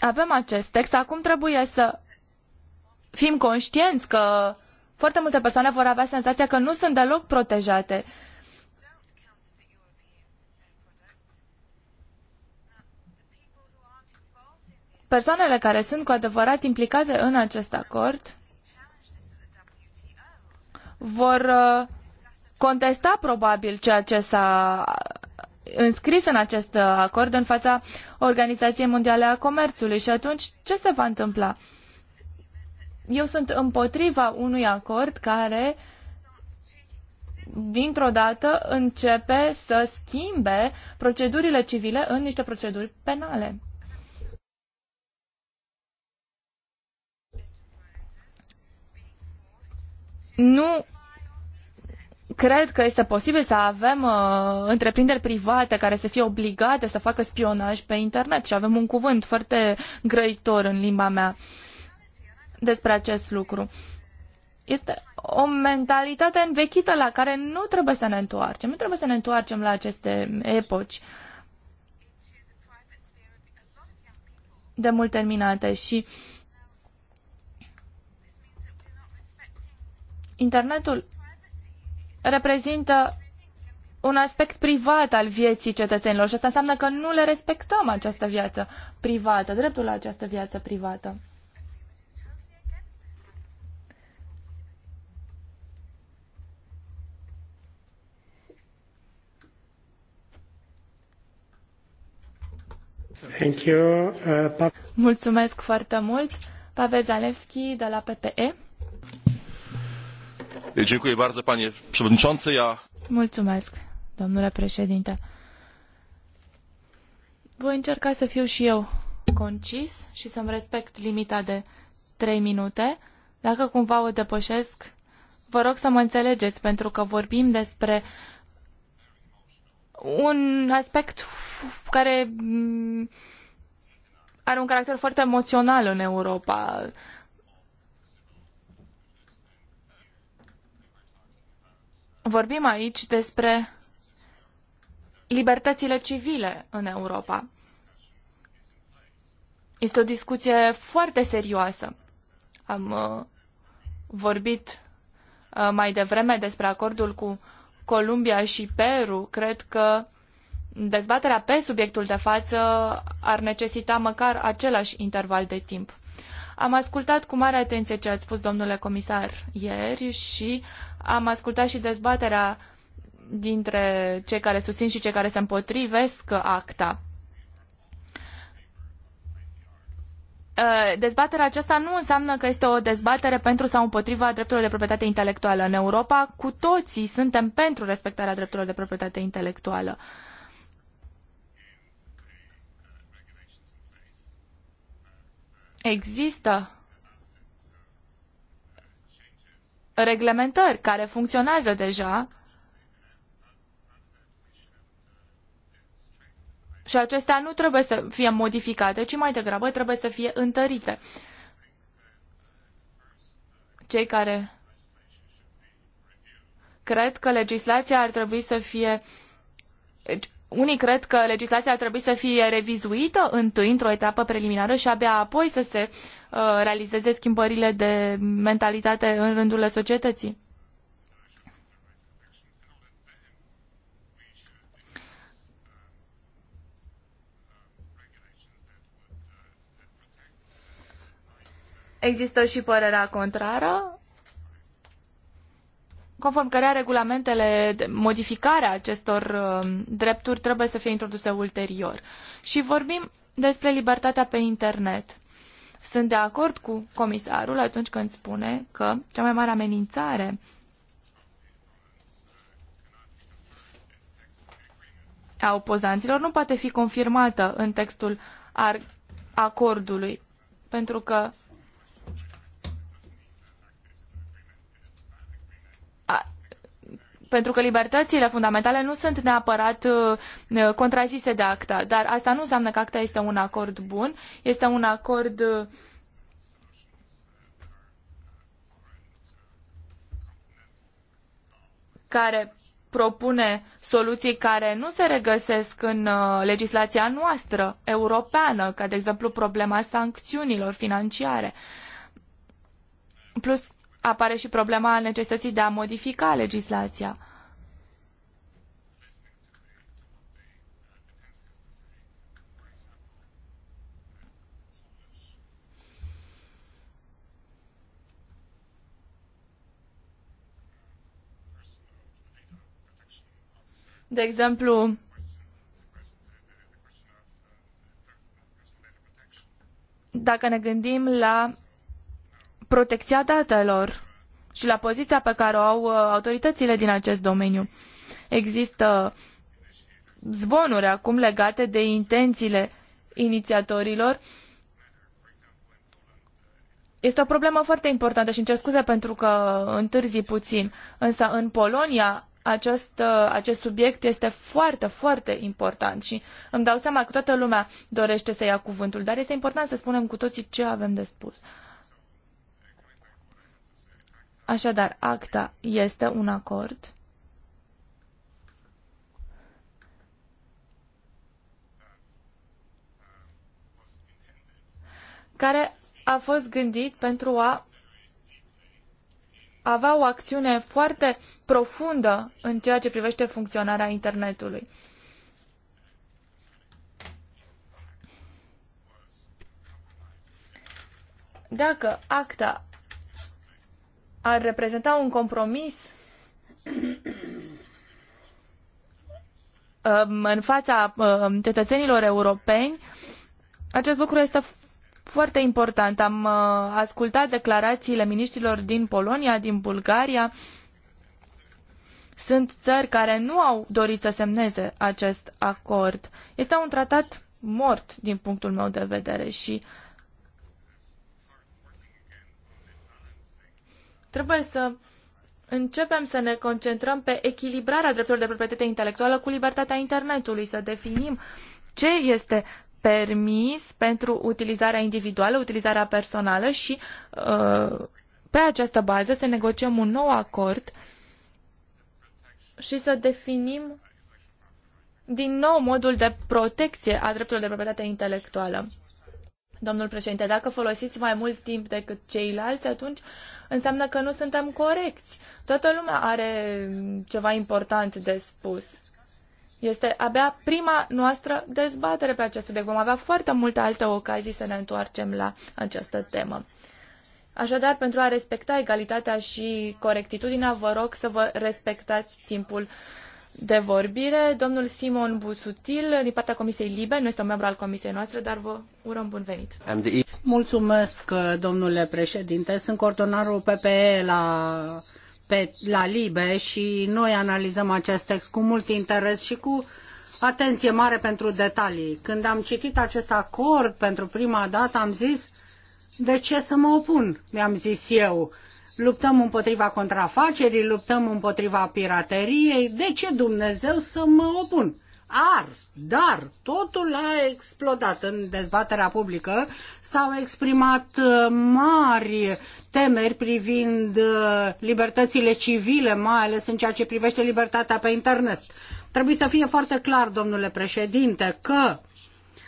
S4: avem acest text, acum trebuie să fim conștienți că foarte multe persoane vor avea senzația că nu sunt deloc protejate. Persoanele care sunt cu adevărat implicate în acest acord vor uh, contesta probabil ceea ce s-a înscris în acest acord în fața Organizației Mondiale a Comerțului. Și atunci, ce se va întâmpla? Eu sunt împotriva unui acord care dintr-o dată începe să schimbe procedurile civile în niște proceduri penale. Nu cred că este posibil să avem uh, întreprinderi private care să fie obligate să facă spionaj pe internet și avem un cuvânt foarte grăitor în limba mea despre acest lucru. Este o mentalitate învechită la care nu trebuie să ne întoarcem. Nu trebuie să ne întoarcem la aceste epoci de mult terminate și internetul reprezintă un aspect privat al vieții cetățenilor și asta înseamnă că nu le respectăm această viață privată, dreptul la această viață privată. Thank you. Uh, Mulțumesc foarte mult, Pavel Zalewski de la PPE.
S6: Dziękuję bardzo, panie przewodniczący. Ja...
S4: Mulțumesc, domnule președinte. Voi încerca să fiu și eu concis și să-mi respect limita de 3 minute. Dacă cumva o depășesc, vă rog să mă înțelegeți, pentru că vorbim despre un aspect care mm, are un caracter foarte emoțional în Europa. vorbim aici despre libertățile civile în Europa. Este o discuție foarte serioasă. Am uh, vorbit uh, mai devreme despre acordul cu Columbia și Peru. Cred că dezbaterea pe subiectul de față ar necesita măcar același interval de timp. Am ascultat cu mare atenție ce ați spus, domnule comisar, ieri și am ascultat și dezbaterea dintre cei care susțin și cei care se împotrivesc acta. Ă, dezbaterea aceasta nu înseamnă că este o dezbatere pentru sau împotriva drepturilor de proprietate intelectuală. În Europa, cu toții suntem pentru respectarea drepturilor de proprietate intelectuală. Există reglementări care funcționează deja și acestea nu trebuie să fie modificate, ci mai degrabă trebuie să fie întărite. Cei care cred că legislația ar trebui să fie deci, unii cred că legislația ar trebui să fie revizuită întâi într-o etapă preliminară și abia apoi să se Uh, realizeze schimbările de mentalitate în rândul societății. Există și părerea contrară, conform cărea regulamentele, modificarea acestor uh, drepturi trebuie să fie introduse ulterior. Și vorbim despre libertatea pe internet. Sunt de acord cu comisarul atunci când spune că cea mai mare amenințare a opozanților nu poate fi confirmată în textul acordului, pentru că pentru că libertățile fundamentale nu sunt neapărat uh, uh, contrazise de acta, dar asta nu înseamnă că acta este un acord bun, este un acord uh, care propune soluții care nu se regăsesc în legislația noastră europeană, ca de exemplu problema sancțiunilor financiare. Plus apare și problema necesității de a modifica legislația. De exemplu, dacă ne gândim la protecția datelor și la poziția pe care o au uh, autoritățile din acest domeniu. Există zvonuri acum legate de intențiile inițiatorilor. Este o problemă foarte importantă și îmi cer scuze pentru că întârzi puțin, însă în Polonia acest, uh, acest subiect este foarte, foarte important și îmi dau seama că toată lumea dorește să ia cuvântul, dar este important să spunem cu toții ce avem de spus. Așadar, acta este un acord. care a fost gândit pentru a avea o acțiune foarte profundă în ceea ce privește funcționarea internetului. Dacă acta ar reprezenta un compromis um, în fața um, cetățenilor europeni, acest lucru este foarte important. Am uh, ascultat declarațiile miniștrilor din Polonia, din Bulgaria. Sunt țări care nu au dorit să semneze acest acord. Este un tratat mort din punctul meu de vedere și uh, Trebuie să începem să ne concentrăm pe echilibrarea drepturilor de proprietate intelectuală cu libertatea internetului, să definim ce este permis pentru utilizarea individuală, utilizarea personală și uh, pe această bază să negociem un nou acord și să definim din nou modul de protecție a drepturilor de proprietate intelectuală. Domnul președinte, dacă folosiți mai mult timp decât ceilalți, atunci înseamnă că nu suntem corecți. Toată lumea are ceva important de spus. Este abia prima noastră dezbatere pe acest subiect. Vom avea foarte multe alte ocazii să ne întoarcem la această temă. Așadar, pentru a respecta egalitatea și corectitudinea, vă rog să vă respectați timpul de vorbire. Domnul Simon Busutil, din partea Comisiei Libe, nu este un membru al comisiei noastre, dar vă urăm bun venit.
S3: Mulțumesc, domnule președinte. Sunt coordonarul PPE la, pe, la Libe și noi analizăm acest text cu mult interes și cu atenție mare pentru detalii. Când am citit acest acord pentru prima dată, am zis, de ce să mă opun, mi-am zis eu luptăm împotriva contrafacerii, luptăm împotriva pirateriei. De ce Dumnezeu să mă opun? Ar, dar, totul a explodat în dezbaterea publică. S-au exprimat uh, mari temeri privind uh, libertățile civile, mai ales în ceea ce privește libertatea pe internet. Trebuie să fie foarte clar, domnule președinte, că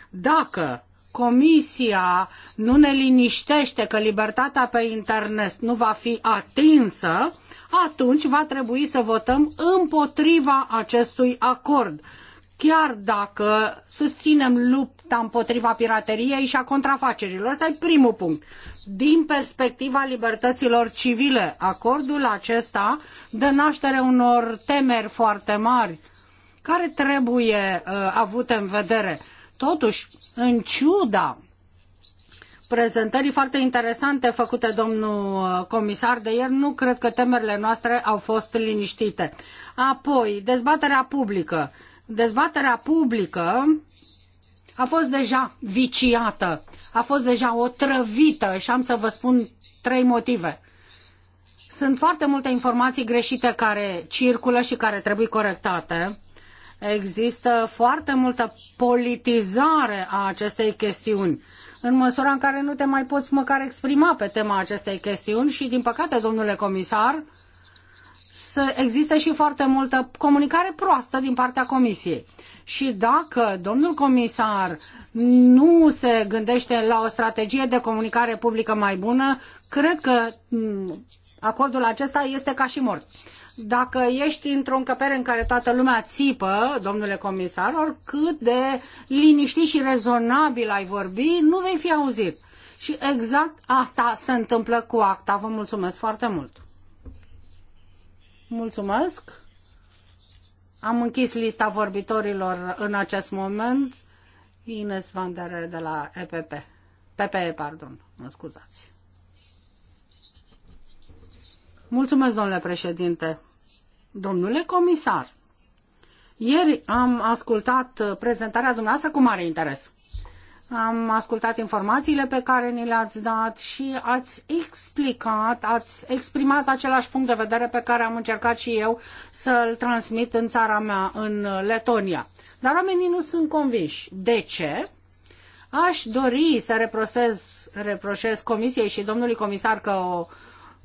S3: dacă Comisia nu ne liniștește că libertatea pe internet nu va fi atinsă, atunci va trebui să votăm împotriva acestui acord chiar dacă susținem lupta împotriva pirateriei și a contrafacerilor. Asta e primul punct. Din perspectiva libertăților civile, acordul acesta dă naștere unor temeri foarte mari care trebuie uh, avute în vedere. Totuși, în ciuda prezentării foarte interesante făcute domnul uh, comisar de ieri, nu cred că temerile noastre au fost liniștite. Apoi, dezbaterea publică. Dezbaterea publică a fost deja viciată, a fost deja otrăvită și am să vă spun trei motive. Sunt foarte multe informații greșite care circulă și care trebuie corectate. Există foarte multă politizare a acestei chestiuni, în măsura în care nu te mai poți măcar exprima pe tema acestei chestiuni și, din păcate, domnule comisar, să și foarte multă comunicare proastă din partea comisiei. Și dacă domnul comisar nu se gândește la o strategie de comunicare publică mai bună, cred că mm, acordul acesta este ca și mort. Dacă ești într-o încăpere în care toată lumea țipă, domnule comisar, oricât de liniștit și rezonabil ai vorbi, nu vei fi auzit. Și exact asta se întâmplă cu acta. Vă mulțumesc foarte mult. Mulțumesc. Am închis lista vorbitorilor în acest moment. Ines Vandere de la EPP. PPE, pardon, mă scuzați. Mulțumesc, domnule președinte. Domnule comisar, ieri am ascultat prezentarea dumneavoastră cu mare interes. Am ascultat informațiile pe care ni le-ați dat și ați explicat, ați exprimat același punct de vedere pe care am încercat și eu să-l transmit în țara mea, în Letonia. Dar oamenii nu sunt convinși. De ce? Aș dori să reproșez, reproșez comisiei și domnului comisar că o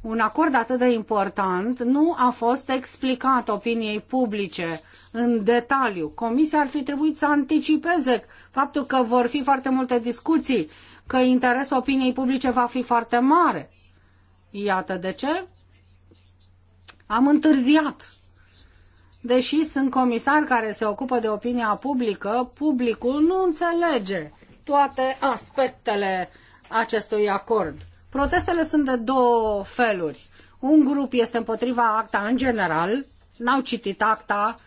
S3: un acord atât de important nu a fost explicat opiniei publice în detaliu. Comisia ar fi trebuit să anticipeze faptul că vor fi foarte multe discuții, că interesul opiniei publice va fi foarte mare. Iată de ce am întârziat. Deși sunt comisar care se ocupă de opinia publică, publicul nu înțelege toate aspectele acestui acord. Protestele sunt de două feluri. Un grup este împotriva acta în general, n-au citit acta,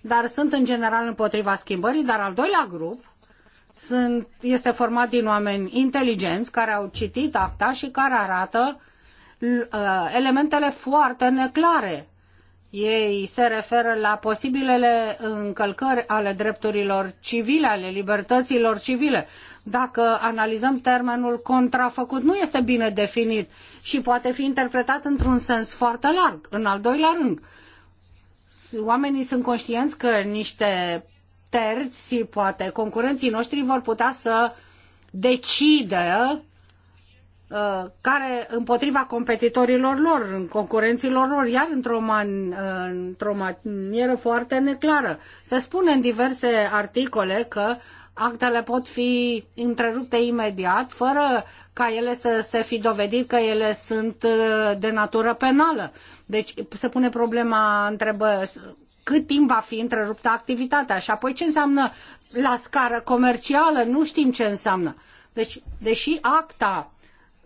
S3: dar sunt în general împotriva schimbării, dar al doilea grup sunt, este format din oameni inteligenți care au citit acta și care arată uh, elementele foarte neclare ei se referă la posibilele încălcări ale drepturilor civile, ale libertăților civile. Dacă analizăm termenul contrafăcut, nu este bine definit și poate fi interpretat într-un sens foarte larg. În al doilea rând, oamenii sunt conștienți că niște terți, poate concurenții noștri, vor putea să decidă Uh, care împotriva competitorilor lor, concurenților lor, iar într-o, man, uh, într manieră foarte neclară. Se spune în diverse articole că actele pot fi întrerupte imediat, fără ca ele să se fi dovedit că ele sunt uh, de natură penală. Deci se pune problema întrebă cât timp va fi întreruptă activitatea și apoi ce înseamnă la scară comercială, nu știm ce înseamnă. Deci, deși acta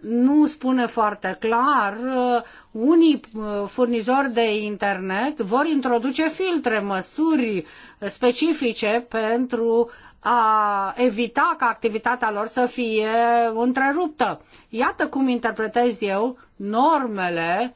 S3: nu spune foarte clar, uh, unii uh, furnizori de internet vor introduce filtre, măsuri specifice pentru a evita ca activitatea lor să fie întreruptă. Iată cum interpretez eu normele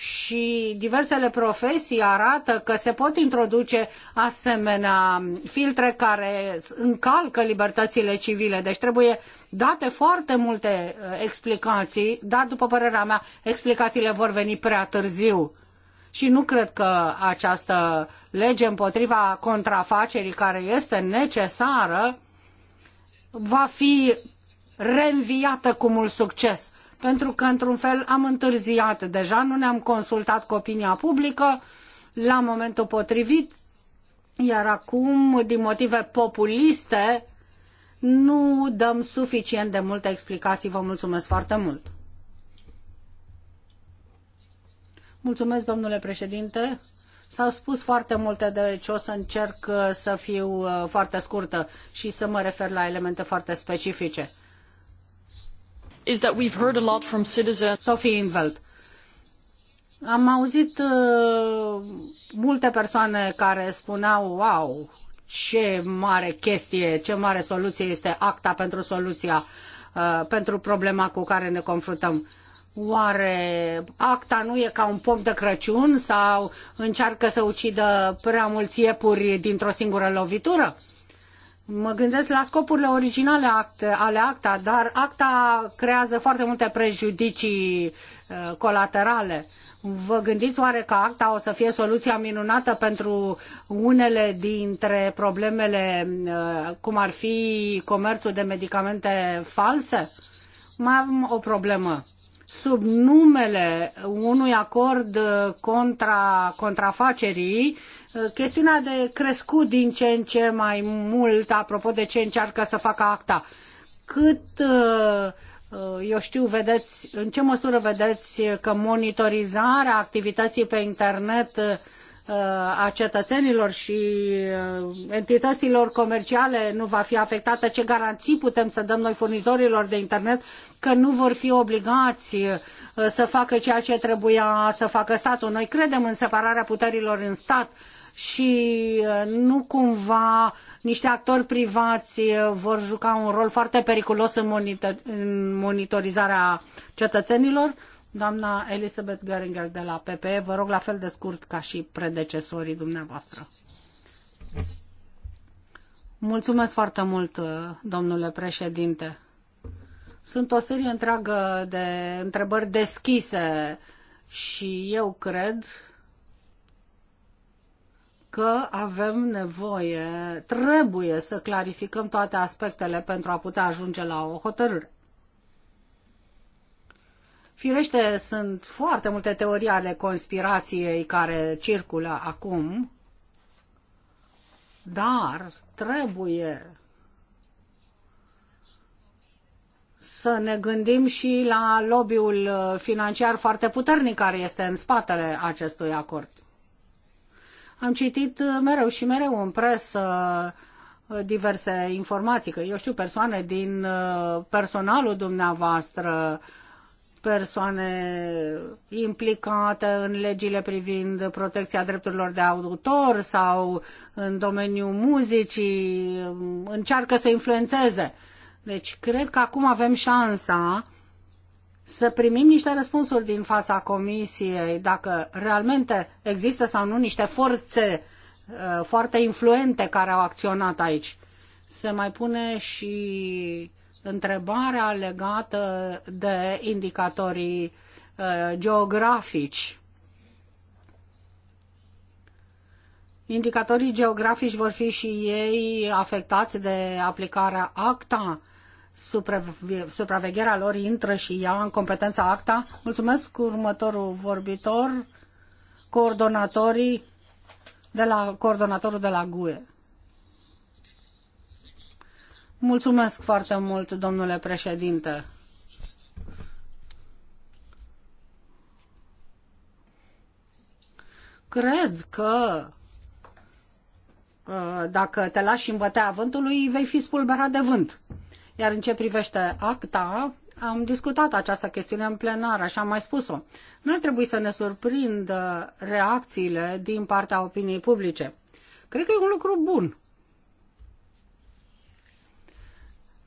S3: și diversele profesii arată că se pot introduce asemenea filtre care încalcă libertățile civile. Deci trebuie date foarte multe uh, explicații, dar după părerea mea explicațiile vor veni prea târziu. Și nu cred că această lege împotriva contrafacerii care este necesară va fi reînviată cu mult succes pentru că, într-un fel, am întârziat deja, nu ne-am consultat cu opinia publică la momentul potrivit, iar acum, din motive populiste, nu dăm suficient de multe explicații. Vă mulțumesc foarte mult! Mulțumesc, domnule președinte. S-au spus foarte multe, deci o să încerc uh, să fiu uh, foarte scurtă și să mă refer la elemente foarte specifice is that we've heard a lot from citizens. Sophie Inveld. Am auzit uh, multe persoane care spuneau, wow, ce mare chestie, ce mare soluție este acta pentru soluția, uh, pentru problema cu care ne confruntăm. Oare acta nu e ca un pom de Crăciun sau încearcă să ucidă prea mulți iepuri dintr-o singură lovitură? Mă gândesc la scopurile originale ale acta, dar acta creează foarte multe prejudicii uh, colaterale. Vă gândiți oare că acta o să fie soluția minunată pentru unele dintre problemele, uh, cum ar fi comerțul de medicamente false? Mai am o problemă. Sub numele unui acord uh, contra contrafacerii, Uh, chestiunea de crescut din ce în ce mai mult, apropo de ce încearcă să facă acta. Cât, uh, uh, eu știu, vedeți, în ce măsură vedeți că monitorizarea activității pe internet a cetățenilor și entităților comerciale nu va fi afectată, ce garanții putem să dăm noi furnizorilor de internet că nu vor fi obligați să facă ceea ce trebuia să facă statul. Noi credem în separarea puterilor în stat și uh, nu cumva niște actori privați uh, vor juca un rol foarte periculos în, monitorizarea cetățenilor. Doamna Elisabeth Göringer de la PPE, vă rog la fel de scurt ca și predecesorii dumneavoastră. Mulțumesc foarte mult, uh, domnule președinte. Sunt o serie întreagă de întrebări deschise și eu cred că avem nevoie, trebuie să clarificăm toate aspectele pentru a putea ajunge la o hotărâre. Firește, sunt foarte multe teorii ale conspirației care circulă acum, dar trebuie să ne gândim și la lobby-ul financiar foarte puternic care este în spatele acestui acord. Am citit uh, mereu și mereu în presă uh, diverse informații, că eu știu persoane din uh, personalul dumneavoastră, persoane implicate în legile privind protecția drepturilor de autor sau în domeniul muzicii, um, încearcă să influențeze. Deci cred că acum avem șansa să primim niște răspunsuri din fața comisiei, dacă realmente există sau nu niște forțe uh, foarte influente care au acționat aici. Se mai pune și întrebarea legată de indicatorii uh, geografici. Indicatorii geografici vor fi și ei afectați de aplicarea ACTA supravegherea lor intră și ia în competența acta. Mulțumesc următorul vorbitor, coordonatorii de la, coordonatorul de la GUE. Mulțumesc foarte mult, domnule președinte. Cred că uh, dacă te lași în bătea vântului, vei fi spulberat de vânt. Iar în ce privește acta, am discutat această chestiune în plenar așa am mai spus-o. Nu ar trebui să ne surprindă reacțiile din partea opiniei publice. Cred că e un lucru bun.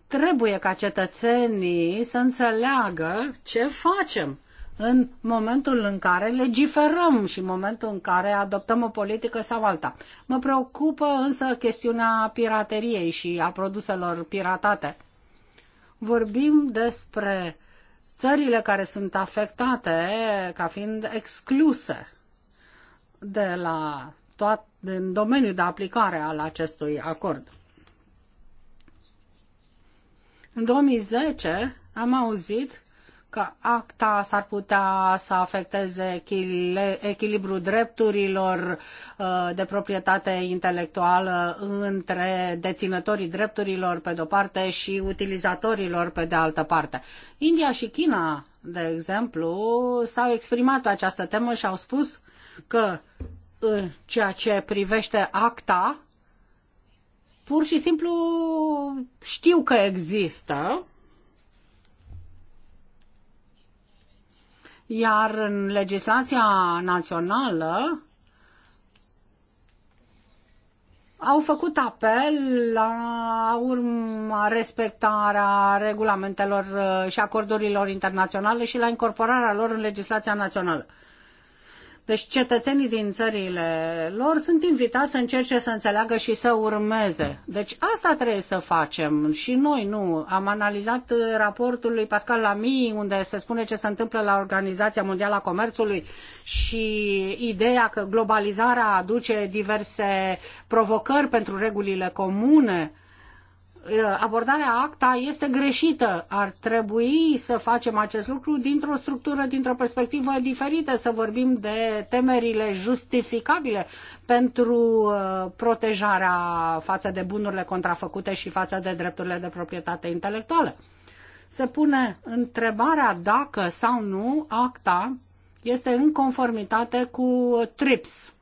S3: Trebuie ca cetățenii să înțeleagă ce facem în momentul în care legiferăm și în momentul în care adoptăm o politică sau alta. Mă preocupă însă chestiunea pirateriei și a produselor piratate vorbim despre țările care sunt afectate ca fiind excluse de la toat, din domeniul de aplicare al acestui acord. În 2010 am auzit că acta s-ar putea să afecteze echilibrul drepturilor uh, de proprietate intelectuală între deținătorii drepturilor pe de-o parte și utilizatorilor pe de altă parte. India și China, de exemplu, s-au exprimat pe această temă și au spus că în ceea ce privește acta, pur și simplu știu că există, iar în legislația națională au făcut apel la urma respectarea regulamentelor uh, și acordurilor internaționale și la incorporarea lor în legislația națională. Deci cetățenii din țările lor sunt invitați să încerce să înțeleagă și să urmeze. Deci asta trebuie să facem și noi, nu. Am analizat raportul lui Pascal Lamy unde se spune ce se întâmplă la Organizația Mondială a Comerțului și ideea că globalizarea aduce diverse provocări pentru regulile comune abordarea acta este greșită. Ar trebui să facem acest lucru dintr-o structură, dintr-o perspectivă diferită, să vorbim de temerile justificabile pentru protejarea față de bunurile contrafăcute și față de drepturile de proprietate intelectuală. Se pune întrebarea dacă sau nu acta este în conformitate cu TRIPS.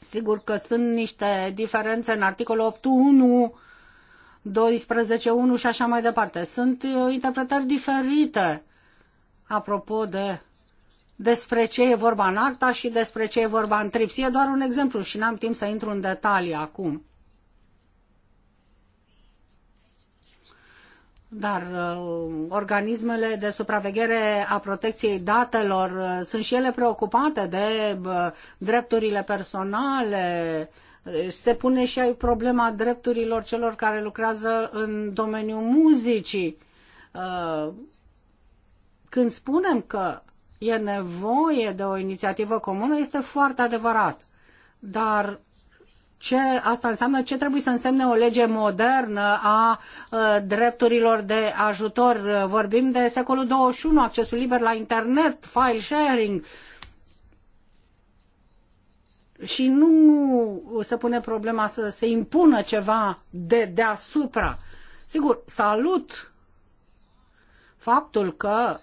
S3: Sigur că sunt niște diferențe în articolul 8.1 12, 1 și așa mai departe. Sunt uh, interpretări diferite apropo de despre ce e vorba în acta și despre ce e vorba în trips. E doar un exemplu și n-am timp să intru în detalii acum. Dar uh, organismele de supraveghere a protecției datelor uh, sunt și ele preocupate de uh, drepturile personale, deci se pune și ai problema drepturilor celor care lucrează în domeniul muzicii. Uh, când spunem că e nevoie de o inițiativă comună, este foarte adevărat. Dar ce asta înseamnă, ce trebuie să însemne o lege modernă a, a uh, drepturilor de ajutor. Vorbim de secolul 21, accesul liber la internet, file sharing, și nu se pune problema să se impună ceva de deasupra. Sigur, salut faptul că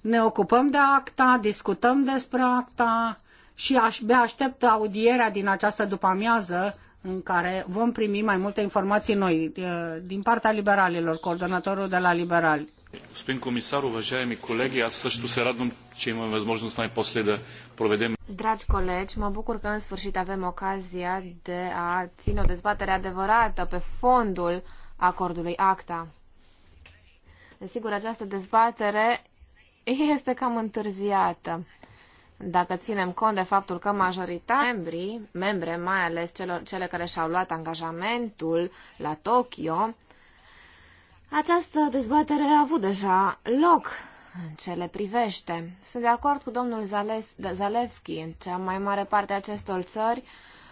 S3: ne ocupăm de acta, discutăm despre acta și aș, aștept audierea din această după-amiază în care vom primi mai multe informații noi din partea liberalilor, coordonatorul de la liberali.
S6: Господин комисар, уважаеми colegi, astăzi tu se радвам, și imamo možnost najposlije da provedem.
S2: Dragi colegi, mă bucur că în sfârșit avem ocazia de a ține o dezbatere adevărată pe fondul acordului ACTA. Desigur, această dezbatere este cam întârziată. Dacă ținem cont de faptul că majoritatea membrii, membre, mai ales celor, cele care și-au luat angajamentul la Tokyo, această dezbatere a avut deja loc în ce le privește. Sunt de acord cu domnul Zalewski. În cea mai mare parte a acestor țări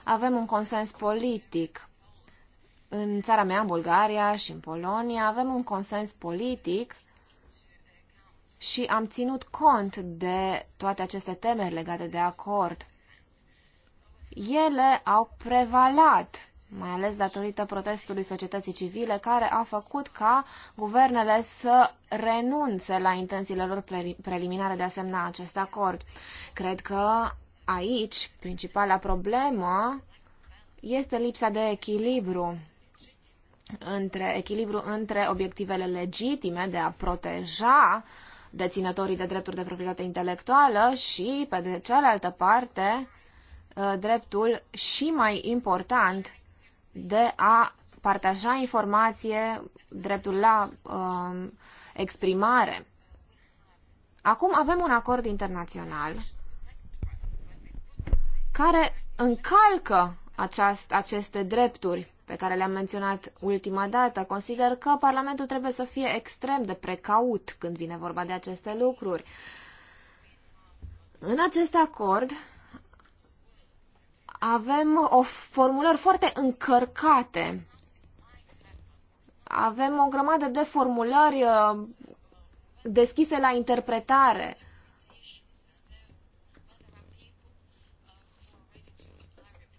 S2: avem un consens politic. În țara mea, în Bulgaria și în Polonia, avem un consens politic și am ținut cont de toate aceste temeri legate de acord. Ele au prevalat mai ales datorită protestului societății civile, care a făcut ca guvernele să renunțe la intențiile lor preliminare de a semna acest acord. Cred că aici principala problemă este lipsa de echilibru între, echilibru între obiectivele legitime de a proteja deținătorii de drepturi de proprietate intelectuală și, pe de cealaltă parte, dreptul și mai important de a partaja informație, dreptul la uh, exprimare. Acum avem un acord internațional care încalcă aceast, aceste drepturi pe care le-am menționat ultima dată. Consider că Parlamentul trebuie să fie extrem de precaut când vine vorba de aceste lucruri. În acest acord avem o formulări foarte încărcate. Avem o grămadă de formulări uh, deschise la interpretare.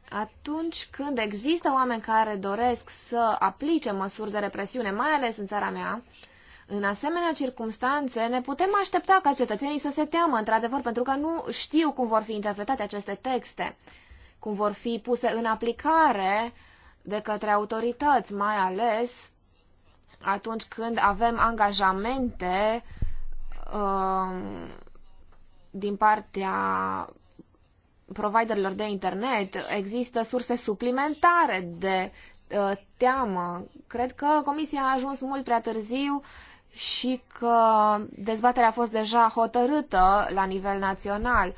S2: Atunci când există oameni care doresc să aplice măsuri de represiune, mai ales în țara mea, în asemenea circunstanțe, ne putem aștepta ca cetățenii să se teamă, într-adevăr, pentru că nu știu cum vor fi interpretate aceste texte cum vor fi puse în aplicare de către autorități, mai ales atunci când avem angajamente uh, din partea providerilor de internet, există surse suplimentare de uh, teamă. Cred că comisia a ajuns mult prea târziu și că dezbaterea a fost deja hotărâtă la nivel național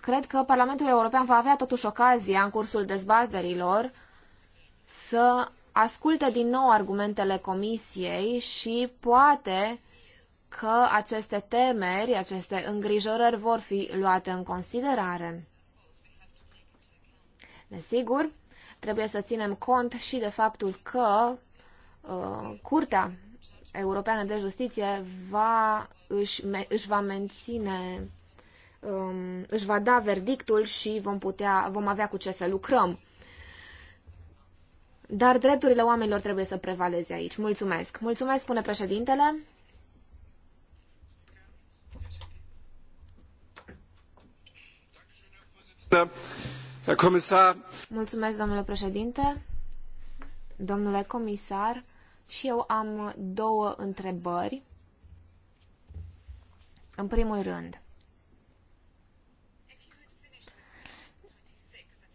S2: cred că Parlamentul European va avea totuși ocazia în cursul dezbaterilor să asculte din nou argumentele Comisiei și poate că aceste temeri, aceste îngrijorări vor fi luate în considerare. Desigur, trebuie să ținem cont și de faptul că uh, Curtea Europeană de Justiție va, își, me, își va menține um, își va da verdictul și vom, putea, vom avea cu ce să lucrăm. Dar drepturile oamenilor trebuie să prevaleze aici. Mulțumesc. Mulțumesc, spune președintele. Mulțumesc, domnule președinte. Domnule comisar, și eu am două întrebări. În primul rând,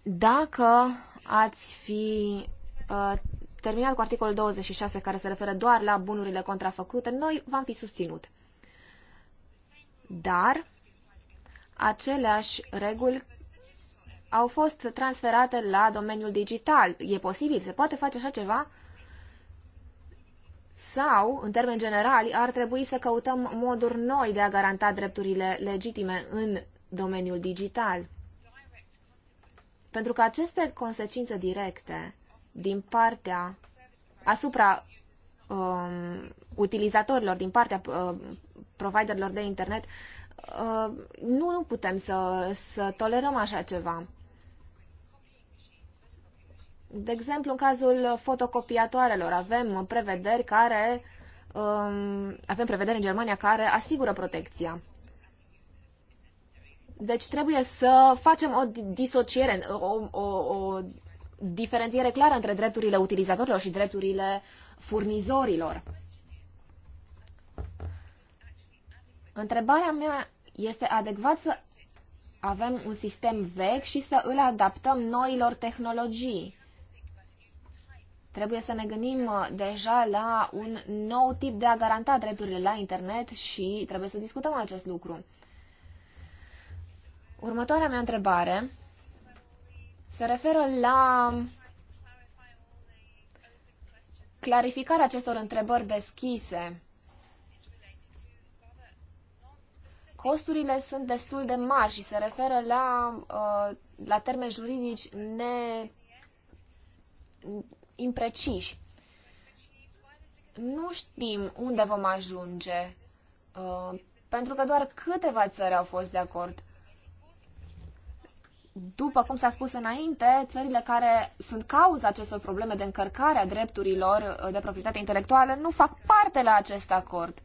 S2: Dacă ați fi uh, terminat cu articolul 26 care se referă doar la bunurile contrafăcute, noi v-am fi susținut. Dar aceleași reguli au fost transferate la domeniul digital. E posibil, se poate face așa ceva? Sau, în termeni generali, ar trebui să căutăm moduri noi de a garanta drepturile legitime în domeniul digital. Pentru că aceste consecințe directe din partea asupra um, utilizatorilor, din partea uh, providerilor de internet, uh, nu, nu putem să, să tolerăm așa ceva. De exemplu, în cazul fotocopiatoarelor avem prevederi care um, avem prevederi în Germania care asigură protecția deci trebuie să facem o disociere, o, o, o diferențiere clară între drepturile utilizatorilor și drepturile furnizorilor. Întrebarea mea este adecvat să avem un sistem vechi și să îl adaptăm noilor tehnologii. Trebuie să ne gândim uh, deja la un nou tip de a garanta drepturile la internet și trebuie să discutăm acest lucru. Următoarea mea întrebare se referă la clarificarea acestor întrebări deschise. Costurile sunt destul de mari și se referă la, uh, la termeni juridici ne impreciși. Nu știm unde vom ajunge, uh, pentru că doar câteva țări au fost de acord după cum s-a spus înainte, țările care sunt cauza acestor probleme de încărcare a drepturilor uh, de proprietate intelectuală nu fac parte la acest acord.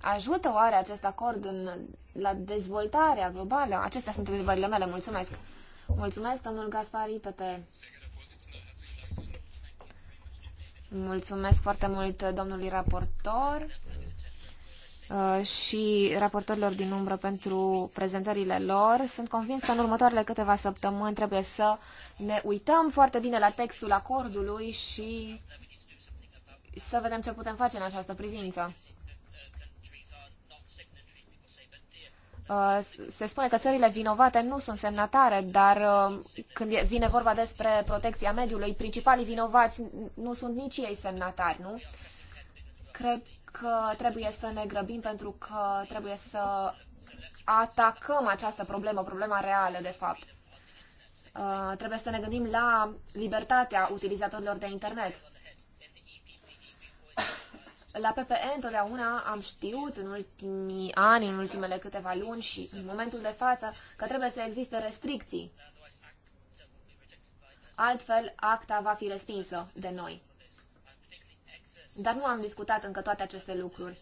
S2: Ajută oare acest acord în, la dezvoltarea globală? Acestea sunt întrebările mele. Mulțumesc. Mulțumesc, domnul Gaspari, PP. Mulțumesc foarte mult, domnului raportor. Uh, și raportorilor din umbră pentru prezentările lor. Sunt convins că în următoarele câteva săptămâni trebuie să ne uităm foarte bine la textul acordului și să vedem ce putem face în această privință. Uh, se spune că țările vinovate nu sunt semnatare, dar uh, când vine vorba despre protecția mediului, principalii vinovați nu sunt nici ei semnatari, nu? Cred că trebuie să ne grăbim pentru că trebuie să atacăm această problemă, problema reală, de fapt. Uh, trebuie să ne gândim la libertatea utilizatorilor de internet. La PPE întotdeauna am știut în ultimii ani, în ultimele câteva luni și în momentul de față că trebuie să existe restricții. Altfel, acta va fi respinsă de noi. Dar nu am discutat încă toate aceste lucruri.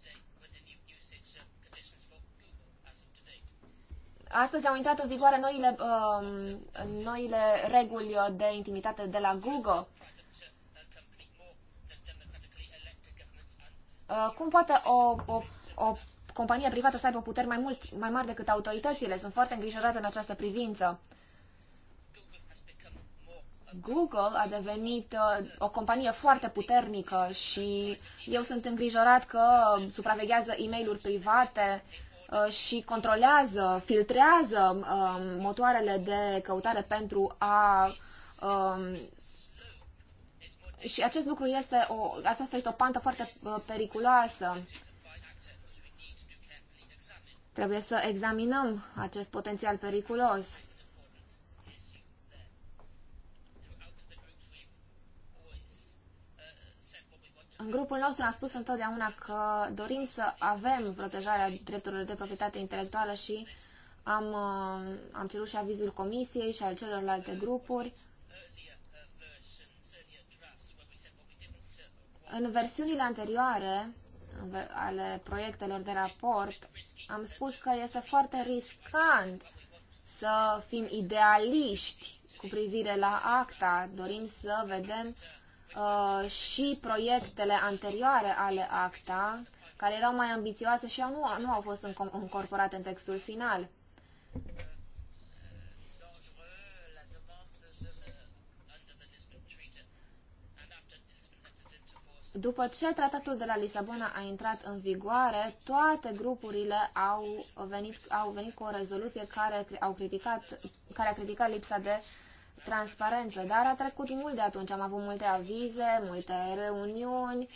S1: Astăzi au intrat
S2: în vigoare noile, uh, noile reguli de intimitate de la Google. Uh, cum poate o, o, o companie privată să aibă puteri mai, mult, mai mari decât autoritățile? Sunt foarte îngrijorată în această privință. Uh, Google a devenit uh, o companie foarte puternică și eu sunt îngrijorat că supraveghează e mail private uh, și controlează, filtrează um, motoarele de căutare pentru a um, și acest lucru este o, asta este o pantă foarte uh, periculoasă. Trebuie să examinăm acest potențial periculos. În grupul nostru am spus întotdeauna că dorim să avem protejarea drepturilor de proprietate intelectuală și am, uh, am cerut și avizul comisiei și al celorlalte grupuri. În versiunile anterioare ale proiectelor de raport, am spus că este foarte riscant să fim idealiști cu privire la acta. Dorim să vedem uh, Uh, și proiectele anterioare ale ACTA, care erau mai ambițioase și nu, nu au fost încorporate în textul final. După ce tratatul de la Lisabona a intrat în vigoare, toate grupurile au venit, au venit cu o rezoluție care, au criticat, care a criticat lipsa de uh, transparență, dar a trecut mult de atunci. Am avut multe avize, multe reuniuni.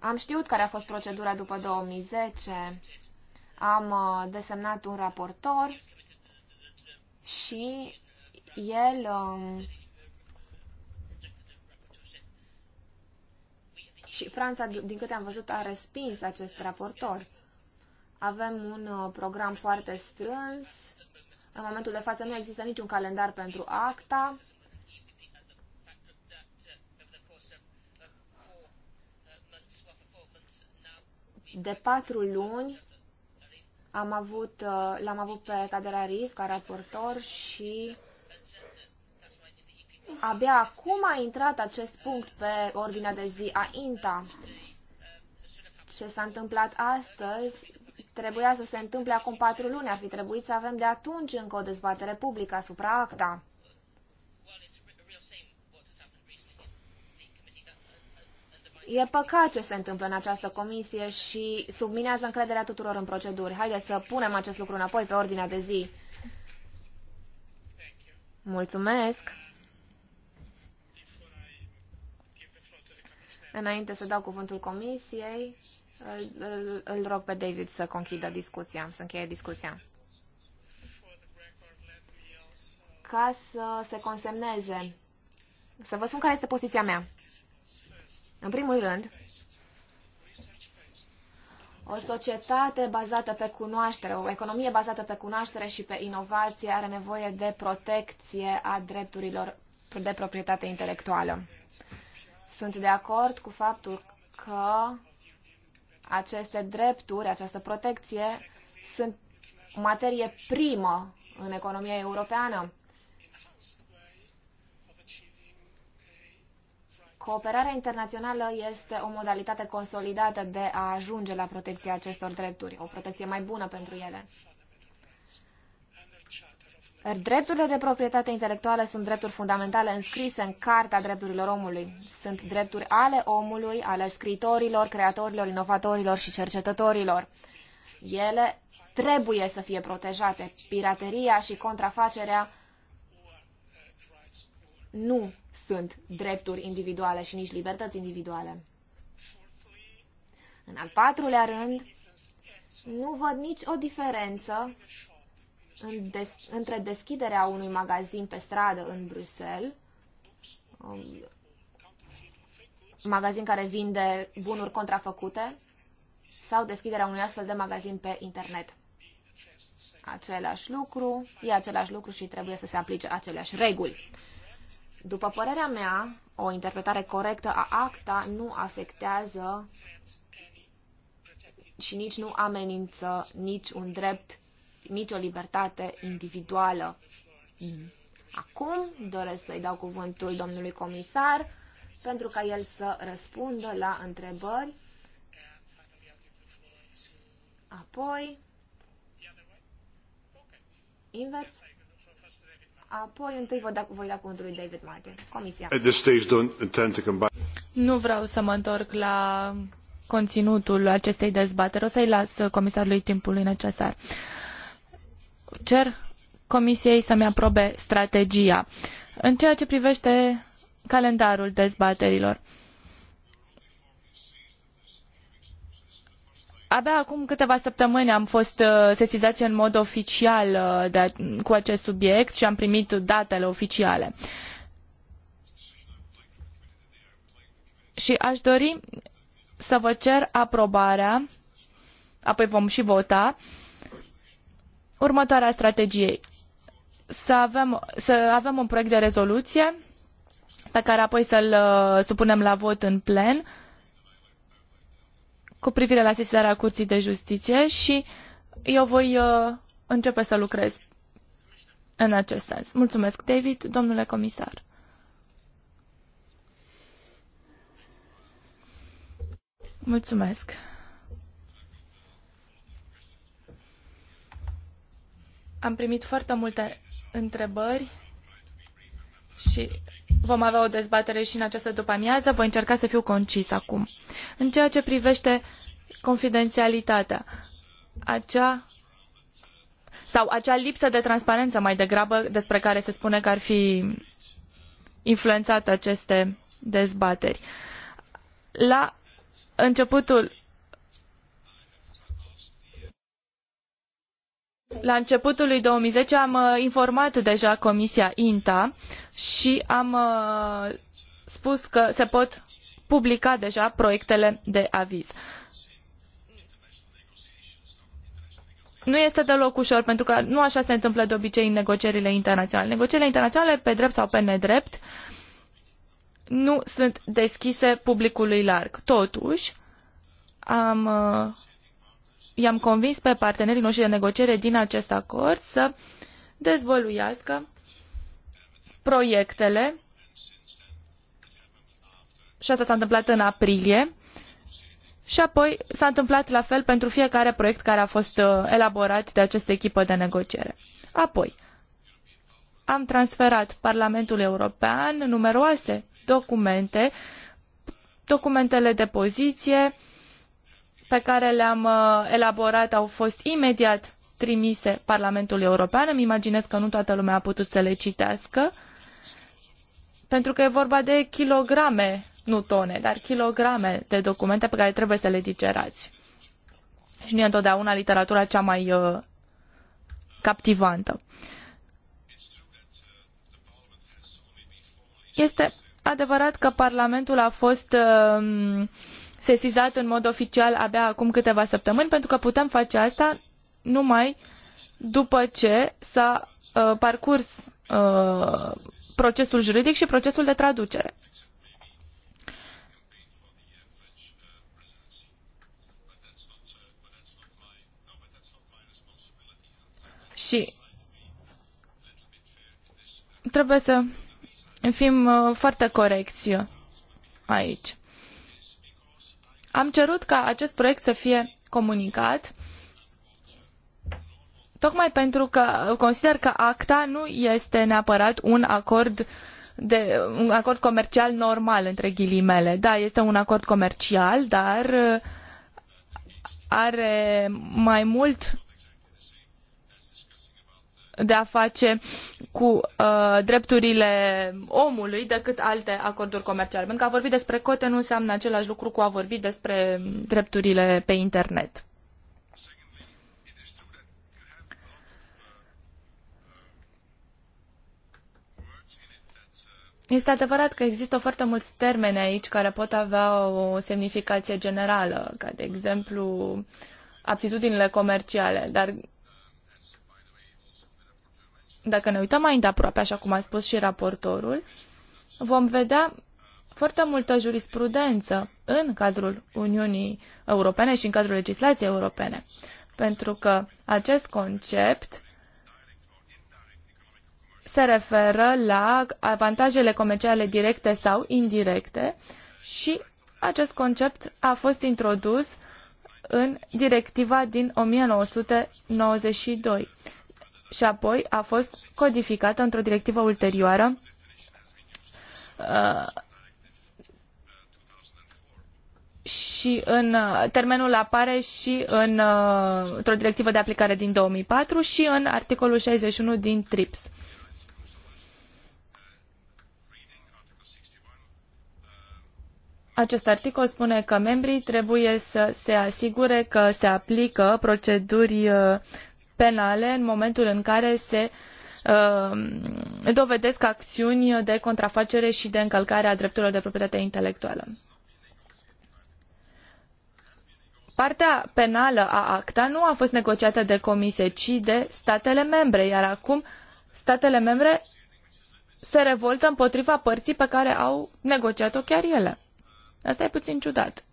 S2: Am știut care a fost procedura după 2010. Am uh, desemnat un raportor și el um, și Franța, din câte am văzut, a respins acest raportor. Avem un uh, program foarte strâns. În momentul de față nu există niciun calendar pentru acta. De patru luni am avut, uh, l-am avut pe Cadera RIV ca raportor și abia acum a intrat acest punct pe ordinea de zi a INTA. Ce s-a întâmplat astăzi trebuia să se întâmple acum patru luni. Ar fi trebuit să avem de atunci încă o dezbatere publică asupra acta. E păcat ce se întâmplă în această comisie și subminează încrederea tuturor în proceduri. Haideți să punem acest lucru înapoi pe ordinea de zi. Mulțumesc! Înainte să dau cuvântul comisiei, îl, îl rog pe David să conchidă discuția, să încheie discuția. Ca să se consemneze, să vă spun care este poziția mea. În primul rând, o societate bazată pe cunoaștere, o economie bazată pe cunoaștere și pe inovație are nevoie de protecție a drepturilor de proprietate intelectuală. Sunt de acord cu faptul că aceste drepturi, această protecție sunt materie primă în economia europeană. Cooperarea internațională este o modalitate consolidată de a ajunge la protecția acestor drepturi, o protecție mai bună pentru ele. Drepturile de proprietate intelectuală sunt drepturi fundamentale înscrise în Carta Drepturilor Omului. Sunt drepturi ale omului, ale scritorilor, creatorilor, inovatorilor și cercetătorilor. Ele trebuie să fie protejate. Pirateria și contrafacerea nu sunt drepturi individuale și nici libertăți individuale. În al patrulea rând, nu văd nici o diferență în des, între deschiderea unui magazin pe stradă în Bruxelles, um, magazin care vinde bunuri contrafăcute, sau deschiderea unui astfel de magazin pe internet. Același lucru, e același lucru și trebuie să se aplice aceleași reguli. După părerea mea, o interpretare corectă a acta nu afectează și nici nu amenință nici un drept nicio libertate individuală. Acum doresc să-i dau cuvântul domnului comisar pentru ca el să răspundă la întrebări. Apoi, invers. Apoi, întâi voi da, voi da cuvântul lui David Martin, comisia.
S4: Nu vreau să mă întorc la conținutul acestei dezbateri. O să-i las comisarului timpului necesar cer Comisiei să-mi aprobe strategia. În ceea ce privește calendarul dezbaterilor. Abia acum câteva săptămâni am fost uh, sesizați în mod oficial uh, de, cu acest subiect și am primit datele oficiale. Și aș dori să vă cer aprobarea, apoi vom și vota, uh, următoarea strategie. Să avem, să avem un proiect de rezoluție pe care apoi să-l uh, supunem la vot în plen cu privire la sesizarea Curții de Justiție și eu voi uh, începe să lucrez în acest sens. Mulțumesc, David, domnule comisar. Mulțumesc. Am primit foarte multe întrebări și vom avea o dezbatere și în această după-amiază. Voi încerca să fiu concis acum. În ceea ce privește confidențialitatea, acea sau acea lipsă de transparență mai degrabă despre care se spune că ar fi influențat aceste dezbateri. La începutul La începutul lui 2010 am uh, informat deja Comisia INTA și am uh, spus că se pot publica deja proiectele de aviz. Nu este deloc ușor, pentru că nu așa se întâmplă de obicei în negocierile internaționale. Negocierile internaționale, pe drept sau pe nedrept, nu sunt deschise publicului larg. Totuși, am uh, i-am convins pe partenerii noștri de negociere din acest acord să dezvăluiască proiectele și asta s-a întâmplat în aprilie și apoi s-a întâmplat la fel pentru fiecare proiect care a fost uh, elaborat de această echipă de negociere. Apoi, am transferat Parlamentul European numeroase documente, documentele de poziție, pe care le-am uh, elaborat au fost imediat trimise Parlamentului European. Îmi imaginez că nu toată lumea a putut să le citească, pentru că e vorba de kilograme, nu tone, dar kilograme de documente pe care trebuie să le digerați. Și nu e întotdeauna literatura cea mai uh, captivantă. Este adevărat că Parlamentul a fost uh, sesizat în mod oficial abia acum câteva săptămâni, pentru că putem face asta numai după ce s-a uh, parcurs uh, procesul juridic și procesul de traducere. Și trebuie să fim uh, foarte corecți aici. Am cerut ca acest proiect să fie comunicat tocmai pentru că consider că ACTA nu este neapărat un acord de un acord comercial normal între ghilimele. Da, este un acord comercial, dar are mai mult de a face cu uh, drepturile omului decât alte acorduri comerciale. Pentru că a vorbi despre cote nu înseamnă același lucru cu a vorbi despre drepturile pe internet. Este adevărat că există foarte mulți termeni aici care pot avea o semnificație generală, ca de exemplu aptitudinile comerciale, dar dacă ne uităm mai îndeaproape, așa cum a spus și raportorul, vom vedea foarte multă jurisprudență în cadrul Uniunii Europene și în cadrul legislației europene, pentru că acest concept se referă la avantajele comerciale directe sau indirecte și acest concept a fost introdus în directiva din 1992 și apoi a fost codificată într-o directivă ulterioară uh, și în uh, termenul apare și în, uh, într-o directivă de aplicare din 2004 și în articolul 61 din TRIPS. Acest articol spune că membrii trebuie să se asigure că se aplică proceduri penale în momentul în care se uh, dovedesc acțiuni de contrafacere și de încălcare a drepturilor de proprietate intelectuală. Partea penală a ACTA nu a fost negociată de comisie, ci de statele membre, iar acum statele membre se revoltă împotriva părții pe care au negociat-o chiar ele. Asta e puțin ciudat.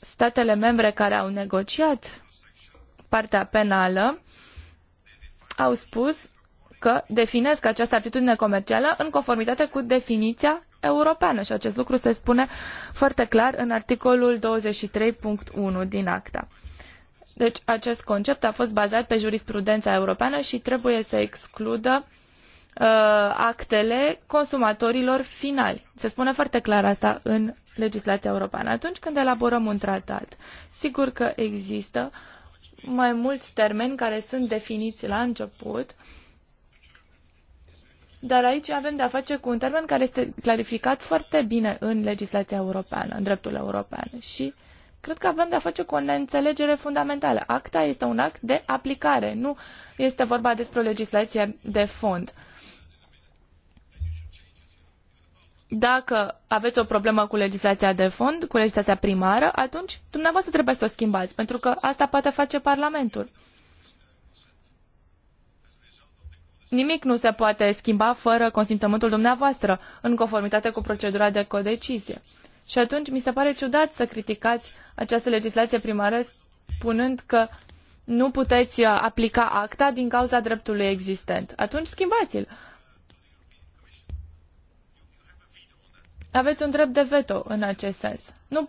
S4: Statele membre care au negociat partea penală au spus că definesc această atitudine comercială în conformitate cu definiția europeană și acest lucru se spune foarte clar în articolul 23.1 din acta. Deci acest concept a fost bazat pe jurisprudența europeană și trebuie să excludă uh, actele consumatorilor finali. Se spune foarte clar asta în legislația europeană. Atunci când elaborăm un tratat, sigur că există uh, mai mulți termeni care sunt definiți la început, dar aici avem de-a face cu un termen care este clarificat foarte bine în legislația europeană, în dreptul european și cred că avem de-a face cu o neînțelegere fundamentală. Acta este un act de aplicare, nu este vorba despre o legislație de fond. dacă aveți o problemă cu legislația de fond, cu legislația primară, atunci dumneavoastră trebuie să o schimbați, pentru că asta poate face Parlamentul. Nimic nu se poate schimba fără consimțământul dumneavoastră, în conformitate cu procedura de codecizie. Și atunci mi se pare ciudat să criticați această legislație primară spunând că nu puteți uh, aplica acta din cauza dreptului existent. Atunci schimbați-l. aveți un drept de veto în acest sens. Nu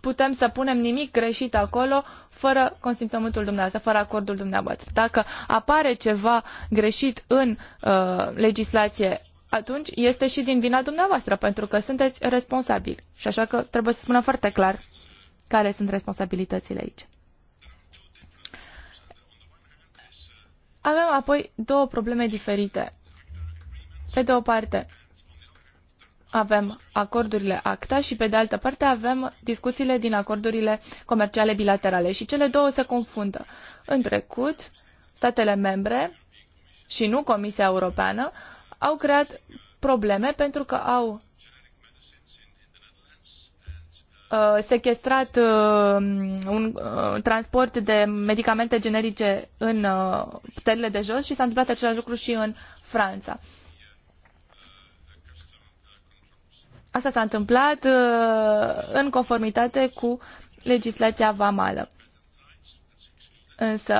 S4: putem să punem nimic greșit acolo fără consimțământul dumneavoastră, fără acordul dumneavoastră. Dacă apare ceva greșit în uh, legislație, atunci este și din vina dumneavoastră, pentru că sunteți responsabili. Și așa că trebuie să spunem foarte clar care sunt responsabilitățile aici. Avem apoi două probleme diferite. Pe de o parte, avem acordurile ACTA și pe de altă parte avem discuțiile din acordurile comerciale bilaterale și cele două se confundă. În trecut, statele membre și nu Comisia Europeană au creat probleme pentru că au uh, sequestrat uh, un uh, transport de medicamente generice în uh, țările de jos și s-a întâmplat același lucru și în Franța. Asta s-a întâmplat uh, în conformitate cu legislația vamală. Însă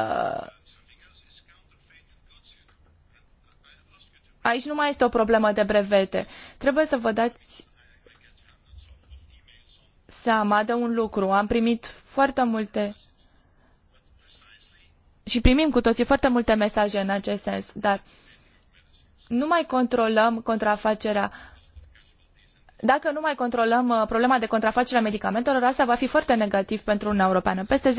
S4: aici nu mai este o problemă de brevete. Trebuie să vă dați seama de un lucru. Am primit foarte multe și primim cu toții foarte multe mesaje în acest sens, dar nu mai controlăm contrafacerea dacă nu mai controlăm uh, problema de contrafacere a medicamentelor, asta va fi foarte negativ pentru Uniunea Europeană. Peste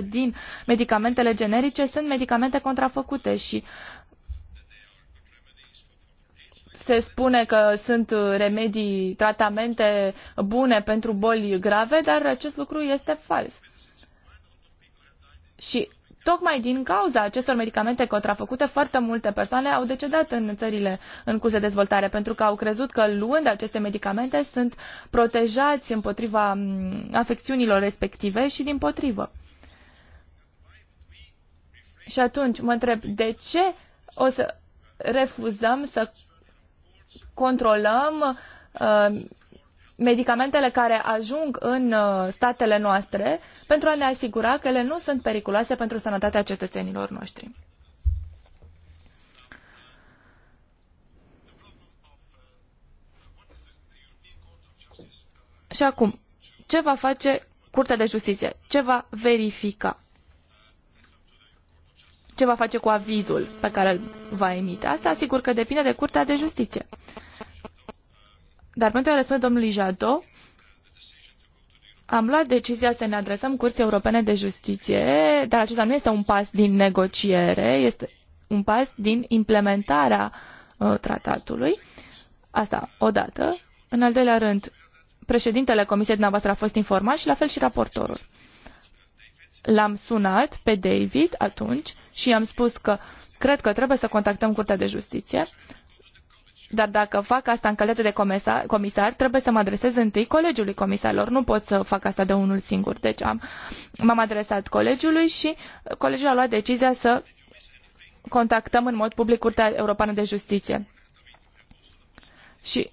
S4: 10% din medicamentele generice sunt medicamente contrafăcute și se spune că sunt uh, remedii, tratamente bune pentru boli grave, dar acest lucru este fals. Și Tocmai din cauza acestor medicamente contrafăcute, foarte multe persoane au decedat în țările în curs de dezvoltare, pentru că au crezut că luând aceste medicamente sunt protejați împotriva afecțiunilor respective și din potrivă. Și atunci mă întreb, de ce o să refuzăm să controlăm uh, medicamentele care ajung în uh, statele noastre pentru a ne asigura că ele nu sunt periculoase pentru sănătatea cetățenilor noștri. Și acum, ce va face Curtea de Justiție? Ce va verifica? Ce va face cu avizul pe care îl va emite? Asta, sigur că depinde de Curtea de Justiție. Dar pentru a răspunde domnului Jadot, am luat decizia să ne adresăm Curții Europene de Justiție, dar acesta nu este un pas din negociere, este un pas din implementarea uh, tratatului. Asta, odată. În al doilea rând, președintele Comisiei dumneavoastră a fost informat și la fel și raportorul. L-am sunat pe David atunci și i-am spus că cred că trebuie să contactăm Curtea de Justiție dar dacă fac asta în calitate de comisar, comisar, trebuie să mă adresez întâi colegiului comisarilor. Nu pot să fac asta de unul singur. Deci am, m-am adresat colegiului și colegiul a luat decizia să contactăm în mod public Curtea Europeană de Justiție. Și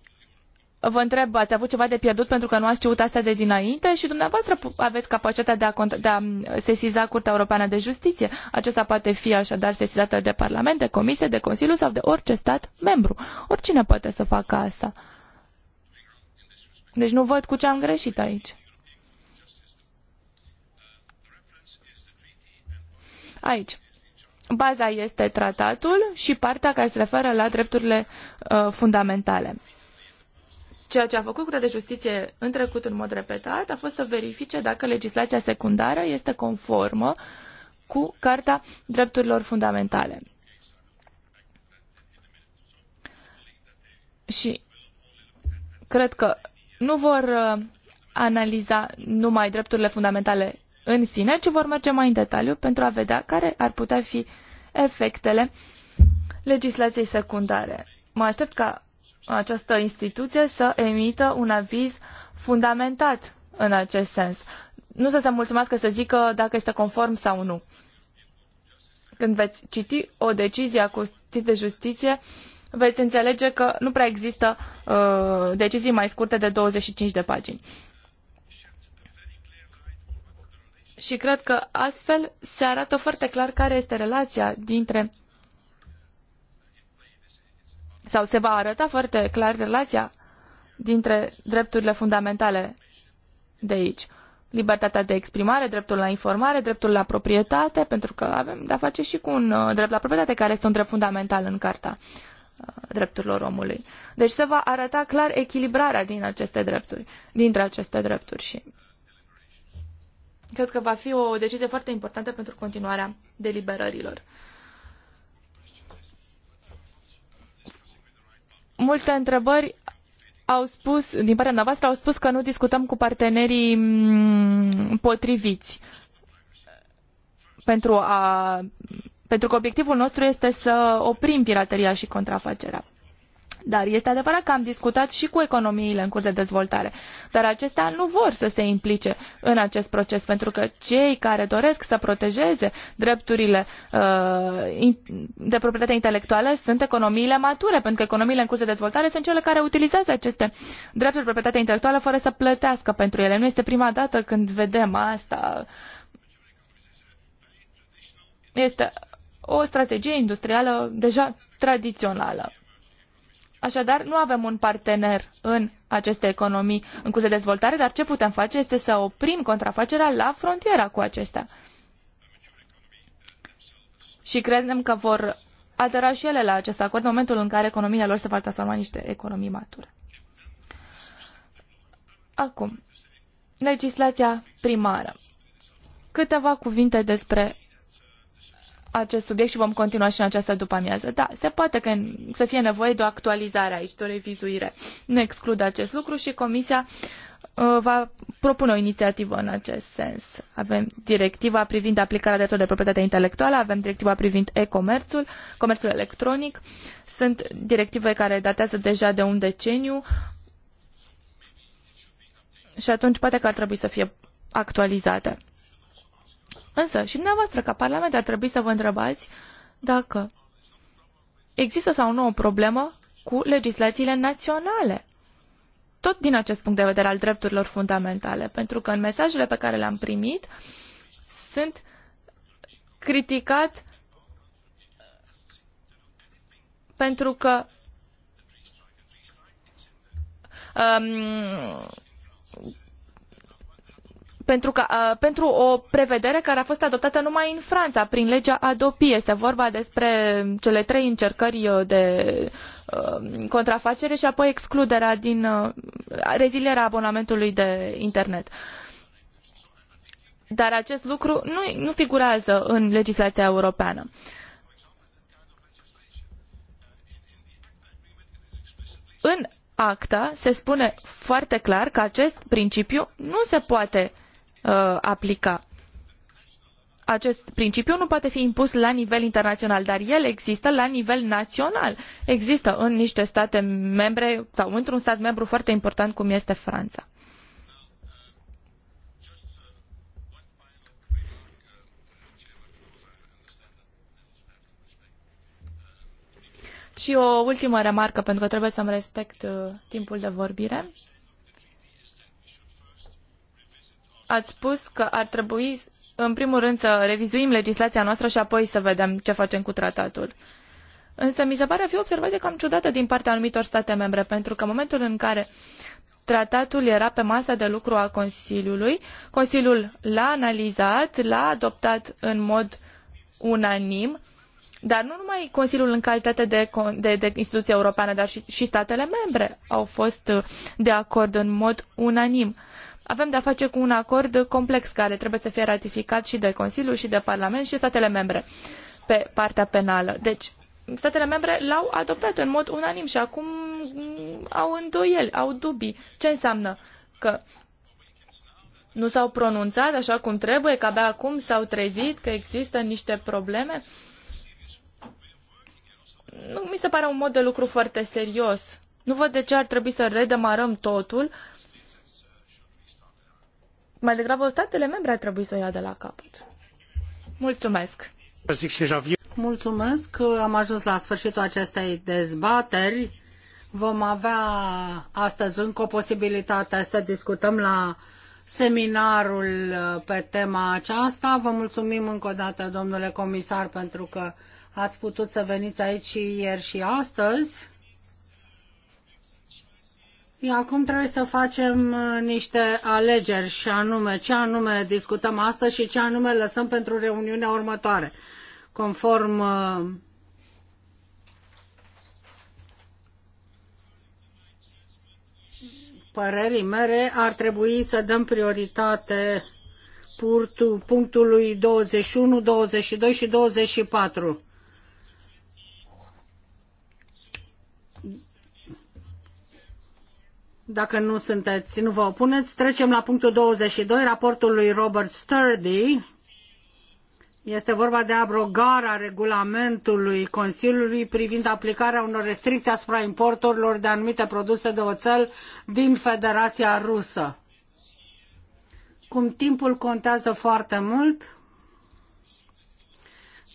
S4: vă întreb, ați avut ceva de pierdut pentru că nu ați știut asta de dinainte și dumneavoastră aveți capacitatea de a, de a sesiza Curtea Europeană de Justiție. Aceasta poate fi așadar sesizată de Parlament, de Comisie, de Consiliu sau de orice stat membru. Oricine poate să facă asta. Deci nu văd cu ce am greșit aici. Aici. Baza este tratatul și partea care se referă la drepturile uh, fundamentale. Ceea ce a făcut Curtea de Justiție în trecut în mod repetat a fost să verifice dacă legislația secundară este conformă cu Carta Drepturilor Fundamentale. Și cred că nu vor uh, analiza numai drepturile fundamentale în sine, ci vor merge mai în detaliu pentru a vedea care ar putea fi efectele legislației secundare. Mă aștept ca această instituție să emită un aviz fundamentat în acest sens. Nu să se mulțumească să zică dacă este conform sau nu. Când veți citi o decizie a Curții de Justiție, veți înțelege că nu prea există uh, decizii mai scurte de 25 de pagini. Și cred că astfel se arată foarte clar care este relația dintre sau se va arăta foarte clar relația dintre drepturile fundamentale de aici. Libertatea de exprimare, dreptul la informare, dreptul la proprietate, pentru că avem de-a face și cu un uh, drept la proprietate care este un drept fundamental în Carta uh, Drepturilor Omului. Deci se va arăta clar echilibrarea din aceste drepturi, dintre aceste drepturi și cred că va fi o decizie foarte importantă pentru continuarea deliberărilor. multe întrebări au spus, din partea noastră, au spus că nu discutăm cu partenerii mm, potriviți pentru a pentru că obiectivul nostru este să oprim pirateria și contrafacerea. Dar este adevărat că am discutat și cu economiile în curs de dezvoltare, dar acestea nu vor să se implice în acest proces, pentru că cei care doresc să protejeze drepturile uh, de proprietate intelectuală sunt economiile mature, pentru că economiile în curs de dezvoltare sunt cele care utilizează aceste drepturi de proprietate intelectuală fără să plătească pentru ele. Nu este prima dată când vedem asta. Este o strategie industrială deja tradițională. Așadar, nu avem un partener în aceste economii în curs de dezvoltare, dar ce putem face este să oprim contrafacerea la frontiera cu acestea. Și credem că vor adera și ele la acest acord în momentul în care economiile lor se vor transforma în niște economii mature. Acum, legislația primară. Câteva cuvinte despre acest subiect și vom continua și în această după-amiază. Da, se poate că să fie nevoie de o actualizare aici, de o revizuire. Nu exclud acest lucru și Comisia uh, va propune o inițiativă în acest sens. Avem directiva privind aplicarea drepturilor de proprietate intelectuală, avem directiva privind e-comerțul, comerțul electronic. Sunt directive care datează deja de un deceniu și atunci poate că ar trebui să fie actualizate. Însă și dumneavoastră ca Parlament ar trebui să vă întrebați dacă există sau nu o problemă cu legislațiile naționale. Tot din acest punct de vedere al drepturilor fundamentale, pentru că în mesajele pe care le-am primit sunt criticat pentru că um, pentru, că, pentru o prevedere care a fost adoptată numai în Franța, prin legea Adopi. Este vorba despre cele trei încercări uh, de uh, contrafacere și apoi excluderea din uh, rezilierea abonamentului de internet. Dar acest lucru nu, nu figurează în legislația europeană. În acta se spune foarte clar că acest principiu nu se poate Uh, aplica. Acest principiu nu poate fi impus la nivel internațional, dar el există la nivel național. Există în niște state membre sau într-un stat membru foarte important cum este Franța. Și o ultimă remarcă, pentru că trebuie să-mi respect uh, timpul de vorbire. ați spus că ar trebui, în primul rând, să revizuim legislația noastră și apoi să vedem ce facem cu tratatul. Însă mi se pare a fi o observație cam ciudată din partea anumitor state membre, pentru că în momentul în care tratatul era pe masa de lucru a Consiliului, Consiliul l-a analizat, l-a adoptat în mod unanim, dar nu numai Consiliul în calitate de, de, de instituție europeană, dar și, și statele membre au fost de acord în mod unanim avem de-a face cu un acord complex care trebuie să fie ratificat și de Consiliu, și de Parlament, și statele membre pe partea penală. Deci, statele membre l-au adoptat în mod unanim și acum mm, au îndoieli, au dubii. Ce înseamnă? Că nu s-au pronunțat așa cum trebuie, că abia acum s-au trezit, că există niște probleme? Nu mi se pare un mod de lucru foarte serios. Nu văd de ce ar trebui să redemarăm totul mai degrabă, statele membre ar trebui să o ia de la capăt. Mulțumesc!
S3: Mulțumesc! Am ajuns la sfârșitul acestei dezbateri. Vom avea astăzi încă o posibilitate să discutăm la seminarul uh, pe tema aceasta. Vă mulțumim încă o dată, domnule comisar, pentru că ați putut să veniți aici ieri și astăzi. Acum trebuie să facem uh, niște alegeri și anume ce anume discutăm astăzi și ce anume lăsăm pentru reuniunea următoare. Conform uh, părerii mele, ar trebui să dăm prioritate punctului 21, 22 și 24 Dacă nu sunteți, nu vă opuneți, trecem la punctul 22, raportul lui Robert Sturdy. Este vorba de abrogarea regulamentului Consiliului privind aplicarea unor restricții asupra importurilor de anumite produse de oțel din Federația Rusă. Cum timpul contează foarte mult,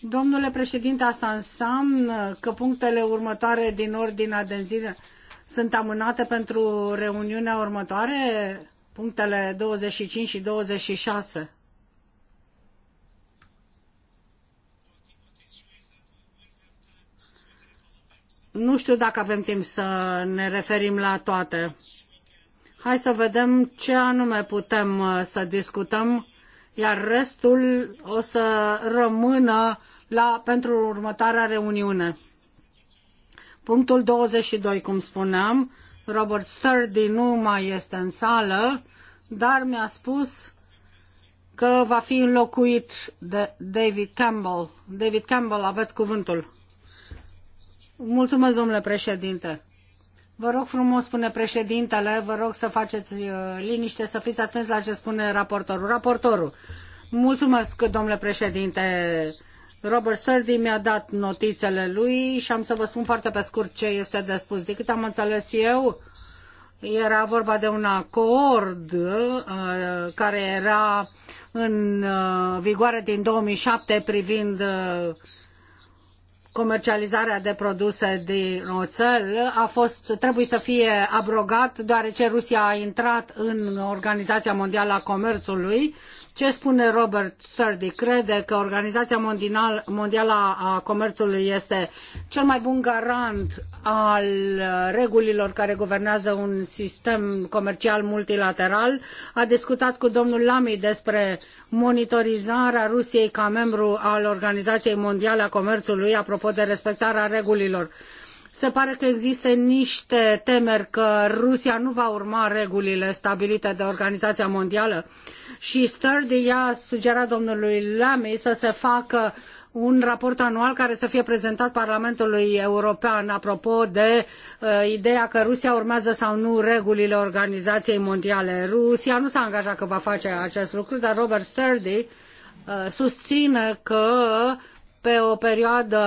S3: Domnule președinte, asta înseamnă că punctele următoare din ordinea de zi sunt amânate pentru reuniunea următoare, punctele 25 și 26. Nu știu dacă avem timp să ne referim la toate. Hai să vedem ce anume putem uh, să discutăm, iar restul o să rămână la, pentru următoarea reuniune. Punctul 22, cum spuneam, Robert Sturdy nu mai este în sală, dar mi-a spus că va fi înlocuit de David Campbell. David Campbell, aveți cuvântul. Mulțumesc, domnule președinte. Vă rog frumos, spune președintele, vă rog să faceți uh, liniște, să fiți atenți la ce spune raportorul. Raportorul, mulțumesc, domnule președinte. Robert Sturdy mi-a dat notițele lui și am să vă spun foarte pe scurt ce este de spus. De cât am înțeles eu, era vorba de un acord uh, care era în uh, vigoare din 2007 privind uh, comercializarea de produse din oțel a fost, trebuie să fie abrogat deoarece Rusia a intrat în Organizația Mondială a Comerțului ce spune Robert Sturdy? Crede că Organizația Mondială a Comerțului este cel mai bun garant al regulilor care guvernează un sistem comercial multilateral. A discutat cu domnul Lamy despre monitorizarea Rusiei ca membru al Organizației Mondiale a Comerțului, apropo de respectarea regulilor. Se pare că există niște temeri că Rusia nu va urma regulile stabilite de Organizația Mondială și Sturdy a sugerat domnului Lamy să se facă un raport anual care să fie prezentat Parlamentului European apropo de uh, ideea că Rusia urmează sau nu regulile Organizației Mondiale. Rusia nu s-a angajat că va face acest lucru, dar Robert Sturdy uh, susține că pe o perioadă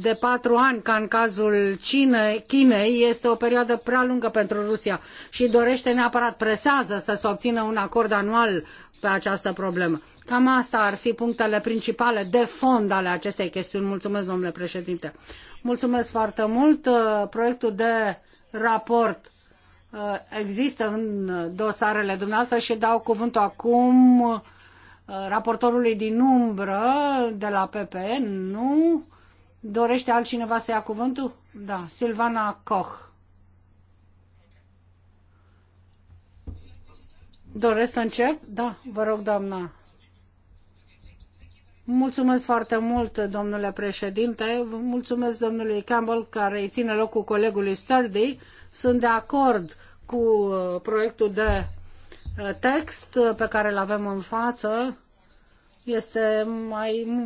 S3: de patru ani, ca în cazul Cine, Chinei, este o perioadă prea lungă pentru Rusia și dorește neapărat, presează să se obțină un acord anual pe această problemă. Cam asta ar fi punctele principale de fond ale acestei chestiuni. Mulțumesc, domnule președinte. Mulțumesc foarte mult. Uh, proiectul de raport uh, există în dosarele dumneavoastră și dau cuvântul acum uh, raportorului din umbră de la PPN. Nu? Dorește altcineva să ia cuvântul? Da, Silvana Koch. Doresc să încep? Da, vă rog, doamna. Mulțumesc foarte mult, domnule președinte. Mulțumesc domnului Campbell care îi ține locul colegului Sturdy. Sunt de acord cu uh, proiectul de uh, text uh, pe care îl avem în față. Este mai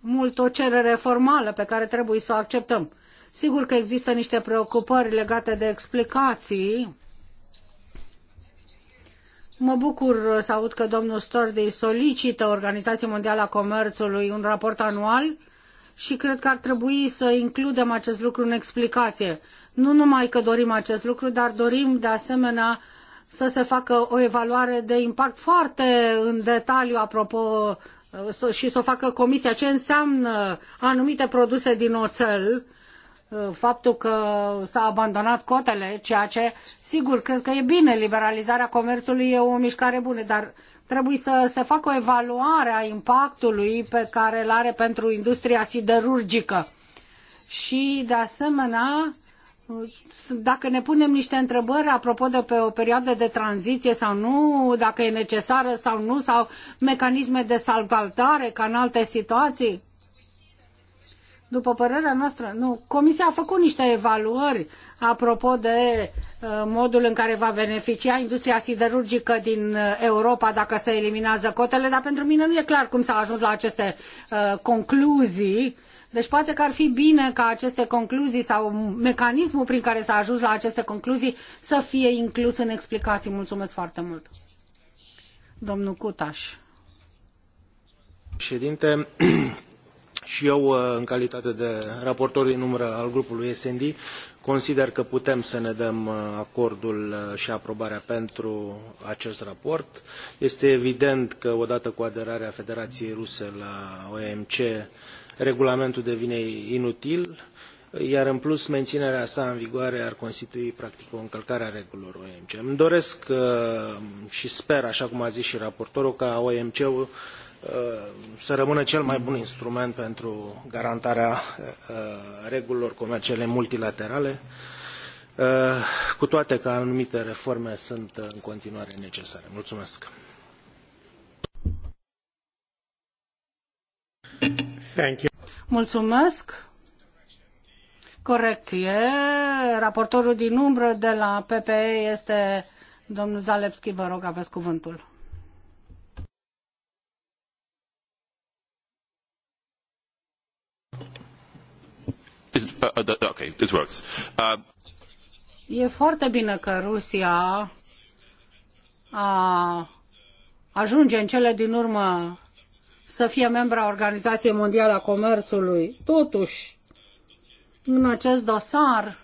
S3: mult o cerere formală pe care trebuie să o acceptăm. Sigur că există niște preocupări legate de explicații Mă bucur să aud că domnul Stordei solicită Organizația Mondială a Comerțului un raport anual și cred că ar trebui să includem acest lucru în explicație. Nu numai că dorim acest lucru, dar dorim de asemenea să se facă o evaluare de impact foarte în detaliu, apropo, și să o facă comisia ce înseamnă anumite produse din oțel, uh, Uh, faptul că s-a abandonat cotele, ceea ce, sigur, cred că e bine, liberalizarea comerțului e o mișcare bună, dar trebuie să se facă o evaluare a impactului pe care îl are pentru industria siderurgică. Și, de asemenea, dacă ne punem niște întrebări apropo de pe o perioadă de tranziție sau nu, dacă e necesară sau nu, sau mecanisme de salvaltare ca în alte situații, după părerea noastră, nu. Comisia a făcut niște evaluări apropo de uh, modul în care va beneficia industria siderurgică din uh, Europa dacă se eliminează cotele, dar pentru mine nu e clar cum s-a ajuns la aceste uh, concluzii. Deci poate că ar fi bine ca aceste concluzii sau mecanismul prin care s-a ajuns la aceste concluzii să fie inclus în explicații. Mulțumesc foarte mult. Domnul Cutaș.
S1: Președinte, și eu, uh, în calitate de raportor din umbră al grupului SND, consider că putem să ne dăm uh, acordul uh, și aprobarea pentru acest raport. Este evident că odată cu aderarea Federației Ruse la OMC, regulamentul devine inutil, iar în plus menținerea sa în vigoare ar constitui practic o încălcare a regulilor OMC. Îmi doresc și sper, așa cum a zis și raportorul, ca OMC-ul Uh, să rămână cel mai bun instrument pentru garantarea uh, uh, regulilor comerciale multilaterale, cu toate că anumite reforme sunt în continuare necesare. Mulțumesc!
S3: Mulțumesc! Corecție. Raportorul din umbră de la PPE este domnul Zalewski. Vă rog, aveți cuvântul.
S6: Uh, uh, uh,
S3: e foarte bine că Rusia a ajunge în cele din urmă să fie membra Organizației Mondiale a Comerțului. Totuși, în acest dosar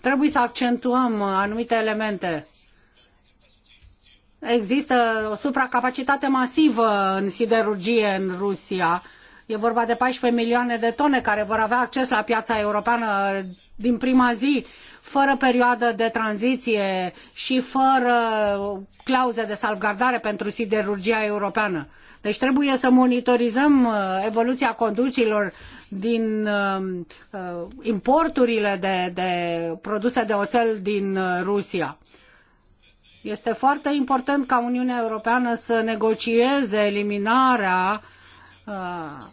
S3: trebuie să accentuăm anumite elemente. Există o supracapacitate masivă în siderurgie în Rusia E vorba de 14 milioane de tone care vor avea acces la piața europeană din prima zi, fără perioadă de tranziție și fără clauze de salvgardare pentru siderurgia europeană. Deci trebuie să monitorizăm uh, evoluția conducilor din uh, uh, importurile de, de produse de oțel din Rusia. Este foarte important ca Uniunea Europeană să negocieze eliminarea uh, uh,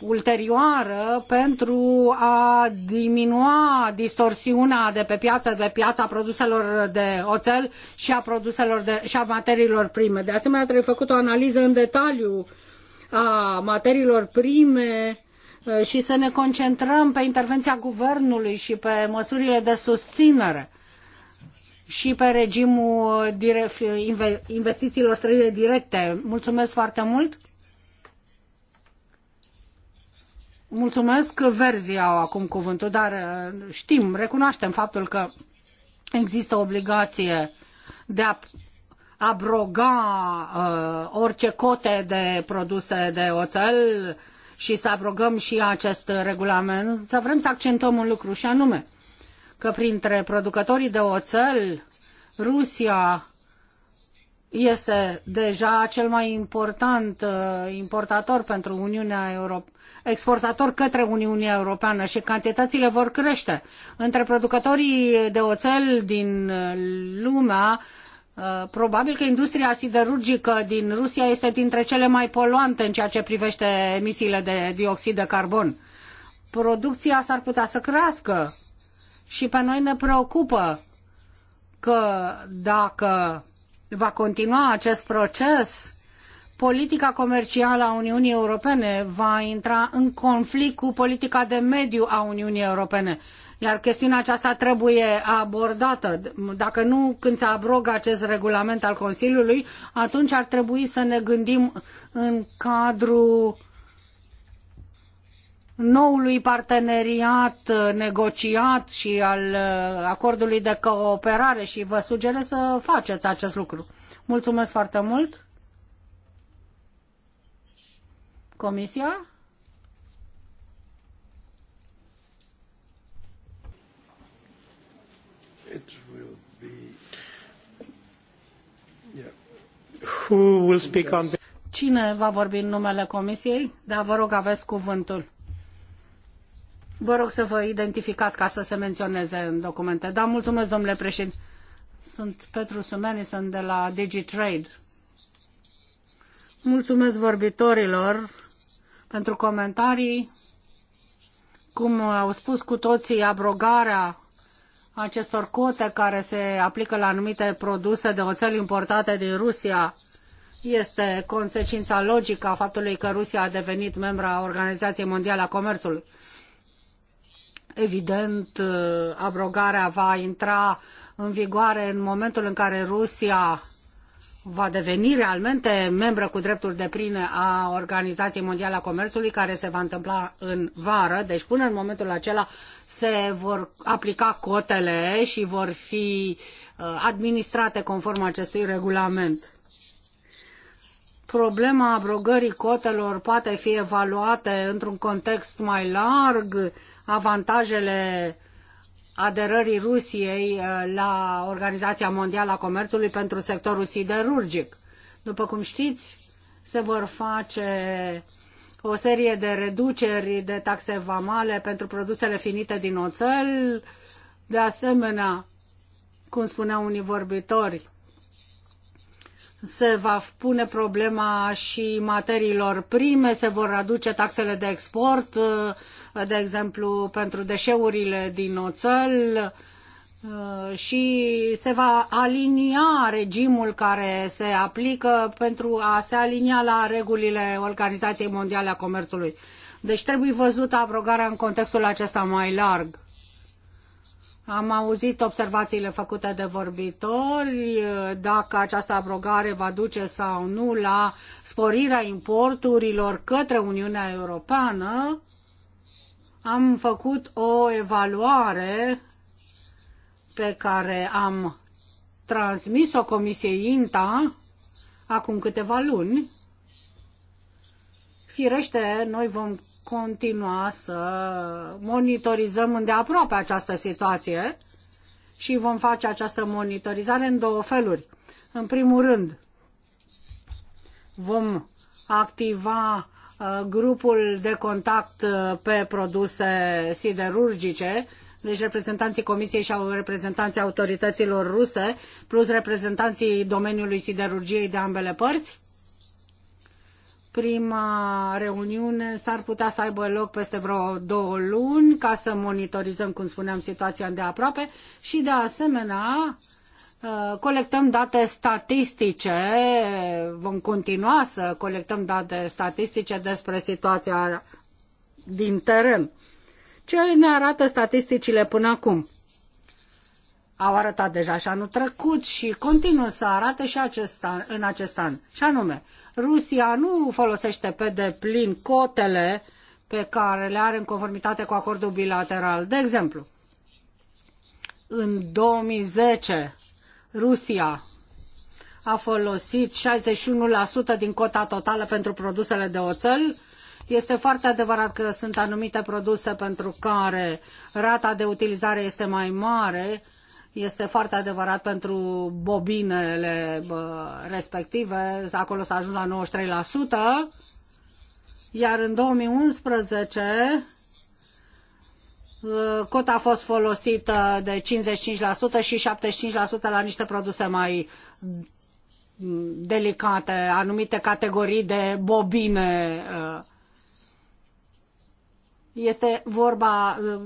S3: ulterioară pentru a diminua distorsiunea de pe piață, de piața produselor de oțel și a produselor de, și a materiilor prime. De asemenea, trebuie făcut o analiză în detaliu a materiilor prime uh, și să ne concentrăm pe intervenția guvernului și pe măsurile de susținere și pe regimul investițiilor străine directe. Mulțumesc foarte mult! Mulțumesc verzii au acum cuvântul, dar uh, știm, recunoaștem faptul că există obligație de a abroga uh, orice cote de produse de oțel și să abrogăm și acest regulament, să vrem să accentuăm un lucru și anume că printre producătorii de oțel Rusia este deja cel mai important uh, importator pentru Uniunea Europeană, exportator către Uniunea Europeană și cantitățile vor crește. Între producătorii de oțel din uh, lumea, uh, probabil că industria siderurgică din Rusia este dintre cele mai poluante în ceea ce privește emisiile de dioxid de carbon. Producția s-ar putea să crească și pe noi ne preocupă că dacă va continua acest proces, politica comercială a Uniunii Europene va intra în conflict cu politica de mediu a Uniunii Europene. Iar chestiunea aceasta trebuie abordată. Dacă nu, când se abrogă acest regulament al Consiliului, atunci ar trebui să ne gândim în cadrul noului parteneriat negociat și al uh, acordului de cooperare și vă sugerez să faceți acest lucru. Mulțumesc foarte mult. Comisia?
S6: It will be...
S3: yeah. Who will speak on... Cine va vorbi în numele Comisiei? Da, vă rog, aveți cuvântul. Vă rog să vă identificați ca să se menționeze în documente. Da, mulțumesc, domnule președinte. Sunt Petru Sumeni, sunt de la DigiTrade. Mulțumesc vorbitorilor pentru comentarii. Cum au spus cu toții, abrogarea acestor cote care se aplică la anumite produse de oțel importate din Rusia este consecința logică a faptului că Rusia a devenit membra Organizației Mondiale a Comerțului. Evident, uh, abrogarea va intra în vigoare în momentul în care Rusia va deveni realmente membră cu drepturi de pline a Organizației Mondiale a Comerțului, care se va întâmpla în vară. Deci până în momentul acela se vor aplica cotele și vor fi uh, administrate conform acestui regulament. Problema abrogării cotelor poate fi evaluată într-un context mai larg avantajele aderării Rusiei uh, la Organizația Mondială a Comerțului pentru sectorul siderurgic. După cum știți, se vor face o serie de reduceri de taxe vamale pentru produsele finite din oțel. De asemenea, cum spuneau unii vorbitori, se va pune problema și materiilor prime, se vor reduce taxele de export, uh, de exemplu pentru deșeurile din oțel uh, și se va alinia regimul care se aplică pentru a se alinia la regulile Organizației Mondiale a Comerțului. Deci trebuie văzută abrogarea în contextul acesta mai larg am auzit observațiile făcute de vorbitori, dacă această abrogare va duce sau nu la sporirea importurilor către Uniunea Europeană. Am făcut o evaluare pe care am transmis-o Comisiei INTA acum câteva luni Firește, noi vom continua să monitorizăm îndeaproape această situație și vom face această monitorizare în două feluri. În primul rând, vom activa uh, grupul de contact uh, pe produse siderurgice, deci reprezentanții Comisiei și reprezentanții autorităților ruse, plus reprezentanții domeniului siderurgiei de ambele părți. Prima reuniune s-ar putea să aibă loc peste vreo două luni ca să monitorizăm, cum spuneam, situația de aproape și, de asemenea, uh, colectăm date statistice, vom continua să colectăm date statistice despre situația din teren. Ce ne arată statisticile până acum? au arătat deja și anul trecut și continuă să arate și acest an, în acest an. Și anume, Rusia nu folosește pe deplin cotele pe care le are în conformitate cu acordul bilateral. De exemplu, în 2010, Rusia a folosit 61% din cota totală pentru produsele de oțel este foarte adevărat că sunt anumite produse pentru care rata de utilizare este mai mare, este foarte adevărat pentru bobinele respective, acolo s-a ajuns la 93%, iar în 2011 cota a fost folosită de 55% și 75% la niște produse mai delicate, anumite categorii de bobine este vorba, uh,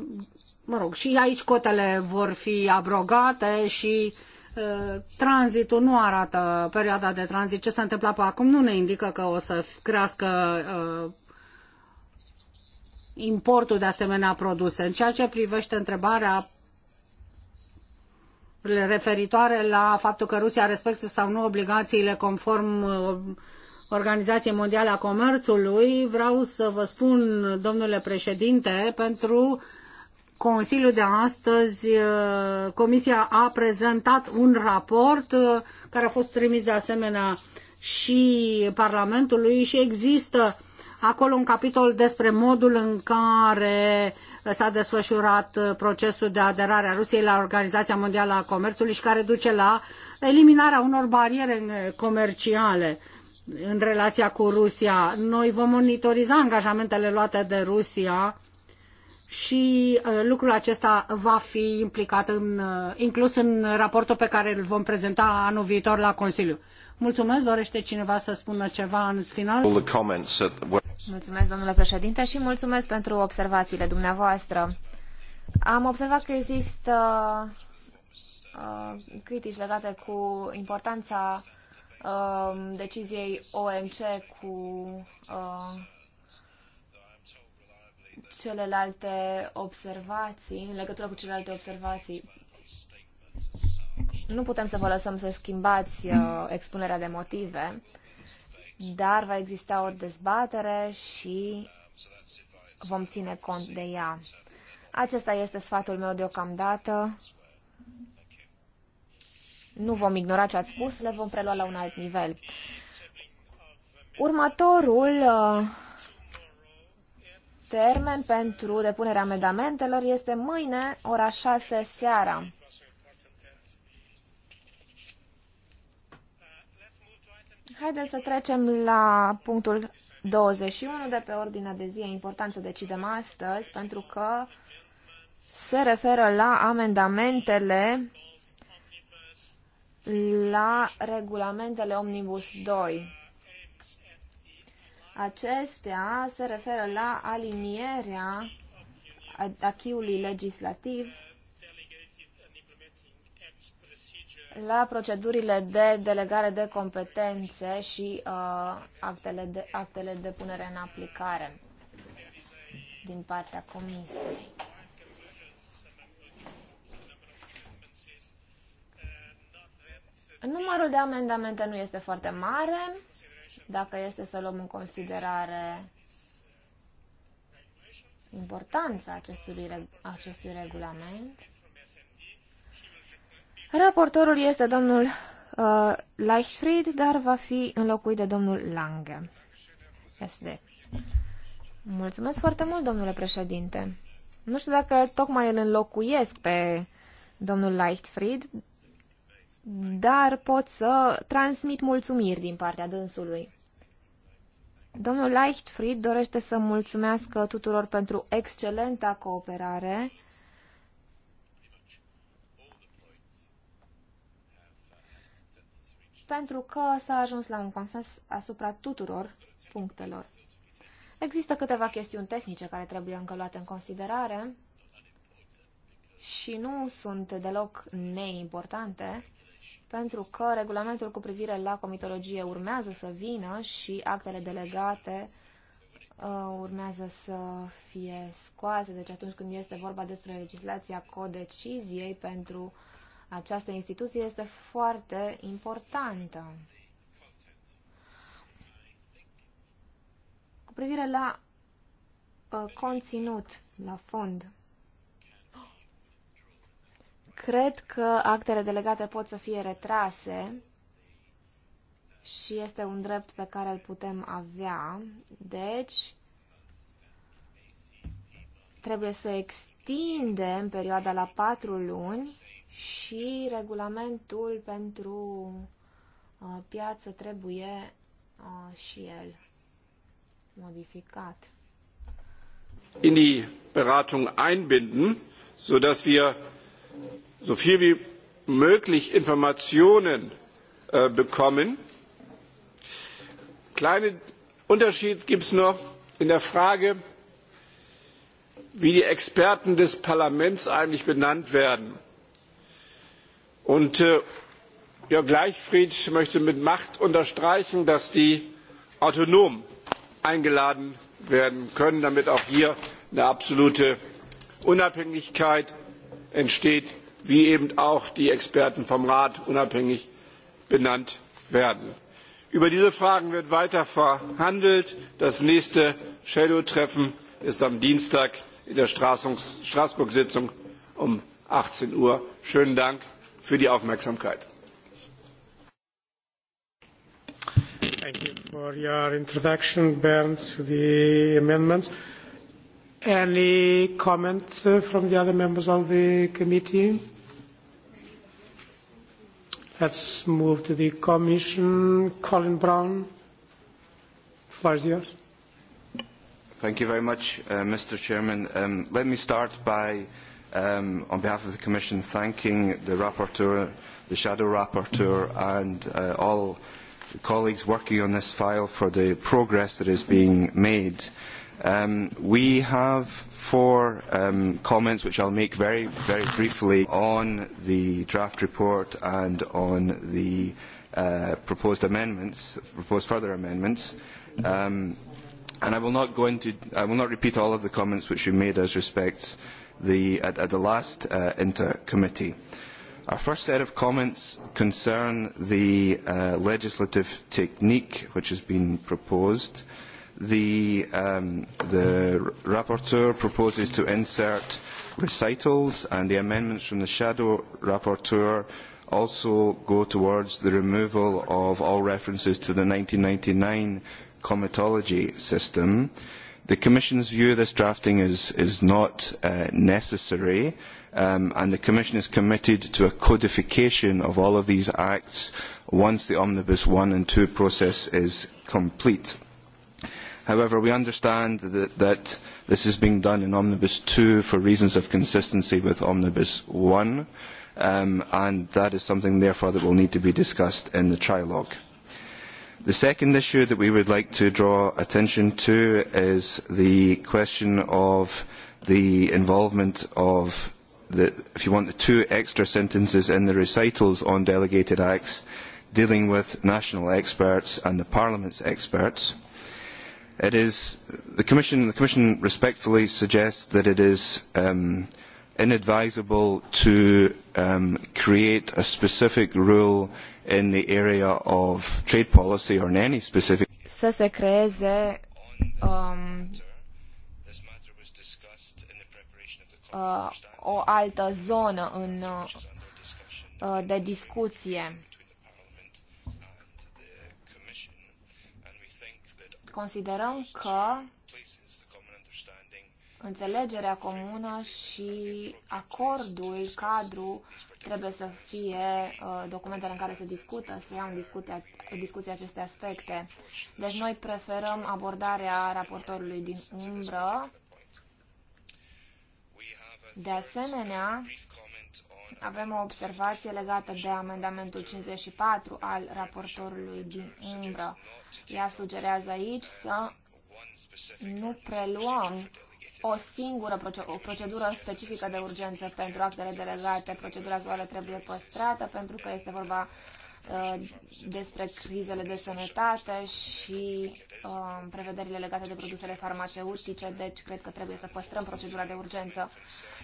S3: mă rog, și aici cotele vor fi abrogate și uh, tranzitul nu arată perioada de tranzit. Ce s-a întâmplat pe acum nu ne indică că o să crească uh, importul de asemenea produse. În ceea ce privește întrebarea referitoare la faptul că Rusia respectă sau nu obligațiile conform uh, Organizației Mondiale a Comerțului, vreau să vă spun, domnule președinte, pentru Consiliul de astăzi, uh, Comisia a prezentat un raport uh, care a fost trimis de asemenea și Parlamentului și există acolo un capitol despre modul în care s-a desfășurat uh, procesul de aderare a Rusiei la Organizația Mondială a Comerțului și care duce la eliminarea unor bariere comerciale în relația cu Rusia. Noi vom monitoriza angajamentele luate de Rusia și uh, lucrul acesta va fi implicat în, uh, inclus în raportul pe care îl vom prezenta anul viitor la Consiliu. Mulțumesc, dorește cineva să spună ceva în final?
S2: Mulțumesc, domnule președinte, și mulțumesc pentru observațiile dumneavoastră. Am observat că există uh, critici legate cu importanța uh, Um, deciziei OMC cu uh, celelalte observații, în legătură cu celelalte observații. Nu putem să vă lăsăm să schimbați uh, expunerea de motive, dar va exista o dezbatere și vom ține cont de ea. Acesta este sfatul meu deocamdată nu vom ignora ce ați spus, le vom prelua la un alt nivel. Următorul uh, termen pentru depunerea amendamentelor este mâine, ora 6 seara. Haideți să trecem la punctul 21 de pe ordinea de zi. E important să decidem astăzi pentru că se referă la amendamentele la regulamentele Omnibus 2. Acestea se referă la alinierea achiului legislativ la procedurile de delegare de competențe și uh, actele, de, actele de punere în aplicare
S1: din partea Comisiei. Numărul
S2: de amendamente nu este foarte mare. Dacă este să luăm în considerare importanța acestui, acestui regulament, raportorul este domnul uh, Leichfried, dar va fi înlocuit de domnul Lange. SD. Mulțumesc foarte mult, domnule președinte. Nu știu dacă tocmai îl înlocuiesc pe domnul Leichtfried, dar pot să transmit mulțumiri din partea dânsului. Domnul Leichtfried dorește să mulțumească tuturor pentru excelenta cooperare. pentru că s-a ajuns la un consens asupra tuturor punctelor. Există câteva chestiuni tehnice care trebuie încă luate în considerare și nu sunt deloc neimportante pentru că regulamentul cu privire la comitologie urmează să vină și actele delegate uh, urmează să fie scoase. Deci atunci când este vorba despre legislația codeciziei pentru această instituție este foarte importantă. Cu privire la uh, conținut, la fond, Cred că actele delegate pot să fie retrase și este un drept pe care îl putem avea. Deci, trebuie să extindem perioada la patru luni și regulamentul pentru uh, piață trebuie uh, și el modificat.
S6: In die Beratung einbinden, sodass wir so viel wie möglich Informationen äh, bekommen. Kleinen Unterschied gibt es noch in der Frage, wie die Experten des Parlaments eigentlich benannt werden. Und äh, Jörg Leichfried möchte mit Macht unterstreichen, dass die autonom eingeladen werden können, damit auch hier eine absolute Unabhängigkeit entsteht wie eben auch die Experten vom Rat unabhängig benannt werden. Über diese Fragen wird weiter verhandelt. Das nächste Shadow-Treffen ist am Dienstag in der Straßburg-Sitzung um 18 Uhr. Schönen Dank für die Aufmerksamkeit.
S1: Thank you for your introduction, Bernd, to the amendments. Any comments uh, from the other members of the committee? Let's move to the Commission. Colin Brown, the floor is yours.
S7: Thank you very much, uh, Mr. Chairman. Um, let me start by, um, on behalf of the Commission, thanking the rapporteur, the shadow rapporteur, and uh, all colleagues working on this file for the progress that is being made. Uh, Um, we have four um, comments which I'll make very, very briefly on the draft report and on the uh, proposed amendments, proposed further amendments. Um, and I will not go into, I will not repeat all of the comments which you made as respects the, at, at the last uh, inter committee. Our first set of comments concern the uh, legislative technique which has been proposed. Uh, the, um, the rapporteur proposes to insert recitals and the amendments from the shadow rapporteur also go towards the removal of all references to the 1999 comitology system. The Commission's view of this drafting is, is not uh, necessary um, and the Commission is committed to a codification of all of these acts once the Omnibus 1 and 2 process is complete. However, we understand that, that this is being done in Omnibus 2 for reasons of consistency with Omnibus 1, um, and that is something, therefore, that will need to be discussed in the trilogue. The second issue that we would like to draw attention to is the question of the involvement of, the, if you want, the two extra sentences in the recitals on delegated acts dealing with national experts and the Parliament's experts. It is the Commission. The Commission respectfully suggests that it is um, inadvisable to um, create a specific rule in the area of trade policy or in any specific.
S2: Să se creeze um, uh, o altă zonă în, uh, de discuție
S7: Considerăm că înțelegerea comună
S2: și acordul, cadru, trebuie să fie uh, documentele în care se discută, se iau în discuție, discuție aceste aspecte. Deci noi preferăm abordarea raportorului din umbră. De asemenea, avem o observație legată de amendamentul 54 al raportorului din umbră. Ea sugerează aici să nu preluăm o singură procedură, o procedură specifică de urgență pentru actele delegate. Procedura actuală trebuie păstrată pentru că este vorba uh, despre crizele de sănătate și Um, prevederile legate de produsele farmaceutice, deci cred că trebuie să păstrăm procedura de urgență.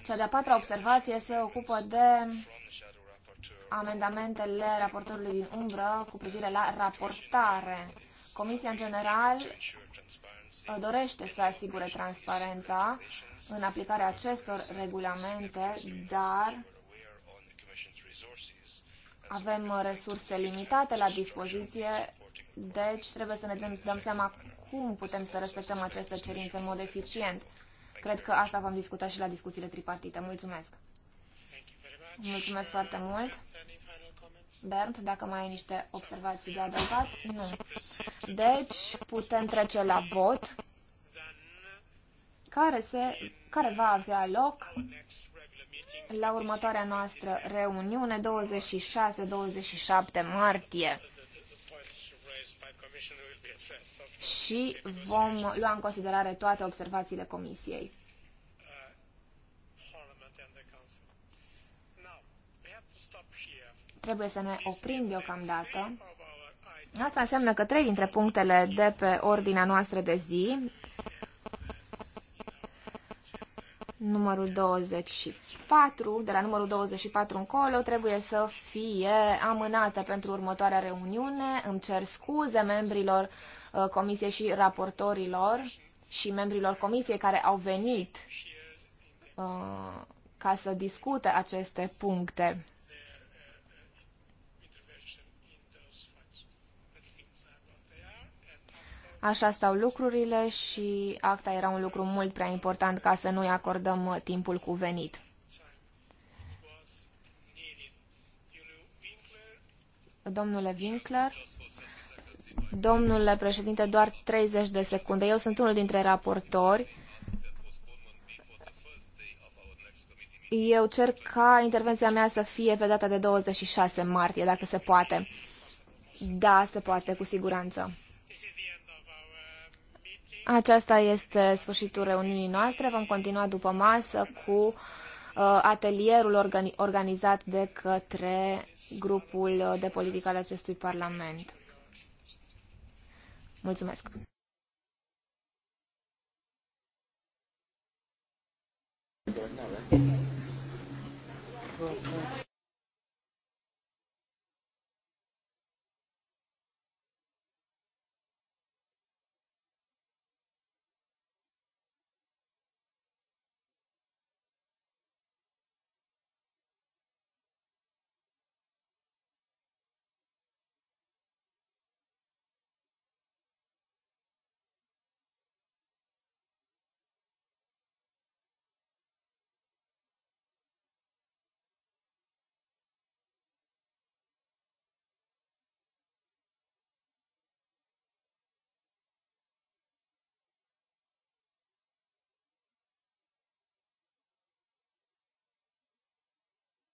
S2: Cea de-a patra observație se ocupă de amendamentele raportorului din umbră cu privire la raportare. Comisia, în general, dorește să asigure transparența în aplicarea acestor regulamente, dar avem resurse limitate la dispoziție deci trebuie să ne dăm seama cum putem să respectăm aceste cerințe în mod eficient. Cred că asta vom discuta și la discuțiile tripartite. Mulțumesc! Mulțumesc foarte mult! Bernd, dacă mai ai niște observații de adăugat? Nu. Deci, putem trece la vot, care, se, care va avea loc la următoarea noastră reuniune, 26-27 martie
S1: și vom
S2: lua în considerare toate observațiile Comisiei. Trebuie să ne oprim deocamdată. Asta înseamnă că trei dintre punctele de pe ordinea noastră de zi, numărul 24, de la numărul 24 încolo, trebuie să fie amânată pentru următoarea reuniune. Îmi cer scuze membrilor Uh, comisiei și raportorilor și membrilor comisiei care au venit uh, ca să discute aceste puncte. Așa stau lucrurile și acta era un lucru mult prea important ca să nu-i acordăm uh, timpul cuvenit. Domnule Winkler, Domnule președinte, doar 30 de secunde. Eu sunt unul dintre raportori. Eu cer ca intervenția mea să fie pe data de 26 martie, dacă se poate. Da, se poate, cu siguranță. Aceasta este sfârșitul reuniunii noastre. Vom continua după masă cu uh, atelierul organizat de către grupul de politică al acestui Parlament. Mulțumesc!